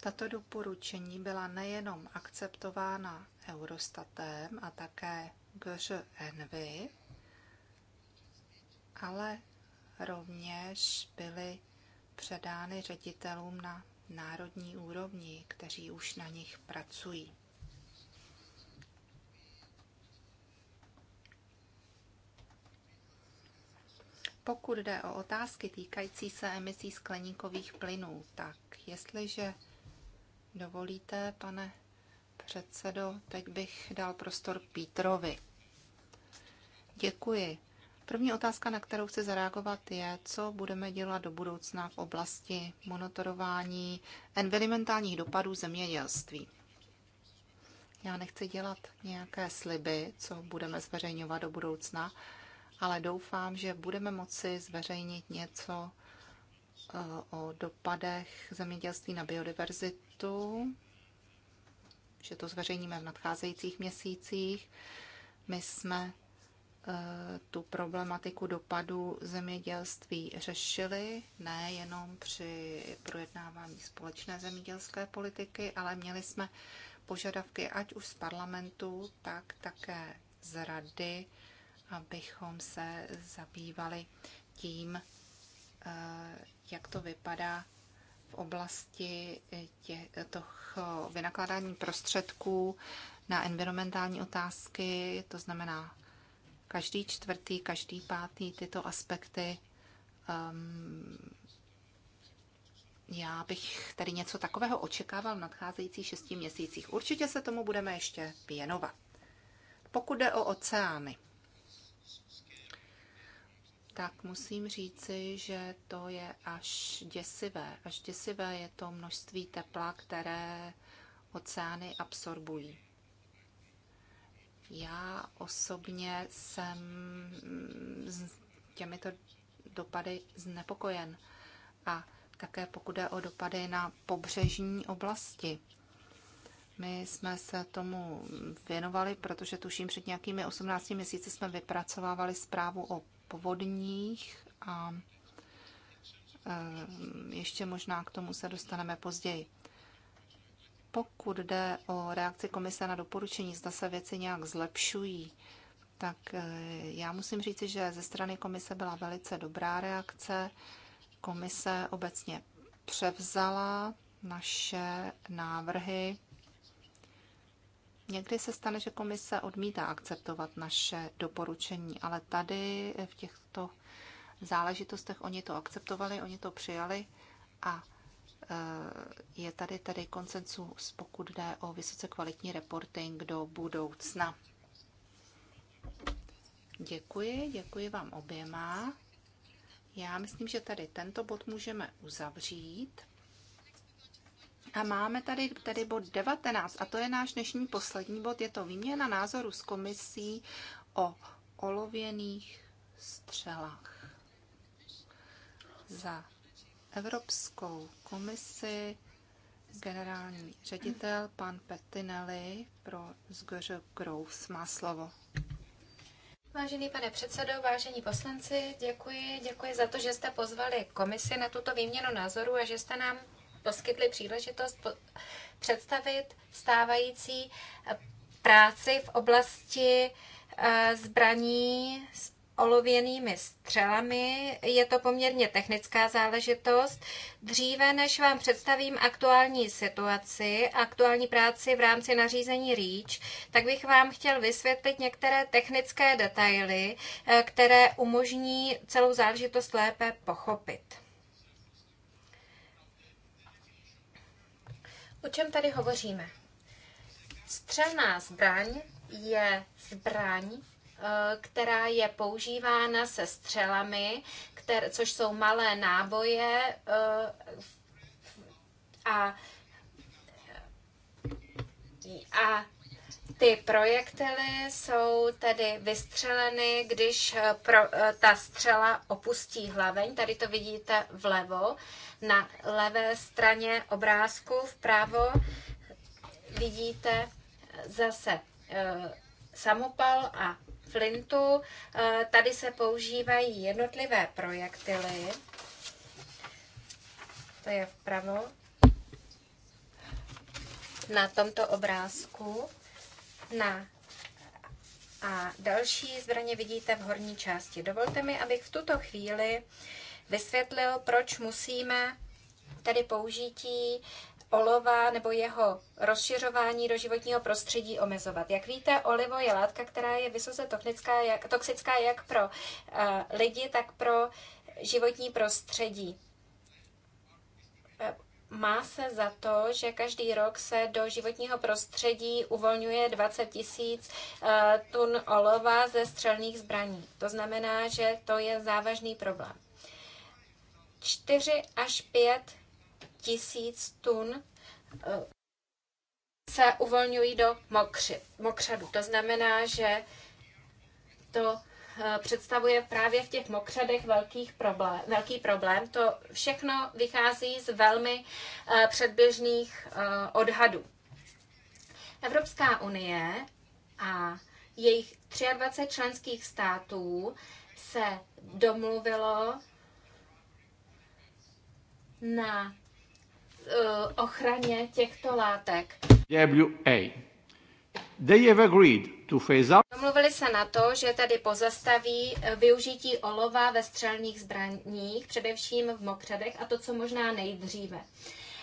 Tato doporučení byla nejenom akceptována Eurostatem a také GŽNV, ale rovněž byly předány ředitelům na národní úrovni, kteří už na nich pracují. Pokud jde o otázky týkající se emisí skleníkových plynů, tak jestliže dovolíte, pane předsedo, teď bych dal prostor Pítrovi. Děkuji. První otázka, na kterou chci zareagovat, je, co budeme dělat do budoucna v oblasti monitorování environmentálních dopadů zemědělství. Já nechci dělat nějaké sliby, co budeme zveřejňovat do budoucna, ale doufám, že budeme moci zveřejnit něco, Eh, o dopadech zemědělství na biodiverzitu, že to zveřejníme v nadcházejících měsících. My jsme eh, tu problematiku dopadu zemědělství řešili, nejenom při projednávání společné zemědělské politiky, ale měli jsme požadavky ať už z parlamentu, tak také z rady, abychom se zabývali tím, eh, jak to vypadá v oblasti eh, těch, eh, toho eh, vynakládání prostředků na environmentální otázky, to znamená každý čtvrtý, každý pátý tyto aspekty. Um, já bych tady něco takového očekával v nadcházejících šesti měsících. Určitě se tomu budeme ještě věnovat. Pokud jde o oceány, tak musím říci, že to je až děsivé. Až děsivé je to množství tepla, které oceány absorbují. Já osobně jsem s těmito dopady znepokojen. A také pokud jde o dopady na pobřežní oblasti. My jsme se tomu věnovali, protože tuším před nějakými 18 měsíci jsme vypracovávali zprávu o povodních a eh, ještě možná k tomu se dostaneme později. Pokud jde o reakci komise na doporučení, zda se věci nějak zlepšují, tak eh, já musím říci, že ze strany komise byla velice dobrá reakce. Komise obecně převzala naše návrhy Někdy se stane, že komise odmítá akceptovat naše doporučení, ale tady v těchto záležitostech oni to akceptovali, oni to přijali a eh, je tady tedy koncensus, pokud jde o vysoce kvalitní reporting do budoucna. Děkuji, děkuji vám oběma. Já myslím, že tady tento bod můžeme uzavřít. A máme tady tady bod 19 a to je náš dnešní poslední bod. Je to výměna názoru s komisí o olověných střelách. Za Evropskou komisi generální ředitel pan Petinelli pro SGŘ Growth má slovo. Vážený pane předsedo, vážení poslanci, děkuji, děkuji za to, že jste pozvali komisi na tuto výměnu názoru a že jste nám poskytli příležitost představit stávající eh, práci v oblasti eh, zbraní s olověnými střelami. Je to poměrně technická záležitost. Dříve, než vám představím aktuální situaci, aktuální práci v rámci nařízení REACH, tak bych vám chtěl vysvětlit některé technické detaily, eh, které umožní celou záležitost lépe pochopit. O čem tady hovoříme? Střelná zbraň je zbraň, eh, která je používána se střelami, které, což jsou malé náboje eh, a a ty projektily jsou tedy vystřeleny, když eh, pro, eh, ta střela opustí hlaveň. Tady to vidíte vlevo, na levé straně obrázku, vpravo vidíte eh, zase samopal a flintu. Tady se používají jednotlivé projektily. To je vpravo na tomto obrázku na a další zbraně vidíte v horní části. Dovolte mi, abych v tuto chvíli vysvětlil, proč musíme tady použití olova nebo jeho rozšiřování do životního prostředí omezovat. Jak víte, olivo je látka, která je vysoce toxická jak, toxická jak pro uh, lidi, tak pro životní prostředí. Má se za to, že každý rok se do životního prostředí uvolňuje 20 tisíc eh, tun olova ze střelných zbraní. To znamená, že to je závažný problém. 4 až 5 tisíc tun eh, se uvolňují do mokřadu. To znamená, že to Eh, představuje právě v těch mokřadech velkých problém, velký problém. To všechno vychází z velmi eh, předběžných eh, odhadů. Evropská unie a jejich 23 členských států se domluvilo na ochraně těchto látek. WA They have agreed to phase out. Domluvili se na to, že tady pozastaví eh, využití olova ve střelných zbraních, především v mokřadech, a to co možná nejdříve.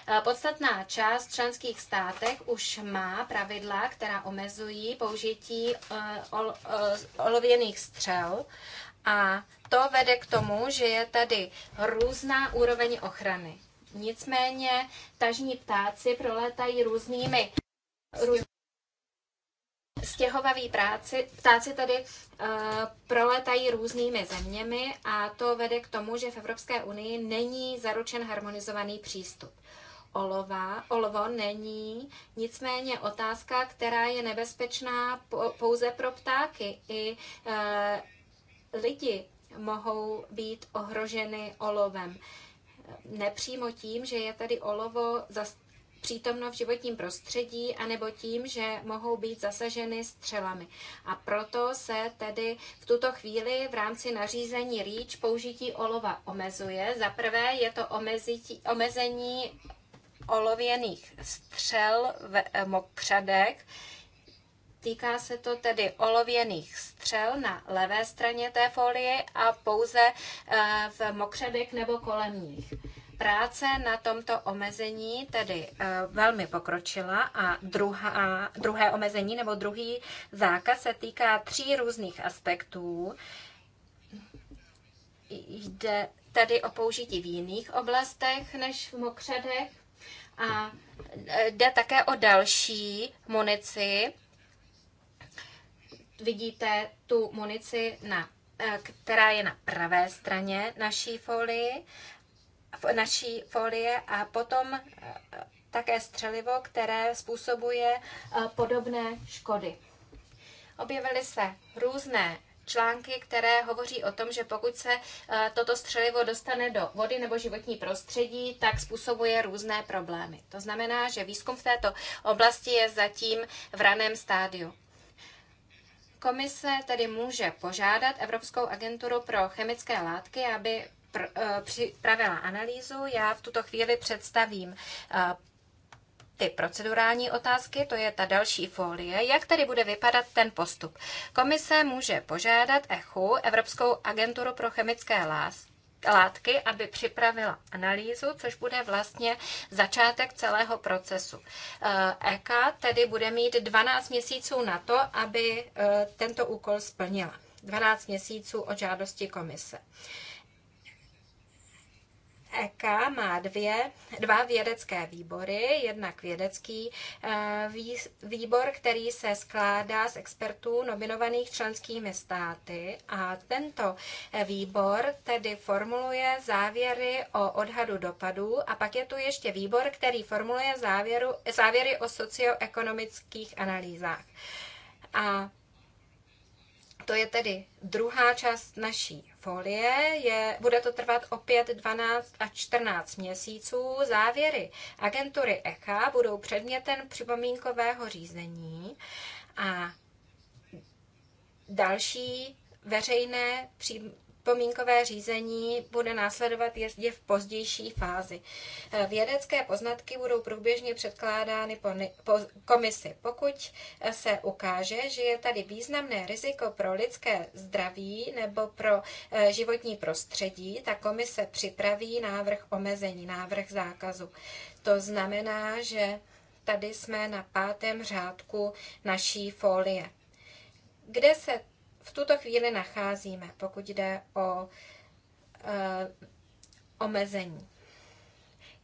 Eh, podstatná část členských státech už má pravidla, která omezují použití eh, olověných střel a to vede k tomu, že je tady různá úroveň ochrany. Nicméně tažní ptáci prolétají různými, různými stěhovaví práci, ptáci tedy uh, eh, proletají různými zeměmi a to vede k tomu, že v Evropské unii není zaručen harmonizovaný přístup. Olova, olovo není nicméně otázka, která je nebezpečná pouze pro ptáky. I e, lidi mohou být ohroženy olovem. Nepřímo tím, že je tady olovo zas, přítomno v životním prostředí, anebo tím, že mohou být zasaženy střelami. A proto se tedy v tuto chvíli v rámci nařízení REACH použití olova omezuje. Za prvé je to omezití, omezení olověných střel v eh, mokřadek. Týká se to tedy olověných střel na levé straně té folie a pouze eh, v mokřadek nebo kolem nich. Práce na tomto omezení tedy eh, velmi pokročila a druhá, druhé omezení nebo druhý zákaz se týká tří různých aspektů. Jde tedy o použití v jiných oblastech než v mokřadech a eh, jde také o další munici. Vidíte tu munici na eh, která je na pravé straně naší folii v naší folie a potom eh, také střelivo, které způsobuje eh, podobné škody. Objevily se různé články, které hovoří o tom, že pokud se eh, toto střelivo dostane do vody nebo životní prostředí, tak způsobuje různé problémy. To znamená, že výzkum v této oblasti je zatím v raném stádiu. Komise tedy může požádat Evropskou agenturu pro chemické látky, aby pr- eh, připravila analýzu. Já v tuto chvíli představím eh, ty procedurální otázky, to je ta další folie, jak tedy bude vypadat ten postup. Komise může požádat ECHU, Evropskou agenturu pro chemické látky, látky, aby připravila analýzu, což bude vlastně začátek celého procesu. EKA eh, e tedy bude mít 12 měsíců na to, aby tento úkol splnila. 12 měsíců od žádosti komise. EK má dvě, dva vědecké výbory, jednak vědecký e, výbor, který se skládá z expertů nominovaných členskými státy a tento e, výbor tedy formuluje závěry o odhadu dopadů a pak je tu ještě výbor, který formuluje závěru, závěry o socioekonomických analýzách. A to je tedy druhá část naší folie. Je, bude to trvat opět 12 a 14 měsíců. Závěry agentury ECHA budou předmětem připomínkového řízení a další veřejné připomínkové řízení bude následovat ještě v pozdější fázi. Eh, vědecké poznatky budou průběžně předkládány po, po komisi. Pokud eh, se ukáže, že je tady významné riziko pro lidské zdraví nebo pro eh, životní prostředí, ta komise připraví návrh omezení, návrh zákazu. To znamená, že tady jsme na pátém řádku naší folie. Kde se v tuto chvíli nacházíme, pokud jde o uh, omezení.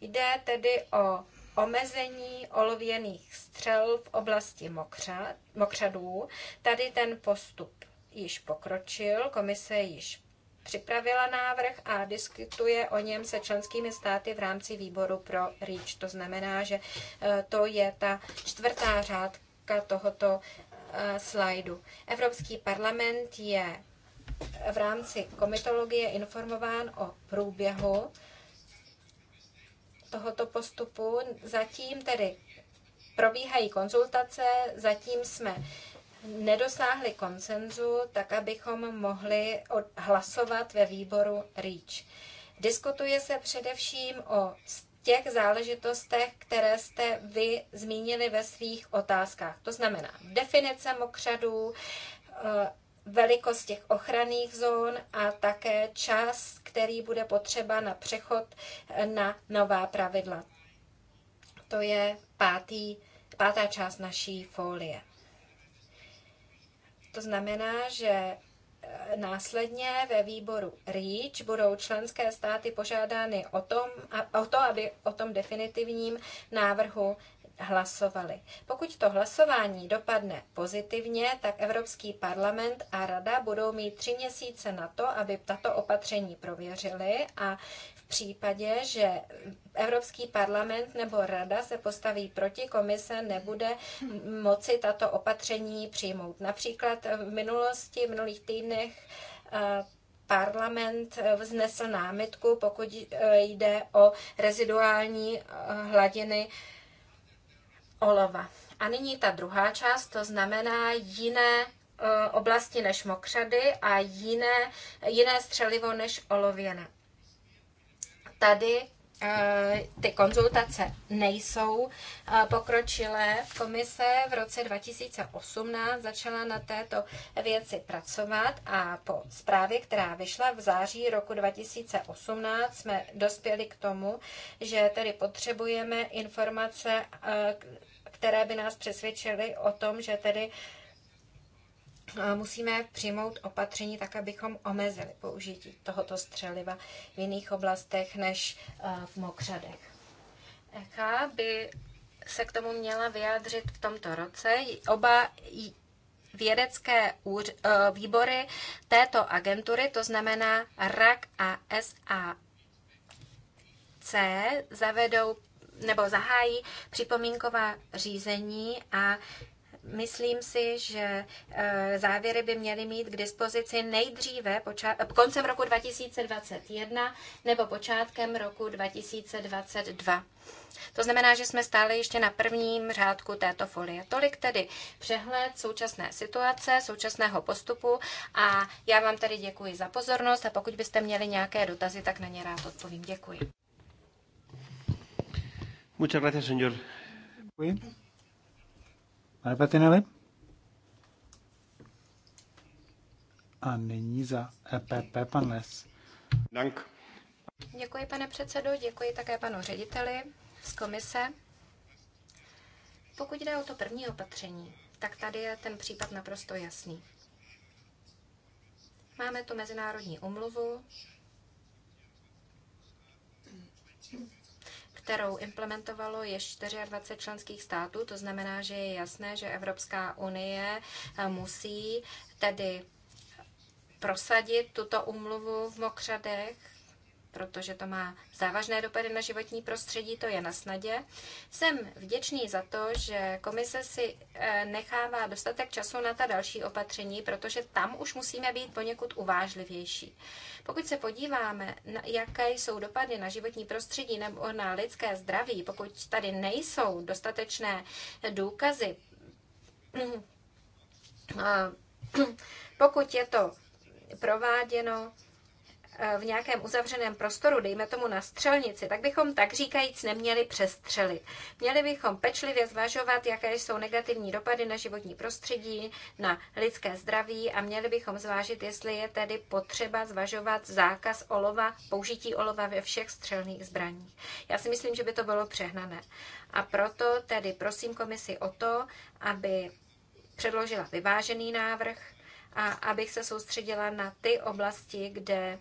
Jde tedy o omezení olověných střel v oblasti mokřad, mokřadů. Tady ten postup již pokročil, komise již připravila návrh a diskutuje o něm se členskými státy v rámci výboru pro REACH. To znamená, že eh, to je ta čtvrtá řádka tohoto Eh, slajdu. Evropský parlament je v rámci komitologie informován o průběhu tohoto postupu. Zatím tedy probíhají konzultace, zatím jsme nedosáhli konsenzu, tak abychom mohli hlasovat ve výboru REACH. Diskutuje se především o těch záležitostech, které jste vy zmínili ve svých otázkách. To znamená definice mokřadů, eh, velikost těch ochranných zón a také čas, který bude potřeba na přechod eh, na nová pravidla. To je pátý, pátá část naší folie. To znamená, že Následně ve výboru REACH budou členské státy požádány o, tom, o to, aby o tom definitivním návrhu hlasovali. Pokud to hlasování dopadne pozitivně, tak Evropský parlament a Rada budou mít tři měsíce na to, aby tato opatření prověřili a případě, že Evropský parlament nebo Rada se postaví proti, komise nebude moci tato opatření přijmout. Například v minulosti, v minulých týdnech eh, parlament eh, vznesl námitku, pokud eh, jde o reziduální hladiny olova. A nyní ta druhá část, to znamená jiné oblasti než mokřady a jiné, jiné střelivo než olověné tady eh, ty konzultace nejsou eh, pokročilé. Komise v roce 2018 začala na této věci pracovat a po zprávě, která vyšla v září roku 2018, jsme dospěli k tomu, že tedy potřebujeme informace, eh, které by nás přesvědčily o tom, že tedy musíme přijmout opatření tak, abychom omezili použití tohoto střeliva v jiných oblastech než eh, v mokřadech. Jaká by se k tomu měla vyjádřit v tomto roce? Oba vědecké eh, výbory této agentury, to znamená RAK a SAC, zavedou nebo zahájí připomínková řízení a Myslím si, že eh, závěry by měly mít k dispozici nejdříve eh, koncem roku 2021 nebo počátkem roku 2022. To znamená, že jsme stále ještě na prvním řádku této folie. Tolik tedy přehled současné situace, současného postupu a já vám tedy děkuji za pozornost a pokud byste měli nějaké dotazy, tak na ně rád odpovím. Děkuji. Muchas gracias, señor. Děkuji. Pane Petinelli? A nyní za EPP pan Les. Dank. Děkuji, pane předsedo, děkuji také panu řediteli z komise. Pokud jde o to první opatření, tak tady je ten případ naprosto jasný. Máme tu mezinárodní umluvu, kterou implementovalo již 24 členských států. To znamená, že je jasné, že Evropská unie eh, musí tedy prosadit tuto umluvu v Mokřadech protože to má závažné dopady na životní prostředí, to je na snadě. Jsem vděčný za to, že komise si eh, nechává dostatek času na ta další opatření, protože tam už musíme být poněkud uvážlivější. Pokud se podíváme, jaké jsou dopady na životní prostředí nebo na lidské zdraví, pokud tady nejsou dostatečné důkazy, eh, pokud je to prováděno Eh, v nějakém uzavřeném prostoru, dejme tomu na střelnici, tak bychom tak říkajíc neměli přestřelit. Měli bychom pečlivě zvažovat, jaké jsou negativní dopady na životní prostředí, na lidské zdraví a měli bychom zvážit, jestli je tedy potřeba zvažovat zákaz olova, použití olova ve všech střelných zbraních. Já si myslím, že by to bylo přehnané. A proto tedy prosím komisi o to, aby předložila vyvážený návrh a abych se soustředila na ty oblasti, kde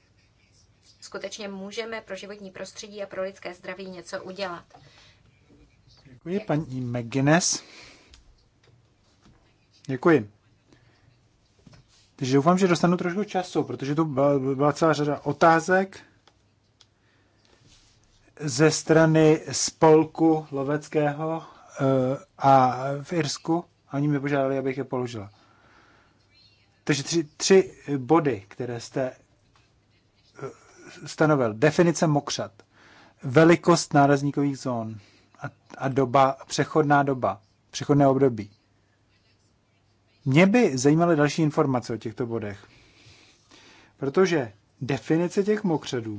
skutečně můžeme pro životní prostředí a pro lidské zdraví něco udělat. Děkuji, paní McGuinness. Děkuji. Takže doufám, že dostanu trošku času, protože tu byla celá řada otázek ze strany spolku loveckého eh, a v Irsku. oni mi požádali, abych je položila. Takže tři, tři body, které jste stanovil definice mokřat, velikost nárazníkových zón a, a doba, přechodná doba, přechodné období. Mě by zajímaly další informace o těchto bodech, protože definice těch mokřadů,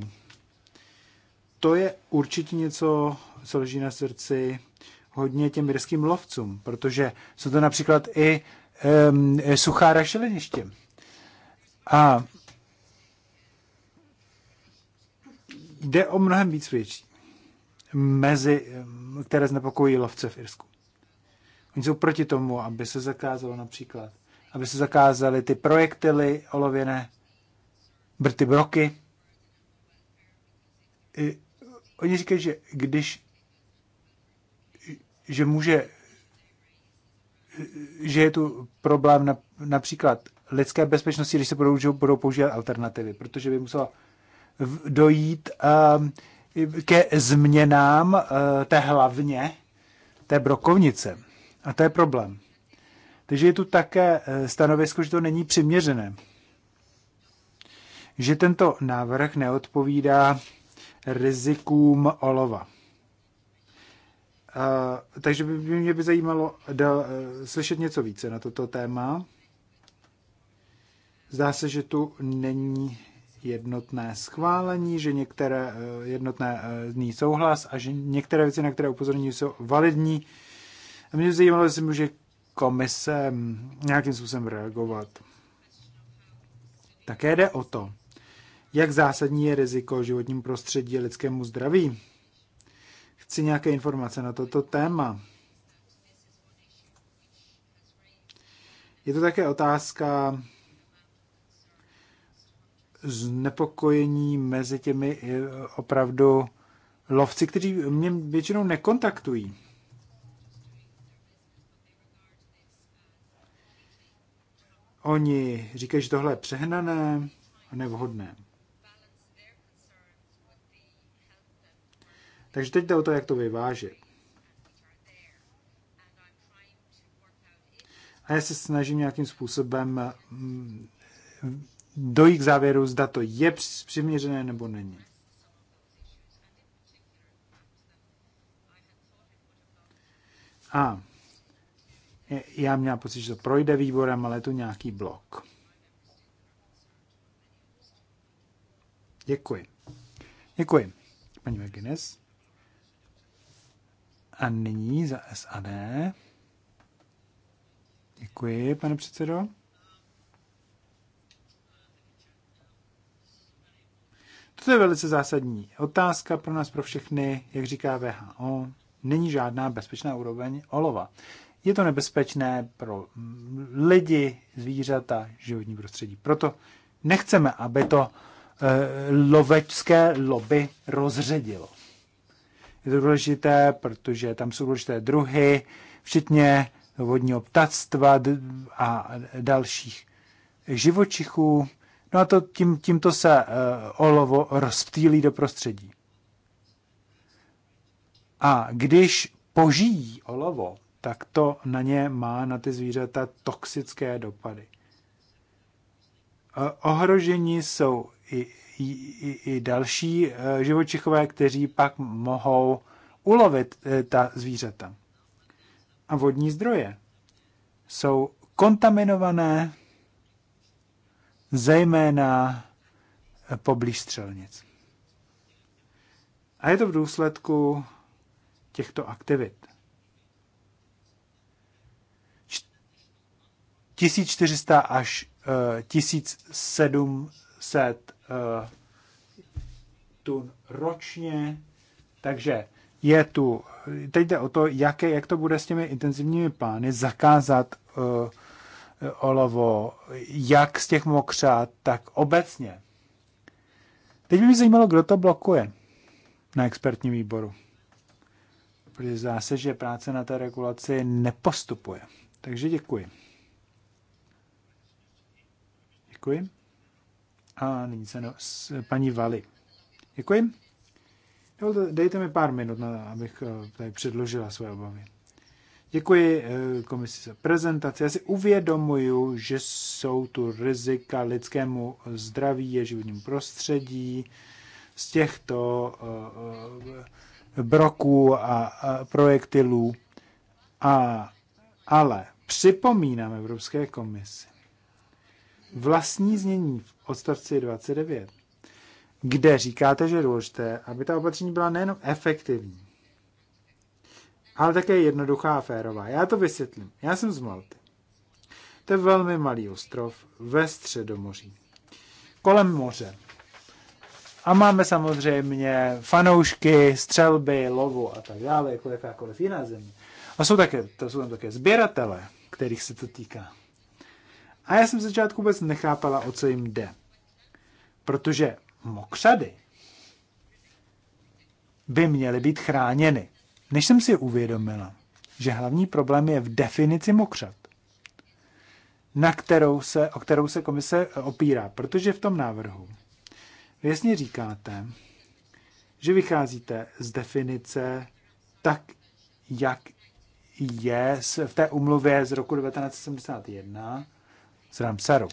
to je určitě něco, co leží na srdci hodně těm irským lovcům, protože jsou to například i um, suchá rašeliniště. A jde o mnohem víc větší mezi, které znepokojí lovce v Irsku. Oni jsou proti tomu, aby se zakázalo například, aby se zakázaly ty projektily olověné, brty broky. I, oni říkají, že když že může že je tu problém na, například lidské bezpečnosti, když se budou, budou používat alternativy, protože by musela dojít ehm, ke změnám eh, té hlavně, té brokovnice. A to je problém. Takže je tu také eh, stanovisko, že to není přiměřené. Že tento návrh neodpovídá rizikům olova. Eh, takže by mě by zajímalo slyšet něco více na toto téma. Zdá se, že tu není jednotné schválení, že některé eh, jednotné dní eh, souhlas a že některé věci, na které upozorňují, jsou validní. A mě zajímalo, jestli může komise hm, nějakým způsobem reagovat. Také jde o to, jak zásadní je riziko životním prostředí a lidskému zdraví. Chci nějaké informace na toto téma. Je to také otázka, znepokojení mezi těmi eh, opravdu lovci, kteří mě většinou nekontaktují. Oni říkají, že tohle je přehnané a nevhodné. Takže teď jde o to, jak to vyvážit. A já se snažím nějakým způsobem mm, dojít k závěru, zda to je přiměřené nebo není. A já měl pocit, že to projde výborem, ale je tu nějaký blok. Děkuji. Děkuji, paní McGuinness. A nyní za SAD. Děkuji, pane předsedo. To je velice zásadní otázka pro nás, pro všechny, jak říká VHO. Není žádná bezpečná úroveň olova. Je to nebezpečné pro mm, lidi, zvířata, životní prostředí. Proto nechceme, aby to eh, lovečské lobby rozředilo. Je to důležité, protože tam jsou důležité druhy, včetně vodního ptactva a dalších živočichů. No a to tím, tímto se eh, olovo rozptýlí do prostředí. A když požijí olovo, tak to na ně má, na ty zvířata, toxické dopady. Eh, ohrožení jsou i, i, i další eh, živočichové, kteří pak mohou ulovit ta zvířata. A vodní zdroje jsou kontaminované zejména poblíž střelnic. A je to v důsledku těchto aktivit. 1400 až 1700 eh, eh, tun ročně, takže je tu, teď jde o to, jaké, jak to bude s těmi intenzivními plány zakázat uh, olovo, jak z těch mokřát, tak obecně. Teď by mě zajímalo, kdo to blokuje na expertním výboru. Protože zdá se, že práce na té regulaci nepostupuje. Takže děkuji. Děkuji. A nyní se no, s paní Vali. Děkuji. Dejte mi pár minut, abych eh, tady předložila své obavy. Děkuji eh, komisi za prezentaci. Já si uvědomuju, že jsou tu rizika lidskému zdraví a životnímu prostředí z těchto eh, eh, broků a projektilů. A, ale připomínám Evropské komisi vlastní znění v odstavci 29, kde říkáte, že je důležité, aby ta opatření byla nejenom efektivní, ale také jednoduchá a férová. Já to vysvětlím. Já jsem z Malty. To je velmi malý ostrov ve středomoří. Kolem moře. A máme samozřejmě fanoušky, střelby, lovu a tak dále, jako jakákoliv jiná země. A jsou, také, to jsou tam také sběratele, kterých se to týká. A já jsem v začátku vůbec nechápala, o co jim jde. Protože mokřady by měly být chráněny. Než jsem si uvědomila, že hlavní problém je v definici mokřat, na kterou se, o kterou se komise eh, opírá, protože v tom návrhu vy jasně říkáte, že vycházíte z definice tak, jak je v té umluvě z roku 1971 z Ramsaru.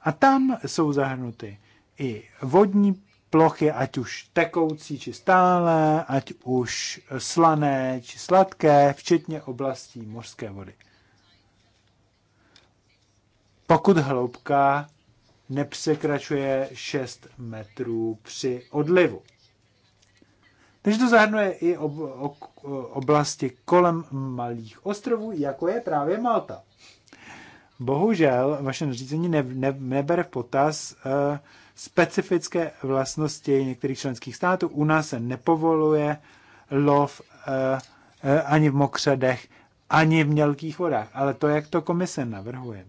A tam jsou zahrnuty i vodní plochy, ať už tekoucí či stálé, ať už slané či sladké, včetně oblastí mořské vody. Pokud hloubka nepřekračuje 6 metrů při odlivu. Takže to zahrnuje i ob, ob, oblasti kolem malých ostrovů, jako je právě Malta. Bohužel vaše nařízení ne, ne, nebere v potaz uh, specifické vlastnosti některých členských států. U nás se nepovoluje lov eh, eh, ani v mokřadech, ani v mělkých vodách. Ale to, jak to komise navrhuje,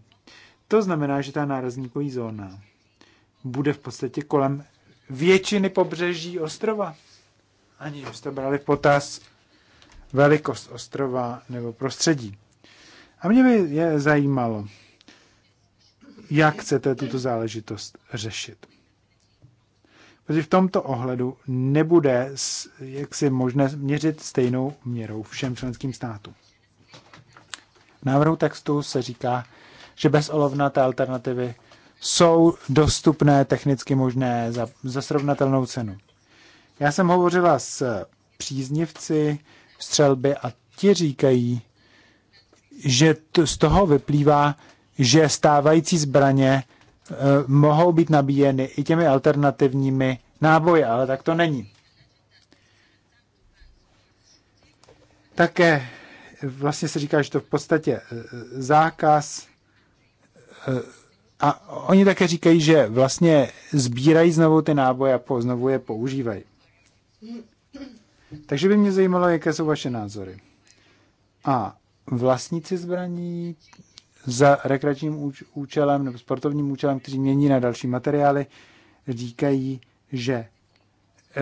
to znamená, že ta nárazníkový zóna bude v podstatě kolem většiny pobřeží ostrova. Ani jste brali v potaz velikost ostrova nebo prostředí. A mě by je zajímalo, jak chcete tuto záležitost řešit protože v tomto ohledu nebude jaksi možné měřit stejnou měrou všem členským státům. V návrhu textu se říká, že bezolovnaté alternativy jsou dostupné, technicky možné za, za srovnatelnou cenu. Já jsem hovořila s příznivci střelby a ti říkají, že to, z toho vyplývá, že stávající zbraně Eh, mohou být nabíjeny i těmi alternativními náboji, ale tak to není. Také vlastně se říká, že to v podstatě eh, zákaz eh, a oni také říkají, že vlastně sbírají znovu ty náboje a znovu je používají. Takže by mě zajímalo, jaké jsou vaše názory. A vlastníci zbraní, za rekreačním účelem nebo sportovním účelem, kteří mění na další materiály, říkají, že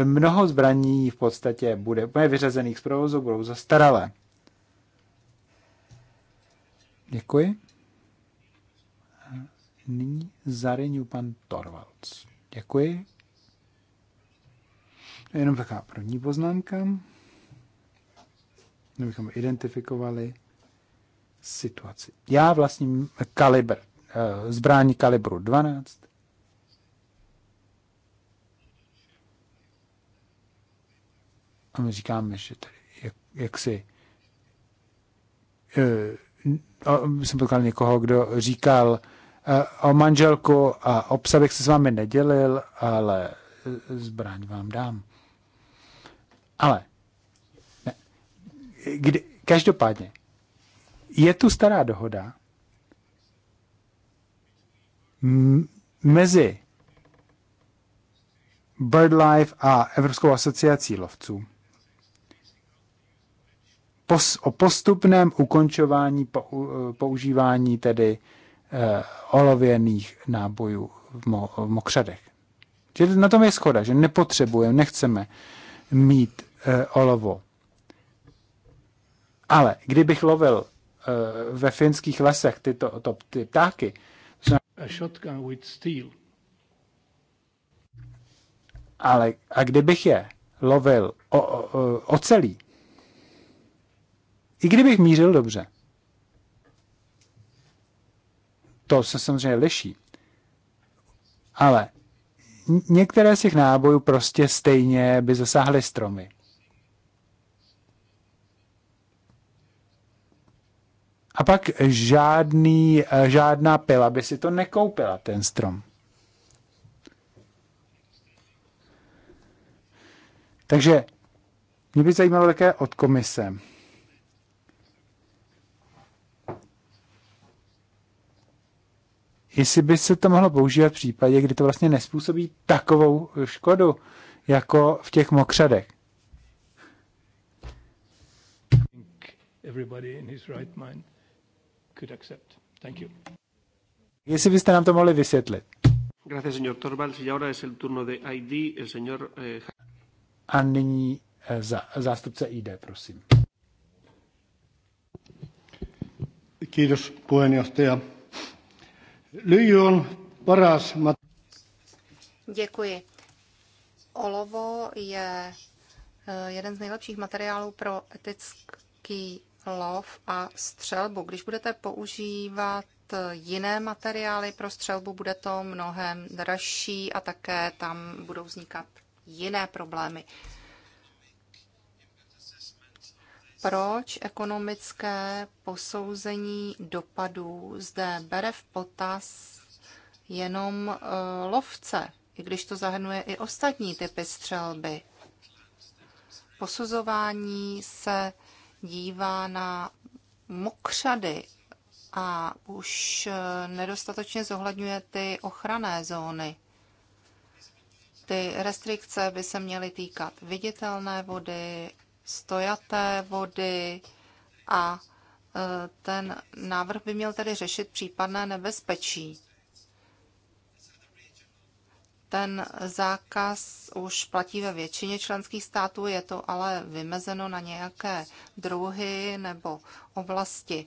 mnoho zbraní v podstatě bude úplně vyřazených z provozu, budou zastaralé. Děkuji. Nyní zareňu pan Torvalds. Děkuji. Jenom taková první poznámka. Abychom identifikovali situaci. Já vlastním kalibr, eh, zbrání kalibru 12. A my říkáme, že tady jak, jak si uh, eh, no, jsem potkal někoho, kdo říkal uh, o manželku a psa bych se s vámi nedělil, ale zbraň vám dám. Ale ne. Kdy, každopádně, je tu stará dohoda mezi BirdLife a Evropskou asociací lovců pos, o postupném ukončování používání tedy eh, olověných nábojů v, mo, v mokřadech. Že na tom je schoda, že nepotřebujeme, nechceme mít eh, olovo. Ale kdybych lovil Eh, ve finských lesech, tyto to, ty ptáky. A shotgun with steel. Ale a kdybych je lovil o, o, ocelí, i kdybych mířil dobře, to se samozřejmě liší, ale některé z těch nábojů prostě stejně by zasáhly stromy. A pak žádný, eh, žádná pila by si to nekoupila, ten strom. Takže mě by zajímalo také od komise. Jestli by se to mohlo používat v případě, kdy to vlastně nespůsobí takovou škodu, jako v těch mokřadech. everybody in his right mind could accept. Thank you. Jestli byste nám to mohli vysvětlit. Gracias, señor Torvalds. Y ahora es el turno de ID, el señor... Eh, A nyní eh, za, zástupce ID, prosím. Kiitos puheenjohtaja. Lyijy on paras... Děkuji. Olovo je eh, jeden z nejlepších materiálů pro etický lov a střelbu. Když budete používat jiné materiály pro střelbu, bude to mnohem dražší a také tam budou vznikat jiné problémy. Proč ekonomické posouzení dopadů zde bere v potaz jenom e, lovce, i když to zahrnuje i ostatní typy střelby? Posuzování se dívá na mokřady a už eh, nedostatečně zohledňuje ty ochranné zóny. Ty restrikce by se měly týkat viditelné vody, stojaté vody a eh, ten návrh by měl tedy řešit případné nebezpečí. Ten zákaz už platí ve většině členských států, je to ale vymezeno na nějaké druhy nebo oblasti.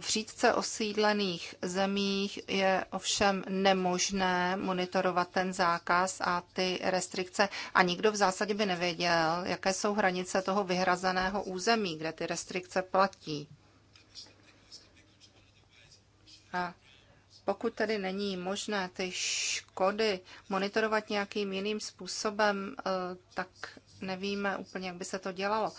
V řídce osídlených zemích je ovšem nemožné monitorovat ten zákaz a ty restrikce a nikdo v zásadě by nevěděl, jaké jsou hranice toho vyhrazeného území, kde ty restrikce platí. A pokud tedy není možné ty škody monitorovat nějakým jiným způsobem, eh, tak nevíme úplně, jak by se to dělalo.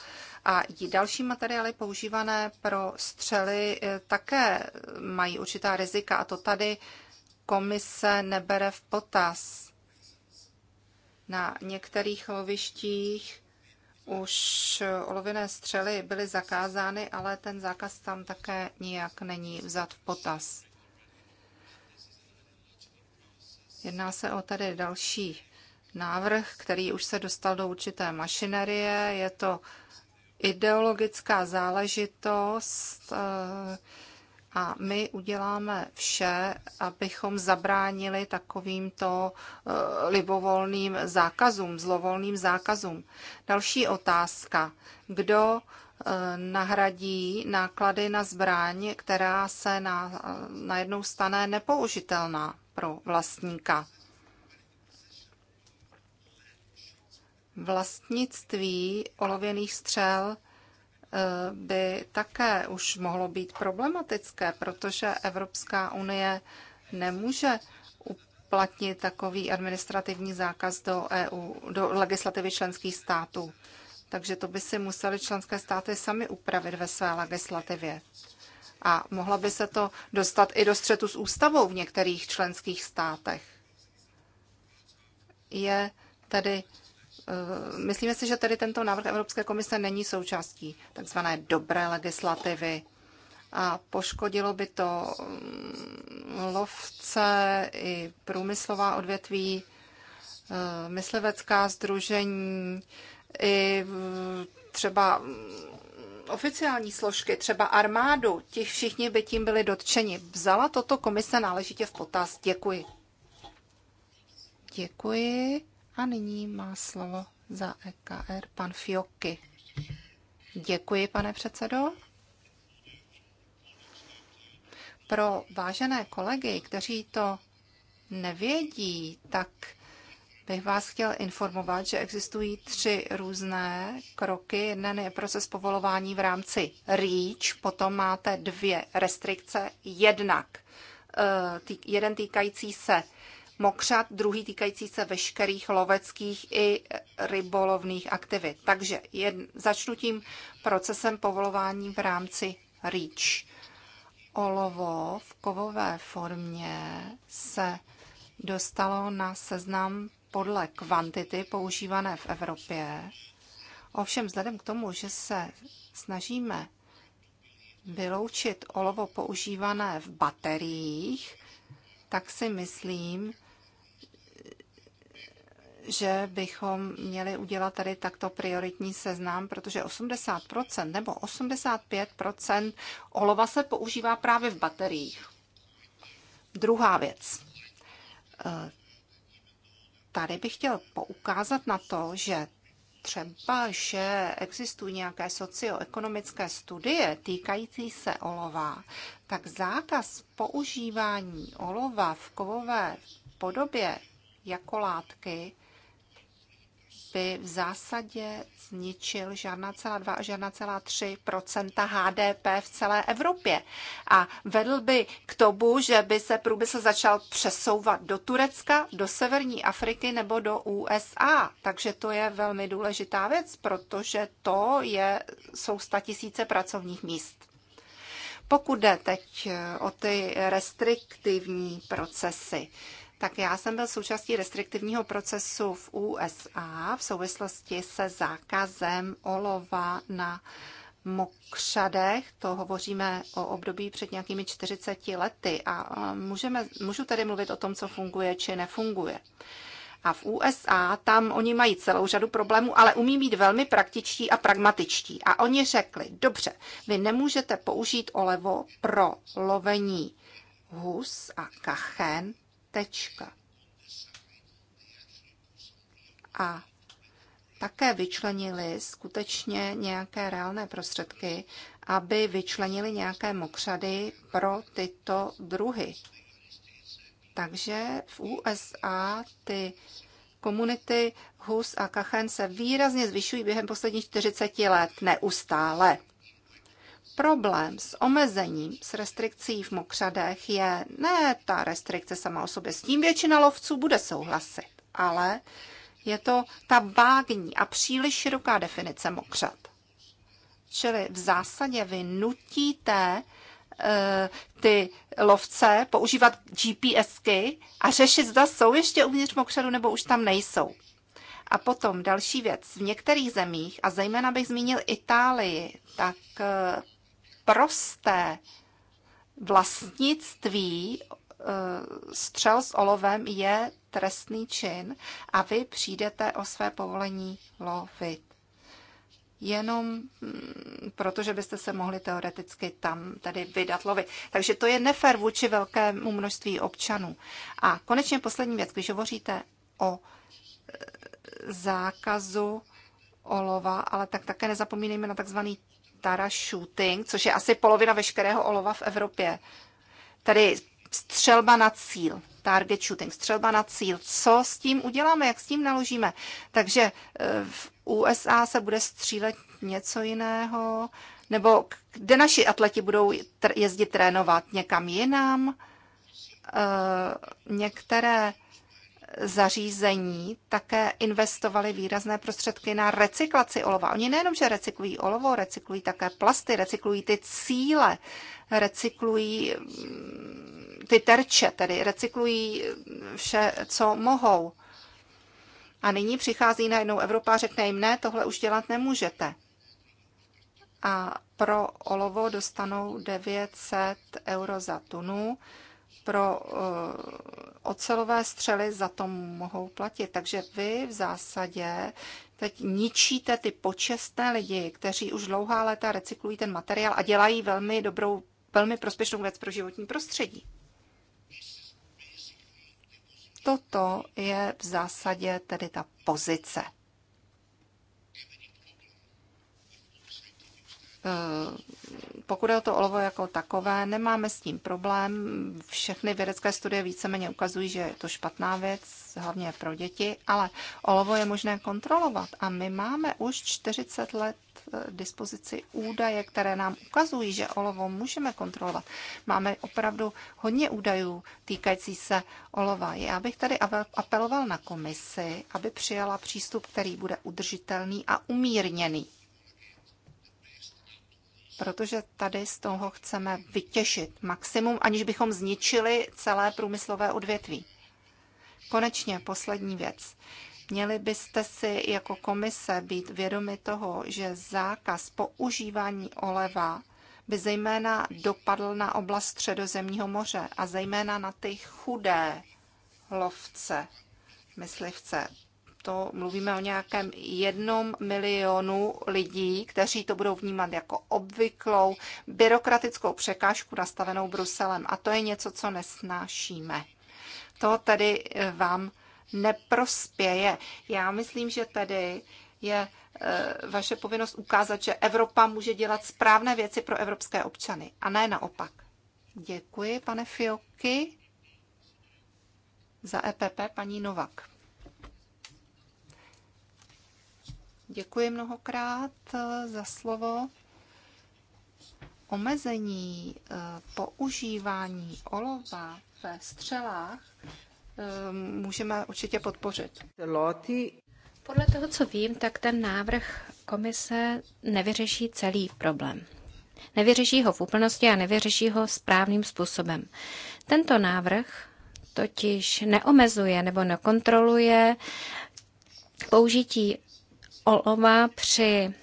A další materiály používané pro střely eh, také mají určitá rizika a to tady komise nebere v potaz. Na některých lovištích už olověné střely byly zakázány, ale ten zákaz tam také nijak není vzat v potaz. Jedná se o tady další návrh, který už se dostal do určité mašinerie. Je to ideologická záležitost eh, a my uděláme vše, abychom zabránili takovýmto eh, libovolným zákazům, zlovolným zákazům. Další otázka. Kdo eh, nahradí náklady na zbraň, která se na, najednou stane nepoužitelná? pro vlastníka. Vlastnictví olověných střel eh, by také už mohlo být problematické, protože Evropská unie nemůže uplatnit takový administrativní zákaz do EU, do legislativy členských států. Takže to by si museli členské státy sami upravit ve své legislativě a mohla by se to dostat i do střetu s ústavou v některých členských státech. Je tedy, eh, myslíme si, že tedy tento návrh Evropské komise není součástí takzvané dobré legislativy a poškodilo by to mm, lovce i průmyslová odvětví, eh, myslivecká združení, i třeba mm, oficiální složky, třeba armádu, ti všichni by tím byli dotčeni. Vzala toto komise náležitě v potaz. Děkuji. Děkuji. A nyní má slovo za EKR pan Fioky. Děkuji, pane předsedo. Pro vážené kolegy, kteří to nevědí, tak bych vás chtěl informovat, že existují tři různé kroky. Jeden je proces povolování v rámci REACH, potom máte dvě restrikce. Jednak eh, tý, jeden týkající se mokřat, druhý týkající se veškerých loveckých i rybolovných aktivit. Takže jedn, začnu tím procesem povolování v rámci REACH. Olovo v kovové formě se dostalo na seznam podle kvantity používané v Evropě. Ovšem vzhledem k tomu, že se snažíme vyloučit olovo používané v bateriích, tak si myslím, že bychom měli udělat tady takto prioritní seznam, protože 80% nebo 85% olova se používá právě v bateriích. Druhá věc tady bych chtěl poukázat na to, že třeba, že existují nějaké socioekonomické studie týkající se olova, tak zákaz používání olova v kovové podobě jako látky by v zásadě zničil žádná celá 2 a žádná celá 3 HDP v celé Evropě. A vedl by k tomu, že by se průmysl začal přesouvat do Turecka, do Severní Afriky nebo do USA. Takže to je velmi důležitá věc, protože to je, jsou tisíce pracovních míst. Pokud jde teď o ty restriktivní procesy, tak já jsem byl součástí restriktivního procesu v USA v souvislosti se zákazem olova na mokřadech, to hovoříme o období před nějakými 40 lety a můžeme, můžu tady mluvit o tom, co funguje či nefunguje. A v USA tam oni mají celou řadu problémů, ale umí být velmi praktičtí a pragmatičtí. A oni řekli, dobře, vy nemůžete použít olevo pro lovení hus a kachen, Tečka. A také vyčlenili skutečně nějaké reálné prostředky, aby vyčlenili nějaké mokřady pro tyto druhy. Takže v USA ty komunity Hus a Kachen se výrazně zvyšují během posledních 40 let neustále. Problém s omezením, s restrikcí v mokřadech je ne ta restrikce sama o sobě, s tím většina lovců bude souhlasit, ale je to ta vágní a příliš široká definice mokřad. Čili v zásadě vy nutíte eh, ty lovce používat GPSky a řešit, zda jsou ještě uvnitř mokřadu nebo už tam nejsou. A potom další věc. V některých zemích, a zejména bych zmínil Itálii, tak eh, prosté. Vlastnictví eh, střel s olovem je trestný čin a vy přijdete o své povolení lovit. Jenom mm, protože byste se mohli teoreticky tam tady vydat lovit. Takže to je nefér vůči velkému množství občanů. A konečně poslední věc, když hovoříte o eh, zákazu olova, ale tak také nezapomínejme na takzvaný tara shooting, což je asi polovina veškerého olova v Evropě. Tady střelba na cíl, target shooting, střelba na cíl. Co s tím uděláme, jak s tím naložíme? Takže eh, v USA se bude střílet něco jiného, nebo kde naši atleti budou jezdit trénovat? Někam jinam? Eh, některé zařízení také investovali výrazné prostředky na recyklaci olova. Oni nejenom, že recyklují olovo, recyklují také plasty, recyklují ty cíle, recyklují mm, ty terče, tedy recyklují vše, co mohou. A nyní přichází najednou Evropa a řekne jim, ne, tohle už dělat nemůžete. A pro olovo dostanou 900 euro za tunu pro eh, ocelové střely za to mohou platit. Takže vy v zásadě teď ničíte ty počestné lidi, kteří už dlouhá léta recyklují ten materiál a dělají velmi dobrou, velmi prospěšnou věc pro životní prostředí. Toto je v zásadě tedy ta pozice Eh, pokud je o to olovo jako takové, nemáme s tím problém. Všechny vědecké studie víceméně ukazují, že je to špatná věc, hlavně pro děti, ale olovo je možné kontrolovat a my máme už 40 let eh, dispozici údaje, které nám ukazují, že olovo můžeme kontrolovat. Máme opravdu hodně údajů týkající se olova. Já bych tady apeloval na komisi, aby přijala přístup, který bude udržitelný a umírněný protože tady z toho chceme vytěšit maximum, aniž bychom zničili celé průmyslové odvětví. Konečně poslední věc. Měli byste si jako komise být vědomi toho, že zákaz používání oleva by zejména dopadl na oblast Středozemního moře a zejména na ty chudé lovce, myslivce, to mluvíme o nějakém jednom milionu lidí, kteří to budou vnímat jako obvyklou byrokratickou překážku nastavenou Bruselem. A to je něco, co nesnášíme. To tedy eh, vám neprospěje. Já myslím, že tedy je eh, vaše povinnost ukázat, že Evropa může dělat správné věci pro evropské občany a ne naopak. Děkuji, pane Fioky. Za EPP paní Novak. Děkuji mnohokrát eh, za slovo. Omezení eh, používání olova ve střelách eh, můžeme určitě podpořit. Podle toho, co vím, tak ten návrh komise nevyřeší celý problém. Nevyřeší ho v úplnosti a nevyřeší ho správným způsobem. Tento návrh totiž neomezuje nebo nekontroluje použití olova při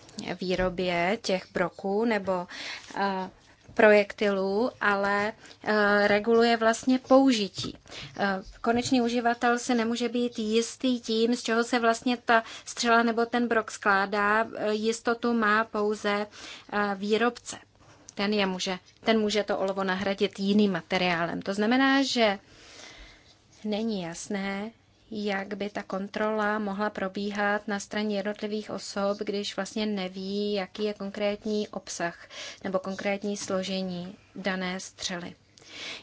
výrobě těch broků nebo eh, projektilů, ale eh, reguluje vlastně použití. Eh, konečný uživatel se nemůže být jistý tím, z čeho se vlastně ta střela nebo ten brok skládá. Jistotu má pouze výrobce. Ten, je může, ten může to olovo nahradit jiným materiálem. To znamená, že není jasné, jak by ta kontrola mohla probíhat na straně jednotlivých osob, když vlastně neví, jaký je konkrétní obsah nebo konkrétní složení dané střely.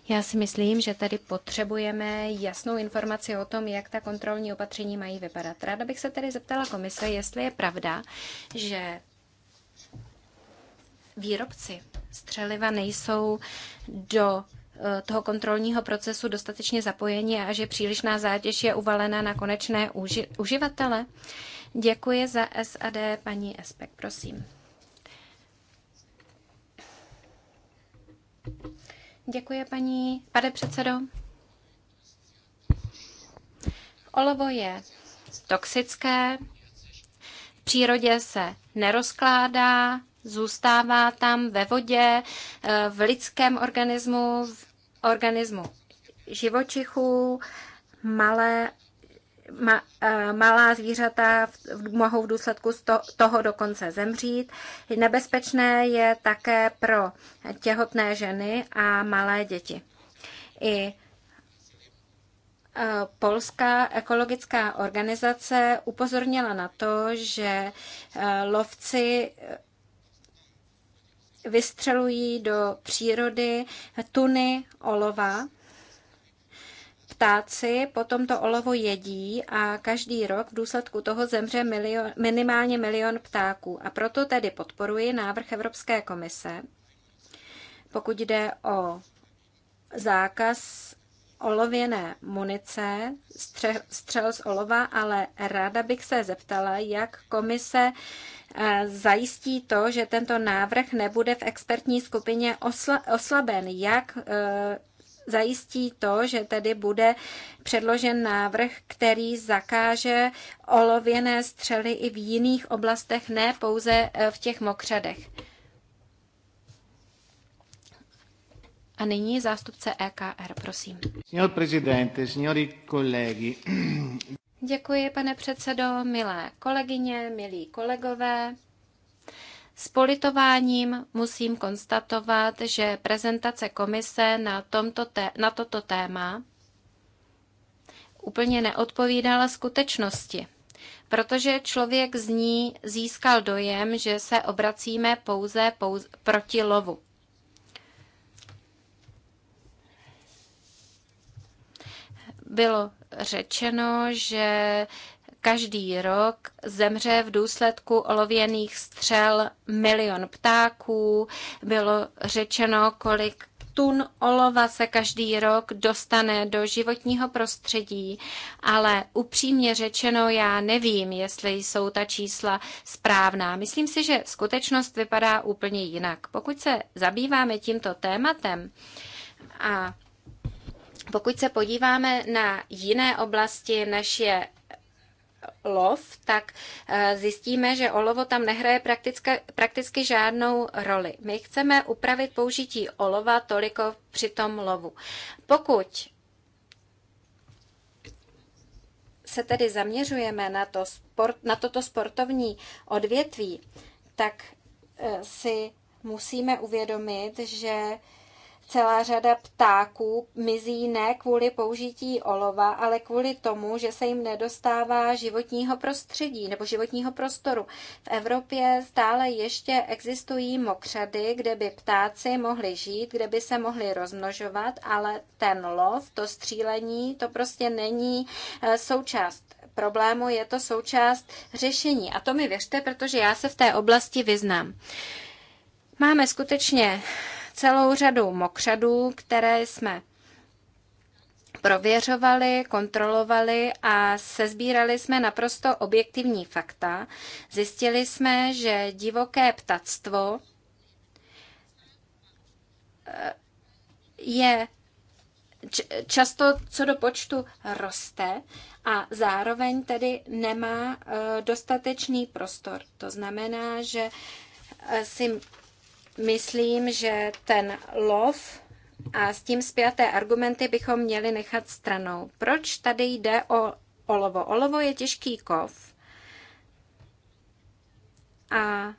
Já si myslím, že tady potřebujeme jasnou informaci o tom, jak ta kontrolní opatření mají vypadat. Ráda bych se tedy zeptala komise, jestli je pravda, že výrobci střeliva nejsou do Eh, toho kontrolního procesu dostatečně zapojeni a že přílišná zátěž je uvalena na konečné uži- uživatele? Děkuji za SAD, paní Espek, prosím. Děkuji, paní, pane předsedo. Olovo je toxické, v přírodě se nerozkládá, zůstává tam ve vodě, eh, v lidském organismu, v organismu živočichů, malé ma, eh, malá zvířata v, mohou v důsledku toho dokonce zemřít. Nebezpečné je také pro těhotné ženy a malé děti. I eh, Polská ekologická organizace upozornila na to, že lovci vystřelují do přírody tuny olova. Ptáci potom to olovo jedí a každý rok v důsledku toho zemře milion, minimálně milion ptáků. A proto tedy podporuji návrh Evropské komise, pokud jde o zákaz olověné munice, střel z olova, ale ráda bych se zeptala, jak komise eh, zajistí to, že tento návrh nebude v expertní skupině oslaben, jak eh, zajistí to, že tedy bude předložen návrh, který zakáže olověné střely i v jiných oblastech, ne pouze eh, v těch mokřadech. A nyní zástupce EKR, prosím. Signor Presidente, signori colleghi. Děkuji, pane předsedo, milé kolegyně, milí kolegové. S politováním musím konstatovat, že prezentace komise na, tomto te- na toto téma úplně neodpovídala skutečnosti, protože člověk z ní získal dojem, že se obracíme pouze, pouze proti lovu. bylo řečeno, že každý rok zemře v důsledku olověných střel milion ptáků. Bylo řečeno, kolik tun olova se každý rok dostane do životního prostředí, ale upřímně řečeno já nevím, jestli jsou ta čísla správná. Myslím si, že skutečnost vypadá úplně jinak. Pokud se zabýváme tímto tématem a pokud se podíváme na jiné oblasti, než je lov, tak eh, zjistíme, že olovo tam nehraje prakticky, prakticky žádnou roli. My chceme upravit použití olova toliko při tom lovu. Pokud se tedy zaměřujeme na, to sport, na toto sportovní odvětví, tak eh, si musíme uvědomit, že Celá řada ptáků mizí ne kvůli použití olova, ale kvůli tomu, že se jim nedostává životního prostředí nebo životního prostoru. V Evropě stále ještě existují mokřady, kde by ptáci mohli žít, kde by se mohli rozmnožovat, ale ten lov, to střílení, to prostě není eh, součást problému, je to součást řešení. A to mi věřte, protože já se v té oblasti vyznám. Máme skutečně celou řadu mokřadů, které jsme prověřovali, kontrolovali a sezbírali jsme naprosto objektivní fakta. Zjistili jsme, že divoké ptactvo eh, je často co do počtu roste a zároveň tedy nemá eh, dostatečný prostor. To znamená, že eh, si Myslím, že ten lov a s tím spjaté argumenty bychom měli nechat stranou. Proč tady jde o olovo? Olovo je těžký kov a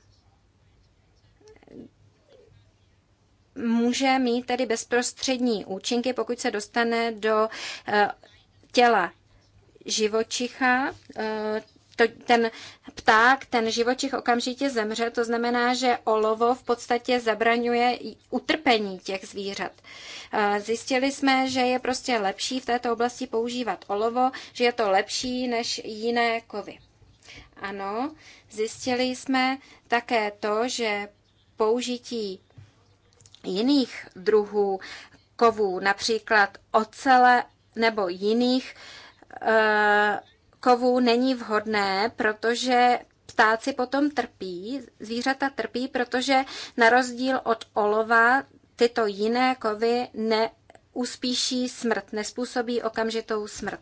může mít tedy bezprostřední účinky, pokud se dostane do eh, těla živočicha. Eh, to, ten pták, ten živočich okamžitě zemře, to znamená, že olovo v podstatě zabraňuje utrpení těch zvířat. Eh, zjistili jsme, že je prostě lepší v této oblasti používat olovo, že je to lepší než jiné kovy. Ano, zjistili jsme také to, že použití jiných druhů kovů, například ocele nebo jiných, eh, kovů není vhodné, protože ptáci potom trpí, zvířata trpí, protože na rozdíl od olova tyto jiné kovy neuspíší smrt, nespůsobí okamžitou smrt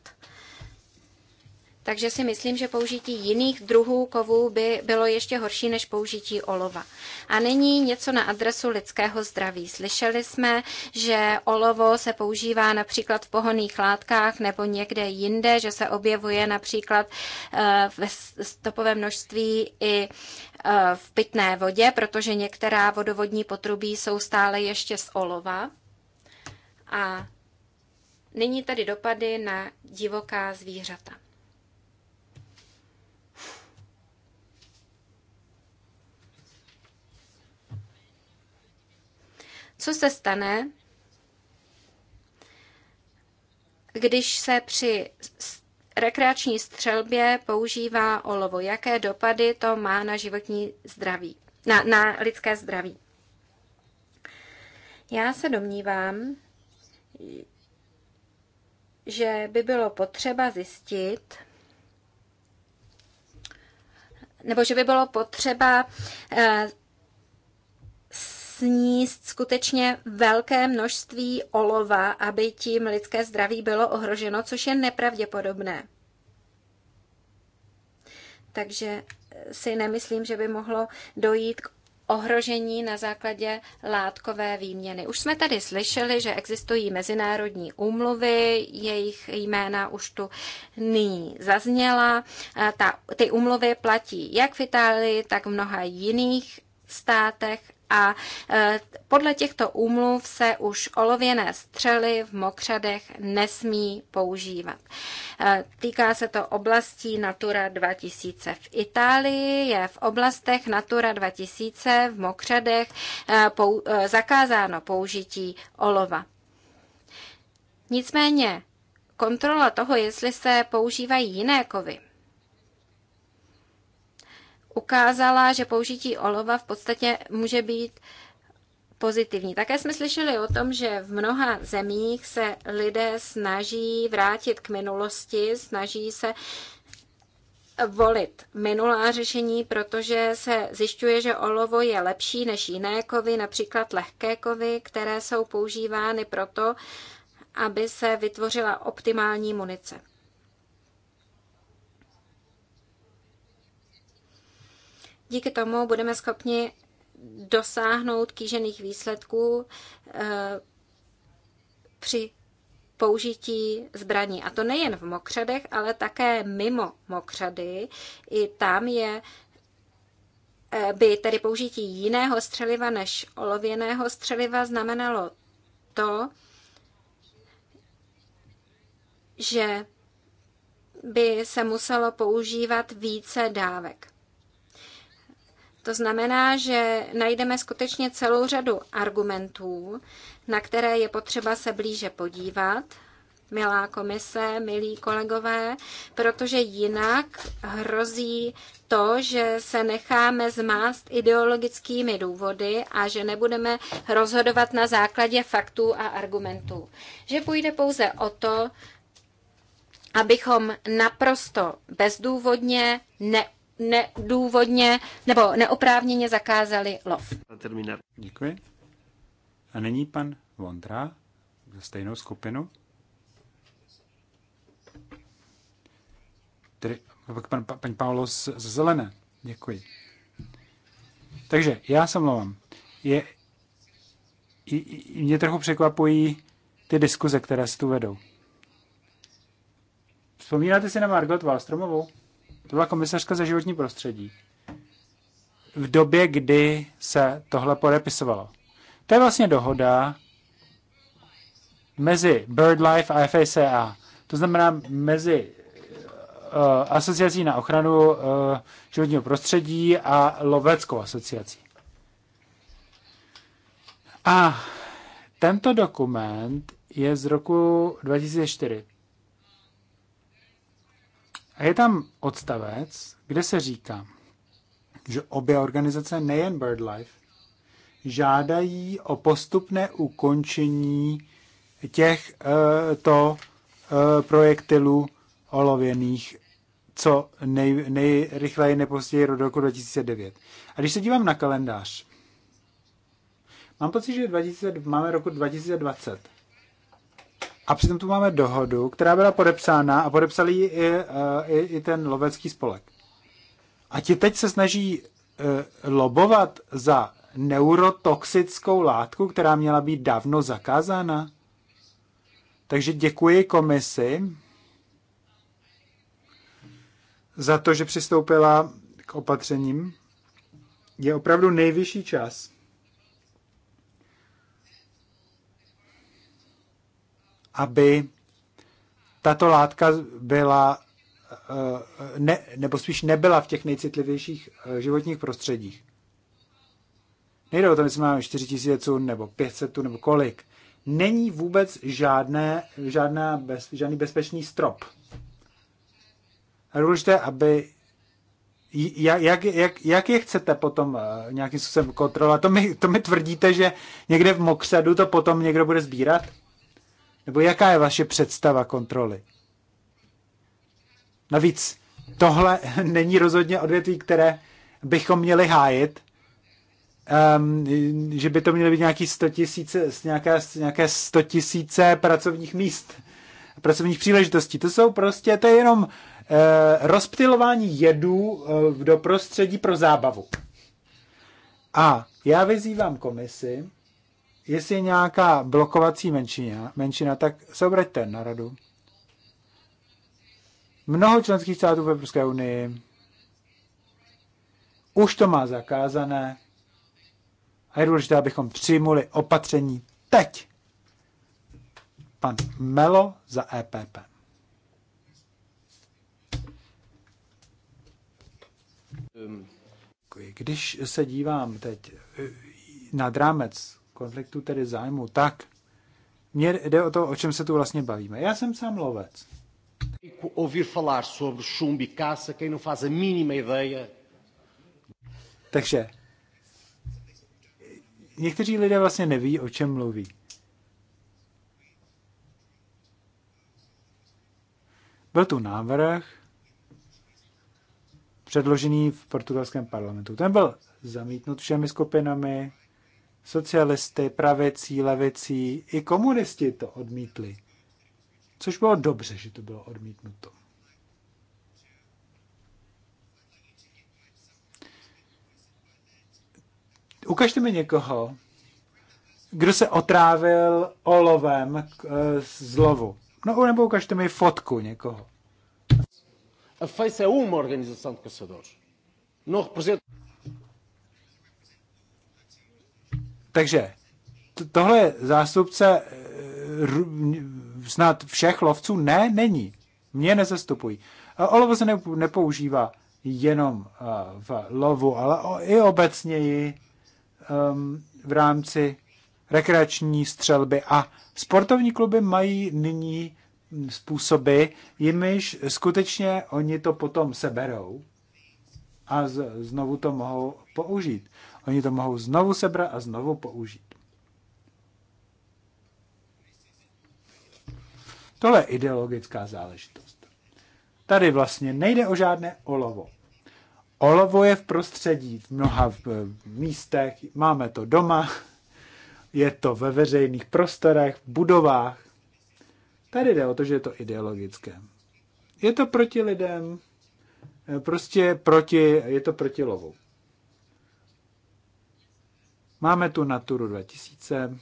takže si myslím, že použití jiných druhů kovů by bylo ještě horší než použití olova. A není něco na adresu lidského zdraví. Slyšeli jsme, že olovo se používá například v pohoných látkách nebo někde jinde, že se objevuje například eh, ve stopovém množství i eh, v pitné vodě, protože některá vodovodní potrubí jsou stále ještě z olova. A nyní tady dopady na divoká zvířata. Co se stane, když se při rekreační střelbě používá olovo? Jaké dopady to má na životní zdraví, na, na lidské zdraví? Já se domnívám, že by bylo potřeba zjistit, nebo že by bylo potřeba eh, sníst skutečně velké množství olova, aby tím lidské zdraví bylo ohroženo, což je nepravděpodobné. Takže eh, si nemyslím, že by mohlo dojít k ohrožení na základě látkové výměny. Už jsme tady slyšeli, že existují mezinárodní úmluvy, jejich jména už tu nyní zazněla. Eh, ta, ty úmluvy platí jak v Itálii, tak v mnoha jiných státech a e, podle těchto úmluv se už olověné střely v mokřadech nesmí používat. E, týká se to oblastí Natura 2000. V Itálii je v oblastech Natura 2000 v mokřadech e, zakázáno použití olova. Nicméně kontrola toho, jestli se používají jiné kovy, ukázala, že použití olova v podstatě může být pozitivní. Také jsme slyšeli o tom, že v mnoha zemích se lidé snaží vrátit k minulosti, snaží se volit minulá řešení, protože se zjišťuje, že olovo je lepší než jiné kovy, například lehké kovy, které jsou používány proto, aby se vytvořila optimální munice. Díky tomu budeme schopni dosáhnout kýžených výsledků eh, při použití zbraní. A to nejen v mokřadech, ale také mimo mokřady. I tam je eh, by tedy použití jiného střeliva než olověného střeliva znamenalo to, že by se muselo používat více dávek. To znamená, že najdeme skutečně celou řadu argumentů, na které je potřeba se blíže podívat, milá komise, milí kolegové, protože jinak hrozí to, že se necháme zmást ideologickými důvody a že nebudeme rozhodovat na základě faktů a argumentů. Že půjde pouze o to, abychom naprosto bezdůvodně ne nedůvodně nebo neoprávněně zakázali lov. Děkuji. A není pan Vondra za stejnou skupinu? Tedy pak pan, pan, Paolo z, z Zelené. Děkuji. Takže já se mluvám. Je, i, i, mě trochu překvapují ty diskuze, které se tu vedou. Vzpomínáte si na Margot Wallstromovou? To byla komisařka za životní prostředí. V době, kdy se tohle podepisovalo. To je vlastně dohoda mezi BirdLife a FACA. To znamená mezi eh, asociací na ochranu eh, životního prostředí a loveckou asociací. A tento dokument je z roku 2004. A je tam odstavec, kde se říká, že obě organizace, nejen BirdLife, žádají o postupné ukončení těchto eh, eh, projektilů olověných co nej, nejrychleji nejpozději do roku 2009. A když se dívám na kalendář, mám pocit, že 2000, máme roku 2020. A přitom tu máme dohodu, která byla podepsána a podepsal ji i, eh, i, i ten lovecký spolek. A ti teď se snaží eh, lobovat za neurotoxickou látku, která měla být dávno zakázána. Takže děkuji komisi za to, že přistoupila k opatřením. Je opravdu nejvyšší čas, aby tato látka byla, eh, ne, nebo spíš nebyla v těch nejcitlivějších eh, životních prostředích. Nejde o to, jestli máme 4000 tun nebo 500 tun nebo kolik. Není vůbec žádné, žádná bez, žádný bezpečný strop. A důležité, aby jak, jak, jak, jak je chcete potom eh, nějakým způsobem kontrolovat? To mi, to mi tvrdíte, že někde v Mokřadu to potom někdo bude sbírat? Nebo jaká je vaše představa kontroly? Navíc tohle není rozhodně odvětví, které bychom měli hájit, um, že by to měly být nějaký 100 tisíce, nějaké, nějaké 100 tisíce pracovních míst, pracovních příležitostí. To jsou prostě, to je jenom uh, rozptilování jedů uh, eh, do prostředí pro zábavu. A já vyzývám komisi, jestli je nějaká blokovací menšina, menšina tak se obraťte na radu. Mnoho členských států v Evropské unii už to má zakázané a je důležité, abychom přijmuli opatření teď. Pan Melo za EPP. Ehm. Když se dívám teď eh, nad rámec konfliktu tedy zájmu. Tak, mně jde o to, o čem se tu vlastně bavíme. Já jsem sám lovec. Ouvir falar sobre chumbo e caça, quem não faz a mínima ideia. Takže někteří lidé vlastně neví, o čem mluví. Byl tu návrh předložený v portugalském parlamentu. Ten byl zamítnut všemi skupinami, Socialisty, pravicí, levicí i komunisti to odmítli. Což bylo dobře, že to bylo odmítnuto. Ukažte mi někoho, kdo se otrávil olovem eh, z lovu. No nebo ukažte mi fotku někoho. A Takže tohle je zástupce eh, snad všech lovců? Ne, není. Mě nezastupují. Olovo se nepoužívá jenom eh, v lovu, ale i obecněji ehm, v rámci rekreační střelby. A sportovní kluby mají nyní hm, způsoby, jimiž skutečně oni to potom seberou a znovu to mohou použít. Oni to mohou znovu sebrat a znovu použít. Tohle je ideologická záležitost. Tady vlastně nejde o žádné olovo. Olovo je v prostředí v mnoha v, místech, máme to doma, je to ve veřejných prostorech, v budovách. Tady jde o to, že je to ideologické. Je to proti lidem, prostě proti, je to proti lovu. Máme tu Naturu 2000,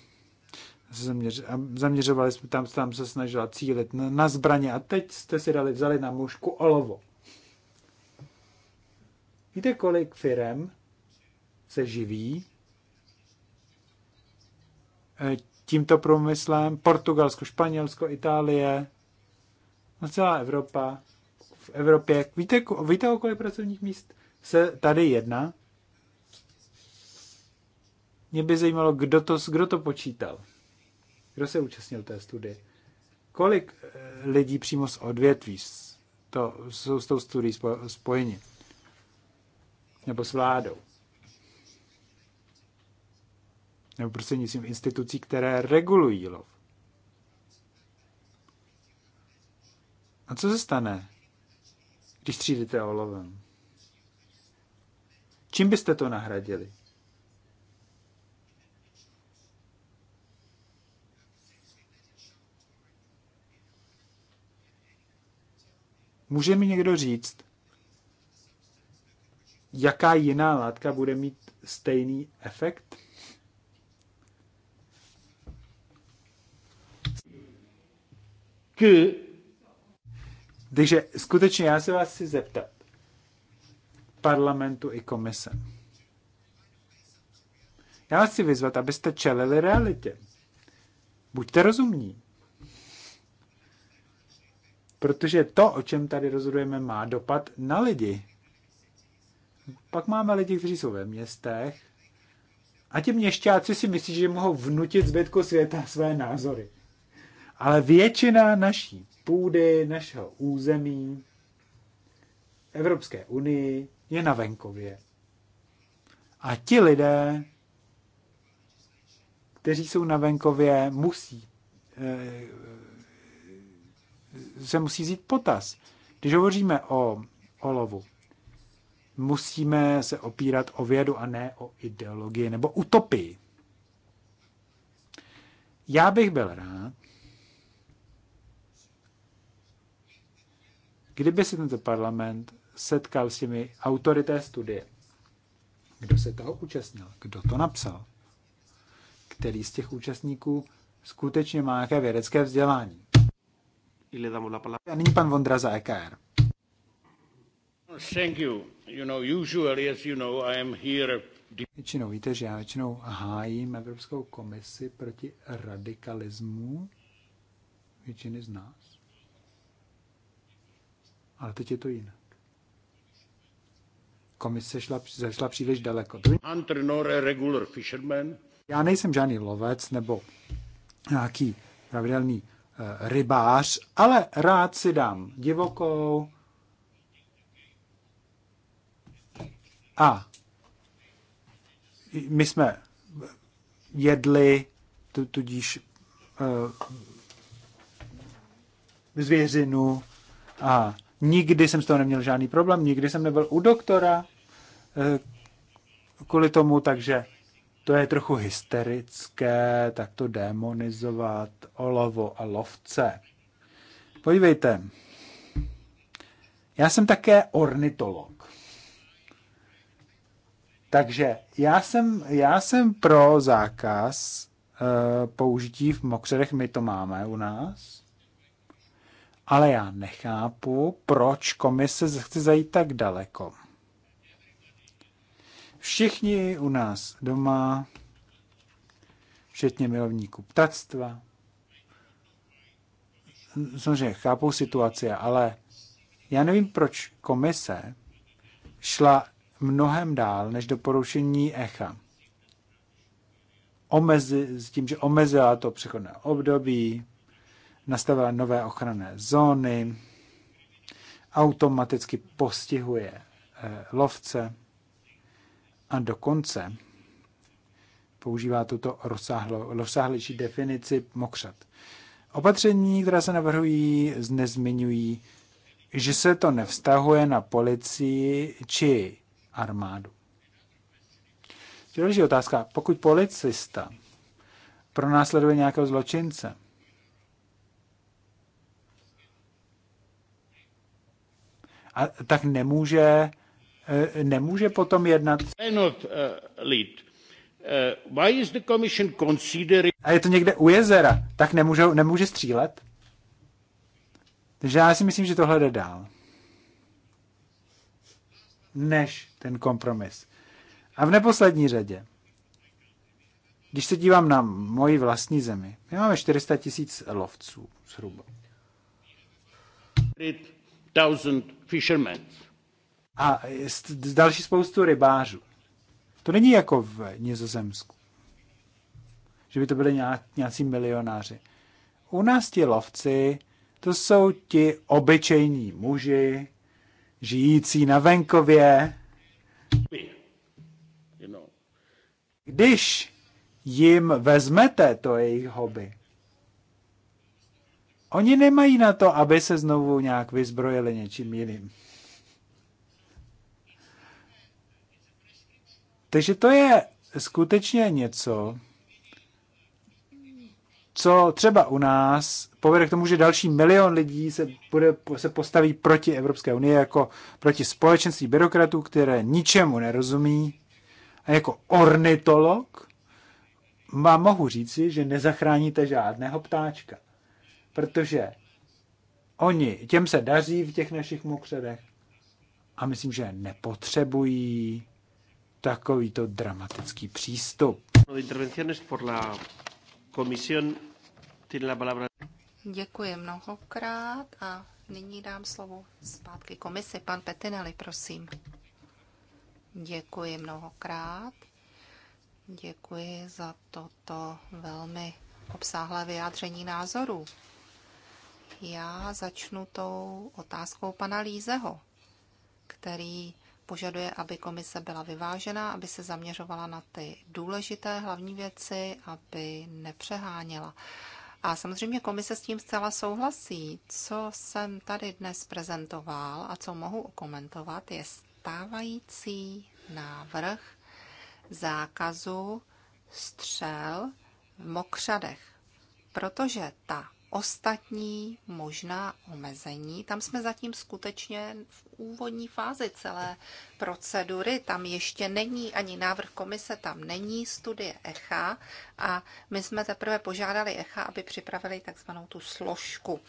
zaměř, zaměřovali jsme tam, tam se snažila cílit na, na zbraně a teď jste si dali, vzali na mušku olovo. Víte, kolik firem se živí eh, tímto průmyslem? Portugalsko, Španělsko, Itálie, no celá Evropa. V Evropě, víte, víte o kolik pracovních míst se tady jedná? Mě by zajímalo, kdo to, kdo to počítal. Kdo se účastnil té studie? Kolik eh, lidí přímo z odvětví to, jsou s tou studií spojeni? Nebo s vládou? Nebo prostě prostřednictvím institucí, které regulují lov? A co se stane, když střídíte olovem? Čím byste to nahradili? Může mi někdo říct, jaká jiná látka bude mít stejný efekt? K. Takže skutečně já se vás chci zeptat. Parlamentu i komise. Já vás chci vyzvat, abyste čelili realitě. Buďte rozumní. Protože to, o čem tady rozhodujeme, má dopad na lidi. Pak máme lidi, kteří jsou ve městech a ti měšťáci si myslí, že mohou vnutit zbytku světa své názory. Ale většina naší půdy, našeho území, Evropské unii je na venkově. A ti lidé, kteří jsou na venkově, musí eh, se musí zít potaz. Když hovoříme o olovu, musíme se opírat o vědu a ne o ideologii nebo utopii. Já bych byl rád, kdyby se tento parlament setkal s těmi autory té studie. Kdo se toho účastnil? Kdo to napsal? Který z těch účastníků skutečně má nějaké vědecké vzdělání? A nyní pan Vondra za EKR. Thank you. You know, usually, as you know, I am here... Většinou víte, že já většinou hájím Evropskou komisi proti radikalismu většiny z nás. Ale teď je to jinak. Komise šla, zašla příliš daleko. Hunter nor a regular fisherman. Já nejsem žádný lovec nebo nějaký pravidelný Eh, rybář, ale rád si dám divokou. A my jsme jedli, tudíž eh, zvěřinu a nikdy jsem z toho neměl žádný problém, nikdy jsem nebyl u doktora eh, kvůli tomu, takže to je trochu hysterické, tak to demonizovat olovo a lovce. Podívejte, já jsem také ornitolog. Takže já jsem, já jsem pro zákaz uh, použití v mokřerech, my to máme u nás, ale já nechápu, proč komise chce zajít tak daleko. Všichni u nás doma, včetně milovníků ptactva, samozřejmě chápou situaci, ale já nevím, proč komise šla mnohem dál než do porušení echa. Omezi, s tím, že omezila to přechodné období, nastavila nové ochranné zóny, automaticky postihuje eh, lovce a dokonce používá tuto rozsáhlou, rozsáhlejší definici mokřat. Opatření, která se navrhují, nezmiňují, že se to nevztahuje na policii či armádu. Další otázka. Pokud policista pronásleduje nějakého zločince, a tak nemůže Eh, nemůže potom jednat. Eh, eh, A je to někde u jezera, tak nemůže, nemůže střílet? Takže já si myslím, že tohle jde dál. Než ten kompromis. A v neposlední řadě, když se dívám na moji vlastní zemi, my máme 400 tisíc lovců zhruba. 000 a další spoustu rybářů. To není jako v Nizozemsku, že by to byli nějací milionáři. U nás ti lovci, to jsou ti obyčejní muži, žijící na venkově. Když jim vezmete to jejich hobby, oni nemají na to, aby se znovu nějak vyzbrojili něčím jiným. Takže to je skutečně něco, co třeba u nás povede k tomu, že další milion lidí se, bude, se postaví proti Evropské unii jako proti společenství byrokratů, které ničemu nerozumí. A jako ornitolog vám mohu říci, že nezachráníte žádného ptáčka. Protože oni, těm se daří v těch našich mokřadech a myslím, že nepotřebují takovýto dramatický přístup. Děkuji mnohokrát a nyní dám slovo zpátky komisi. Pan Petinelli, prosím. Děkuji mnohokrát. Děkuji za toto velmi obsáhlé vyjádření názorů. Já začnu tou otázkou pana Lízeho, který požaduje, aby komise byla vyvážená, aby se zaměřovala na ty důležité hlavní věci, aby nepřeháněla. A samozřejmě komise s tím zcela souhlasí. Co jsem tady dnes prezentoval a co mohu okomentovat, je stávající návrh zákazu střel v mokřadech, protože ta ostatní možná omezení. Tam jsme zatím skutečně v úvodní fázi celé procedury. Tam ještě není ani návrh komise, tam není studie ECHA a my jsme teprve požádali ECHA, aby připravili takzvanou tu složku.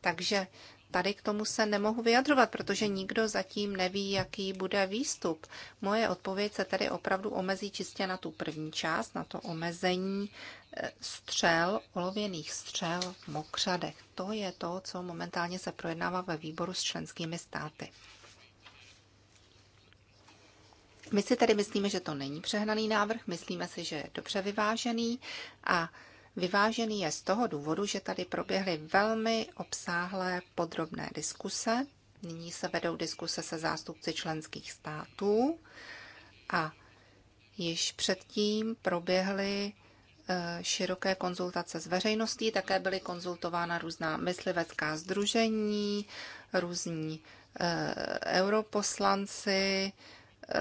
Takže tady k tomu se nemohu vyjadřovat, protože nikdo zatím neví, jaký bude výstup. Moje odpověď se tedy opravdu omezí čistě na tu první část, na to omezení e, střel, olověných střel v mokřadech. To je to, co momentálně se projednává ve výboru s členskými státy. My si tedy myslíme, že to není přehnaný návrh, myslíme si, že je dobře vyvážený a Vyvážený je z toho důvodu, že tady proběhly velmi obsáhlé podrobné diskuse. Nyní se vedou diskuse se zástupci členských států a již předtím proběhly eh, široké konzultace s veřejností, také byly konzultována různá myslivecká združení, různí eh, europoslanci, Eh,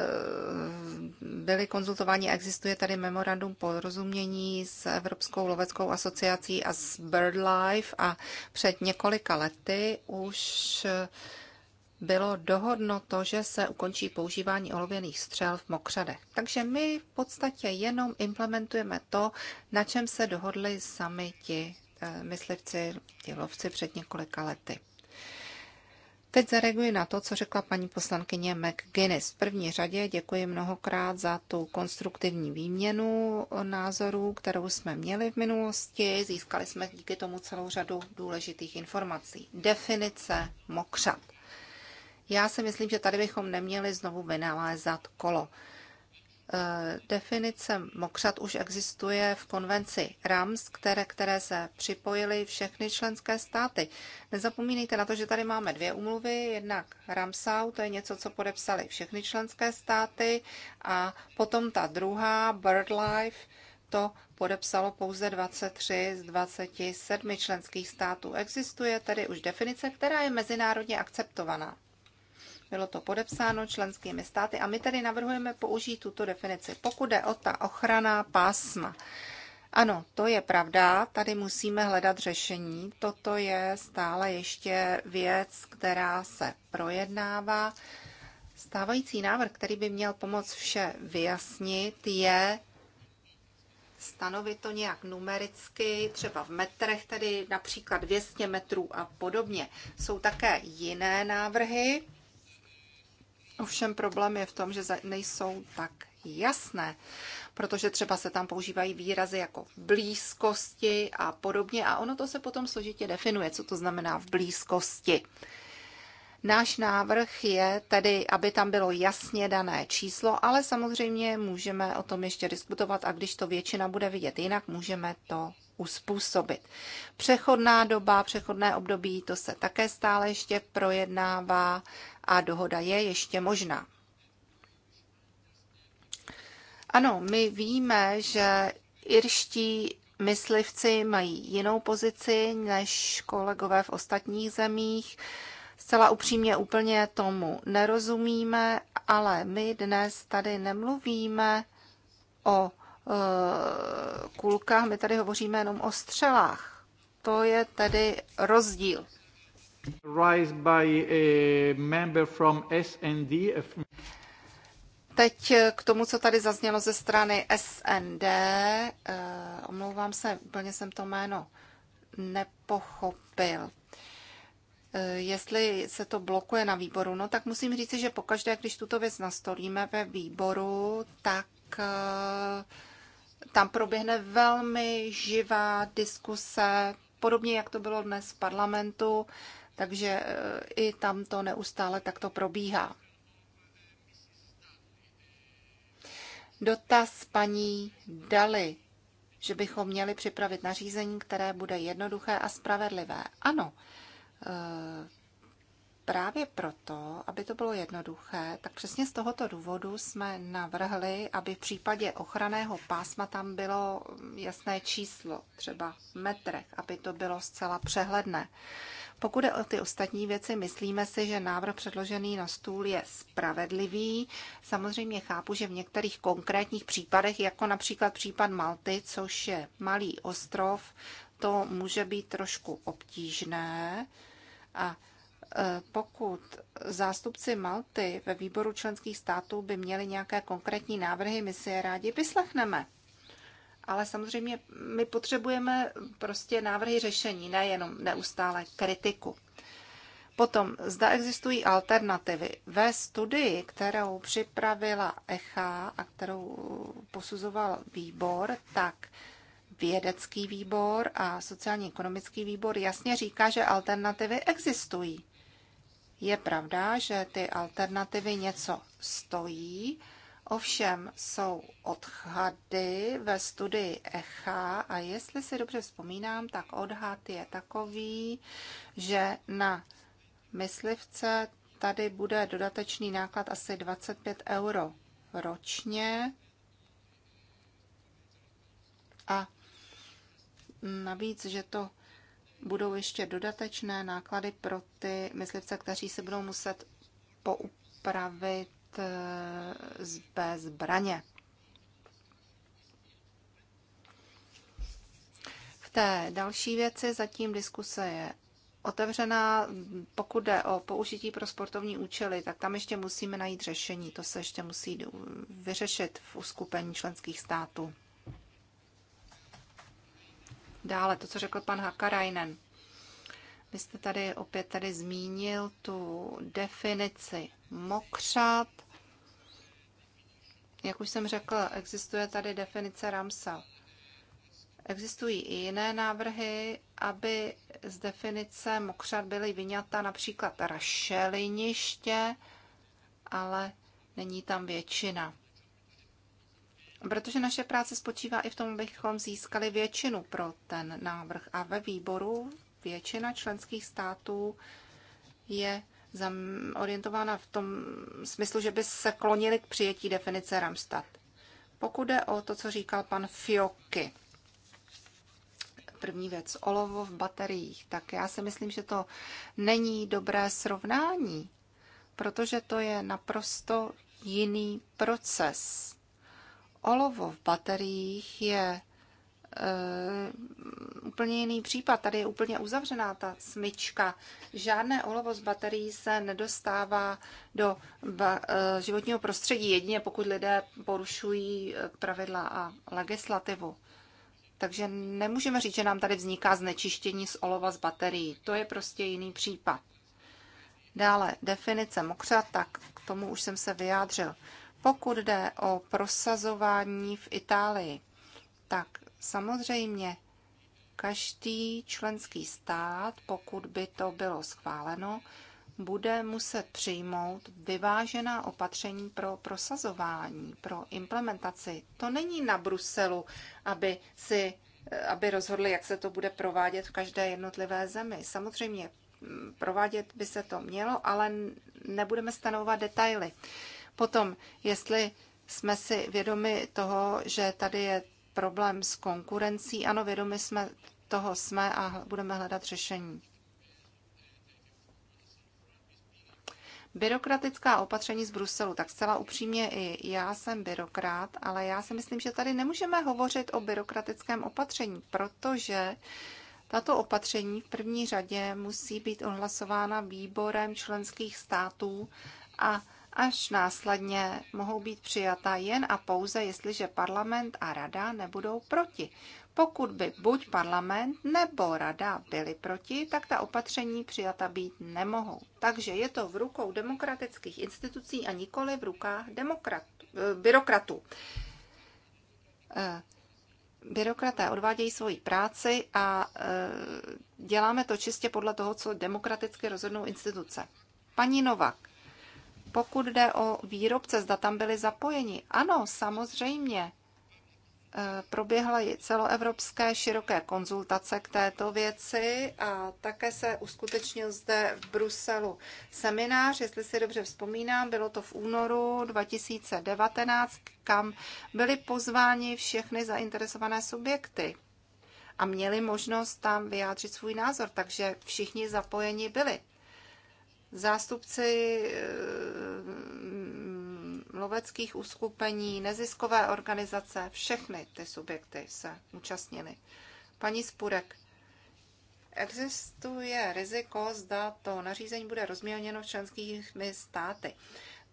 byli konzultováni. Existuje tady memorandum porozumění s Evropskou loveckou asociací a s BirdLife a před několika lety už bylo dohodnuto, že se ukončí používání olověných střel v mokřadech. Takže my v podstatě jenom implementujeme to, na čem se dohodli sami ti eh, myslivci, ti lovci před několika lety. Teď zareaguji na to, co řekla paní poslankyně McGuinness. V první řadě děkuji mnohokrát za tu konstruktivní výměnu názorů, kterou jsme měli v minulosti. Získali jsme díky tomu celou řadu důležitých informací. Definice mokřat. Já si myslím, že tady bychom neměli znovu vynalézat kolo. Eh, definice mokřat už existuje v konvenci RAMS, které, které se připojily všechny členské státy. Nezapomínejte na to, že tady máme dvě umluvy. Jednak RAMSAU, to je něco, co podepsali všechny členské státy, a potom ta druhá, BirdLife, to podepsalo pouze 23 z 27 členských států. Existuje tedy už definice, která je mezinárodně akceptovaná. Bylo to podepsáno členskými státy a my tady navrhujeme použít tuto definici, pokud je o ta ochrana pásma. Ano, to je pravda, tady musíme hledat řešení. Toto je stále ještě věc, která se projednává. Stávající návrh, který by měl pomoct vše vyjasnit, je stanovit to nějak numericky, třeba v metrech, tedy například 200 metrů a podobně. Jsou také jiné návrhy, Ovšem problém je v tom, že nejsou tak jasné, protože třeba se tam používají výrazy jako v blízkosti a podobně a ono to se potom složitě definuje, co to znamená v blízkosti. Náš návrh je tedy, aby tam bylo jasně dané číslo, ale samozřejmě můžeme o tom ještě diskutovat a když to většina bude vidět jinak, můžeme to uspůsobit. Přechodná doba, přechodné období, to se také stále ještě projednává a dohoda je ještě možná. Ano, my víme, že irští myslivci mají jinou pozici než kolegové v ostatních zemích. Zcela upřímně úplně tomu nerozumíme, ale my dnes tady nemluvíme o e, kulkách, my tady hovoříme jenom o střelách. To je tedy rozdíl. Teď eh, k tomu, co tady zaznělo ze strany SND, eh, omlouvám se, úplně jsem to jméno nepochopil. Eh, jestli se to blokuje na výboru, no tak musím říct, že pokaždé, když tuto věc nastolíme ve výboru, tak tam proběhne velmi živá diskuse, podobně jak to bylo dnes v parlamentu. Takže e, i tam to neustále takto probíhá. Dotaz paní Dali, že bychom měli připravit nařízení, které bude jednoduché a spravedlivé. Ano, e, Právě proto, aby to bylo jednoduché, tak přesně z tohoto důvodu jsme navrhli, aby v případě ochraného pásma tam bylo jasné číslo, třeba v metrech, aby to bylo zcela přehledné. Pokud je o ty ostatní věci, myslíme si, že návrh předložený na stůl je spravedlivý. Samozřejmě chápu, že v některých konkrétních případech, jako například případ Malty, což je malý ostrov, to může být trošku obtížné a Eh, pokud zástupci Malty ve výboru členských států by měli nějaké konkrétní návrhy, my si je rádi vyslechneme. Ale samozřejmě my potřebujeme prostě návrhy řešení, nejenom neustále kritiku. Potom, zda existují alternativy. Ve studii, kterou připravila ECHA a kterou posuzoval výbor, tak vědecký výbor a sociálně-ekonomický výbor jasně říká, že alternativy existují. Je pravda, že ty alternativy něco stojí, ovšem jsou odhady ve studii ECHA a jestli si dobře vzpomínám, tak odhad je takový, že na myslivce tady bude dodatečný náklad asi 25 euro ročně a navíc, že to budou ještě dodatečné náklady pro ty myslivce, kteří se budou muset poupravit eh, bez zbraně. V té další věci zatím diskuse je otevřená. Pokud jde o použití pro sportovní účely, tak tam ještě musíme najít řešení. To se ještě musí vyřešit v uskupení členských států. Dále to, co řekl pan Hakarainen. Vy jste tady opět tady zmínil tu definici mokřat. Jak už jsem řekl, existuje tady definice Ramsa. Existují i jiné návrhy, aby z definice mokřat byly vyňata například rašeliniště, ale není tam většina. Protože naše práce spočívá i v tom, abychom získali většinu pro ten návrh. A ve výboru většina členských států je orientována v tom smyslu, že by se klonili k přijetí definice Ramstad. Pokud jde o to, co říkal pan Fioky, první věc, olovo v bateriích, tak já si myslím, že to není dobré srovnání, protože to je naprosto jiný proces olovo v bateriích je Uh, úplně jiný případ. Tady je úplně uzavřená ta smyčka. Žádné olovo z baterií se nedostává do ba- uh, životního prostředí, jedině pokud lidé porušují e, pravidla a legislativu. Takže nemůžeme říct, že nám tady vzniká znečištění z olova z baterií. To je prostě jiný případ. Dále, definice mokřat, tak k tomu už jsem se vyjádřil. Pokud jde o prosazování v Itálii, tak samozřejmě každý členský stát, pokud by to bylo schváleno, bude muset přijmout vyvážená opatření pro prosazování, pro implementaci. To není na Bruselu, aby si aby rozhodli, jak se to bude provádět v každé jednotlivé zemi. Samozřejmě mm, provádět by se to mělo, ale nebudeme stanovovat detaily. Potom, jestli jsme si vědomi toho, že tady je problém s konkurencí, ano, vědomi jsme toho jsme a budeme hledat řešení. Byrokratická opatření z Bruselu, tak zcela upřímně i já jsem byrokrat, ale já si myslím, že tady nemůžeme hovořit o byrokratickém opatření, protože tato opatření v první řadě musí být ohlasována výborem členských států a až následně mohou být přijata jen a pouze, jestliže parlament a rada nebudou proti. Pokud by buď parlament nebo rada byli proti, tak ta opatření přijata být nemohou. Takže je to v rukou demokratických institucí a nikoli v rukách demokrat, eh, byrokratů. Eh, byrokraté odvádějí svoji práci a eh, děláme to čistě podle toho, co demokraticky rozhodnou instituce. Paní Novak, pokud jde o výrobce, zda tam byli zapojeni, ano, samozřejmě. E, i celoevropské široké konzultace k této věci a také se uskutečnil zde v Bruselu seminář, jestli si dobře vzpomínám, bylo to v únoru 2019, kam byly pozváni všechny zainteresované subjekty a měli možnost tam vyjádřit svůj názor, takže všichni zapojeni byli zástupci eh, loveckých uskupení, neziskové organizace, všechny ty subjekty se účastnily. Paní Spurek, existuje riziko, zda to nařízení bude rozmělněno členskými státy.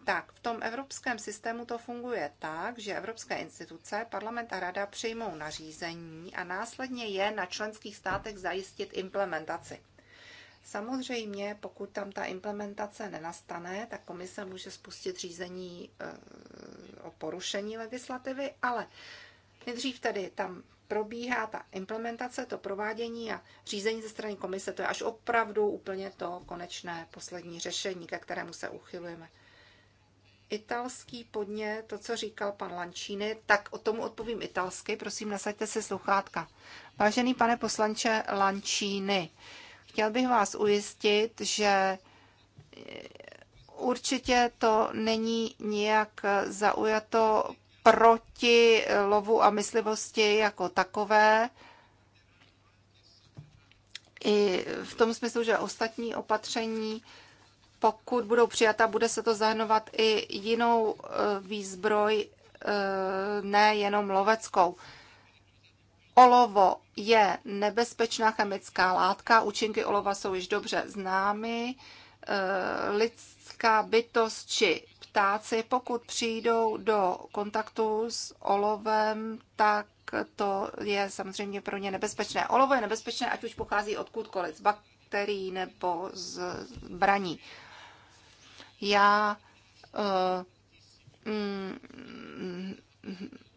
Tak, v tom evropském systému to funguje tak, že evropské instituce, parlament a rada přijmou nařízení a následně je na členských státech zajistit implementaci. Samozřejmě, pokud tam ta implementace nenastane, tak komise může spustit řízení eh, o porušení legislativy, ale nejdřív tedy tam probíhá ta implementace, to provádění a řízení ze strany komise, to je až opravdu úplně to konečné poslední řešení, ke kterému se uchylujeme. Italský podnět, to, co říkal pan Lančíny, tak o tomu odpovím italsky, prosím, nasaďte si sluchátka. Vážený pane poslanče Lančíny, Chtěl bych vás ujistit, že eh, určitě to není nijak zaujato proti lovu a myslivosti jako takové. I v tom smyslu, že ostatní opatření, pokud budou přijata, bude se to zahrnovat i jinou eh, výzbroj, eh, ne jenom loveckou. Olovo je nebezpečná chemická látka, účinky olova jsou již dobře známy. E, lidská bytost či ptáci, pokud přijdou do kontaktu s olovem, tak to je samozřejmě pro ně nebezpečné. Olovo je nebezpečné, ať už pochází odkudkoliv, z bakterií nebo z braní. Já uh, mm,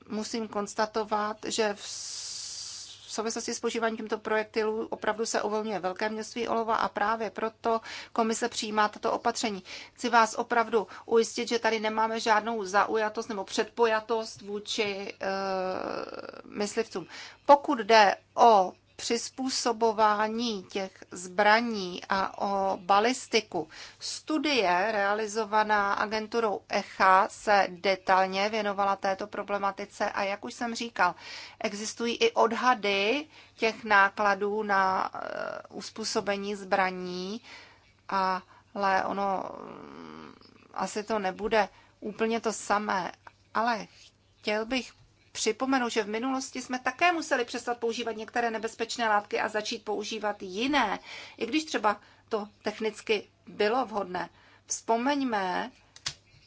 musím konstatovat, že v v souvislosti s používáním těmto projektilů opravdu se uvolňuje velké množství olova a právě proto komise přijímá tato opatření. Chci vás opravdu ujistit, že tady nemáme žádnou zaujatost nebo předpojatost vůči uh, myslivcům. Pokud jde o přizpůsobování těch zbraní a o balistiku. Studie realizovaná agenturou ECHA se detailně věnovala této problematice a jak už jsem říkal, existují i odhady těch nákladů na eh, uspůsobení zbraní, ale ono mm, asi to nebude úplně to samé. Ale chtěl bych připomenout, že v minulosti jsme také museli přestat používat některé nebezpečné látky a začít používat jiné, i když třeba to technicky bylo vhodné. Vzpomeňme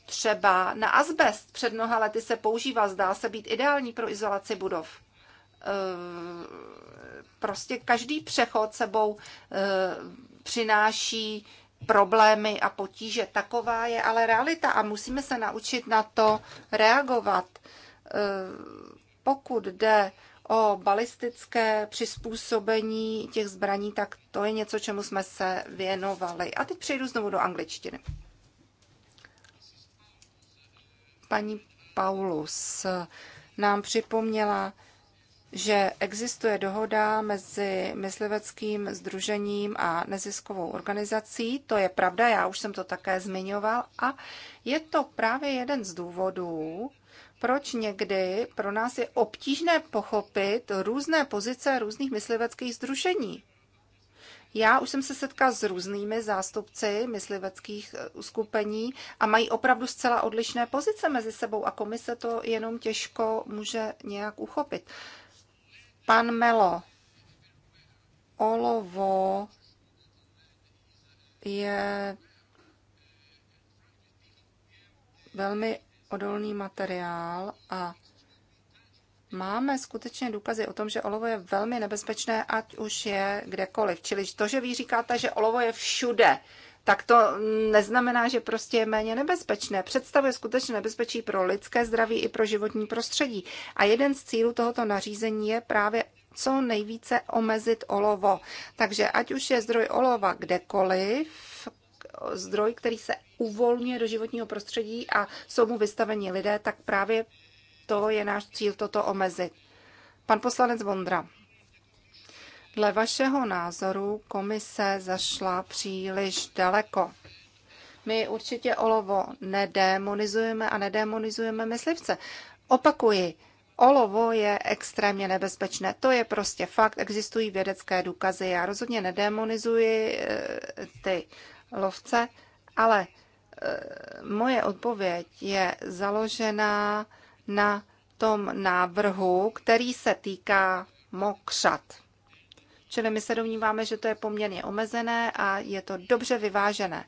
třeba na asbest. Před mnoha lety se používá, zdá se být ideální pro izolaci budov e, prostě každý přechod sebou e, přináší problémy a potíže. Taková je ale realita a musíme se naučit na to reagovat. Eh, pokud jde o balistické přizpůsobení těch zbraní, tak to je něco, čemu jsme se věnovali. A teď přejdu znovu do angličtiny. Paní Paulus nám připomněla, že existuje dohoda mezi mysliveckým združením a neziskovou organizací. To je pravda, já už jsem to také zmiňoval. A je to právě jeden z důvodů, proč někdy pro nás je obtížné pochopit různé pozice různých mysliveckých združení. Já už jsem se setkal s různými zástupci mysliveckých eh, uskupení a mají opravdu zcela odlišné pozice mezi sebou a komise to jenom těžko může nějak uchopit. Pan Melo, olovo je velmi odolný materiál a máme skutečně důkazy o tom, že olovo je velmi nebezpečné, ať už je kdekoliv. Čili to, že vy říkáte, že olovo je všude, tak to neznamená, že prostě je méně nebezpečné. Představuje skutečně nebezpečí pro lidské zdraví i pro životní prostředí. A jeden z cílů tohoto nařízení je právě co nejvíce omezit olovo. Takže ať už je zdroj olova kdekoliv, zdroj, který se uvolňuje do životního prostředí a jsou mu vystaveni lidé, tak právě to je náš cíl toto omezit. Pan poslanec Vondra. Dle vašeho názoru komise zašla příliš daleko. My určitě olovo nedémonizujeme a nedémonizujeme myslivce. Opakuji, olovo je extrémně nebezpečné. To je prostě fakt, existují vědecké důkazy. Já rozhodně nedémonizuji eh, ty lovce, ale e, moje odpověď je založená na tom návrhu, který se týká mokřat. Čili my se domníváme, že to je poměrně omezené a je to dobře vyvážené.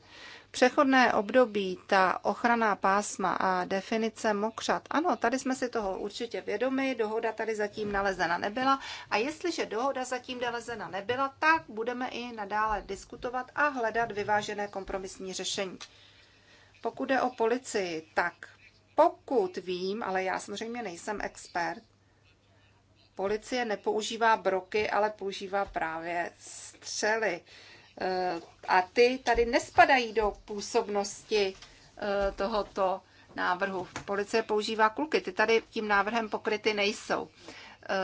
Přechodné období, ta ochrana pásma a definice mokřat, ano, tady jsme si toho určitě vědomi, dohoda tady zatím nalezena nebyla a jestliže dohoda zatím nalezena nebyla, tak budeme i nadále diskutovat a hledat vyvážené kompromisní řešení. Pokud jde o policii, tak pokud vím, ale já samozřejmě nejsem expert, policie nepoužívá broky, ale používá právě střely. Eh, a ty tady nespadají do působnosti eh, tohoto návrhu. Policie používá kluky, ty tady tím návrhem pokryty nejsou. Eh,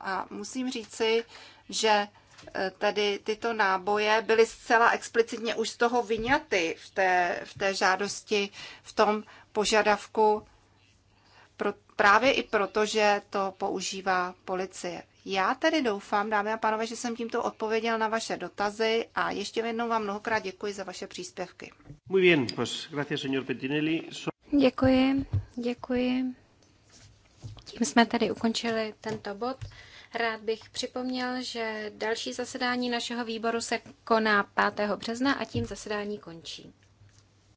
a musím říci, že tady tyto náboje byly zcela explicitně už z toho vyňaty v té, v té žádosti, v tom požadavku, pro, právě i proto, že to používá policie. Já tedy doufám, dámy a pánové, že jsem tímto odpověděl na vaše dotazy a ještě jednou vám mnohokrát děkuji za vaše příspěvky. Muy bien, pues gracias, señor Petinelli. Děkuji, děkuji. Tím jsme tady ukončili tento bod. Rád bych připomněl, že další zasedání našeho výboru se koná 5. března a tím zasedání končí.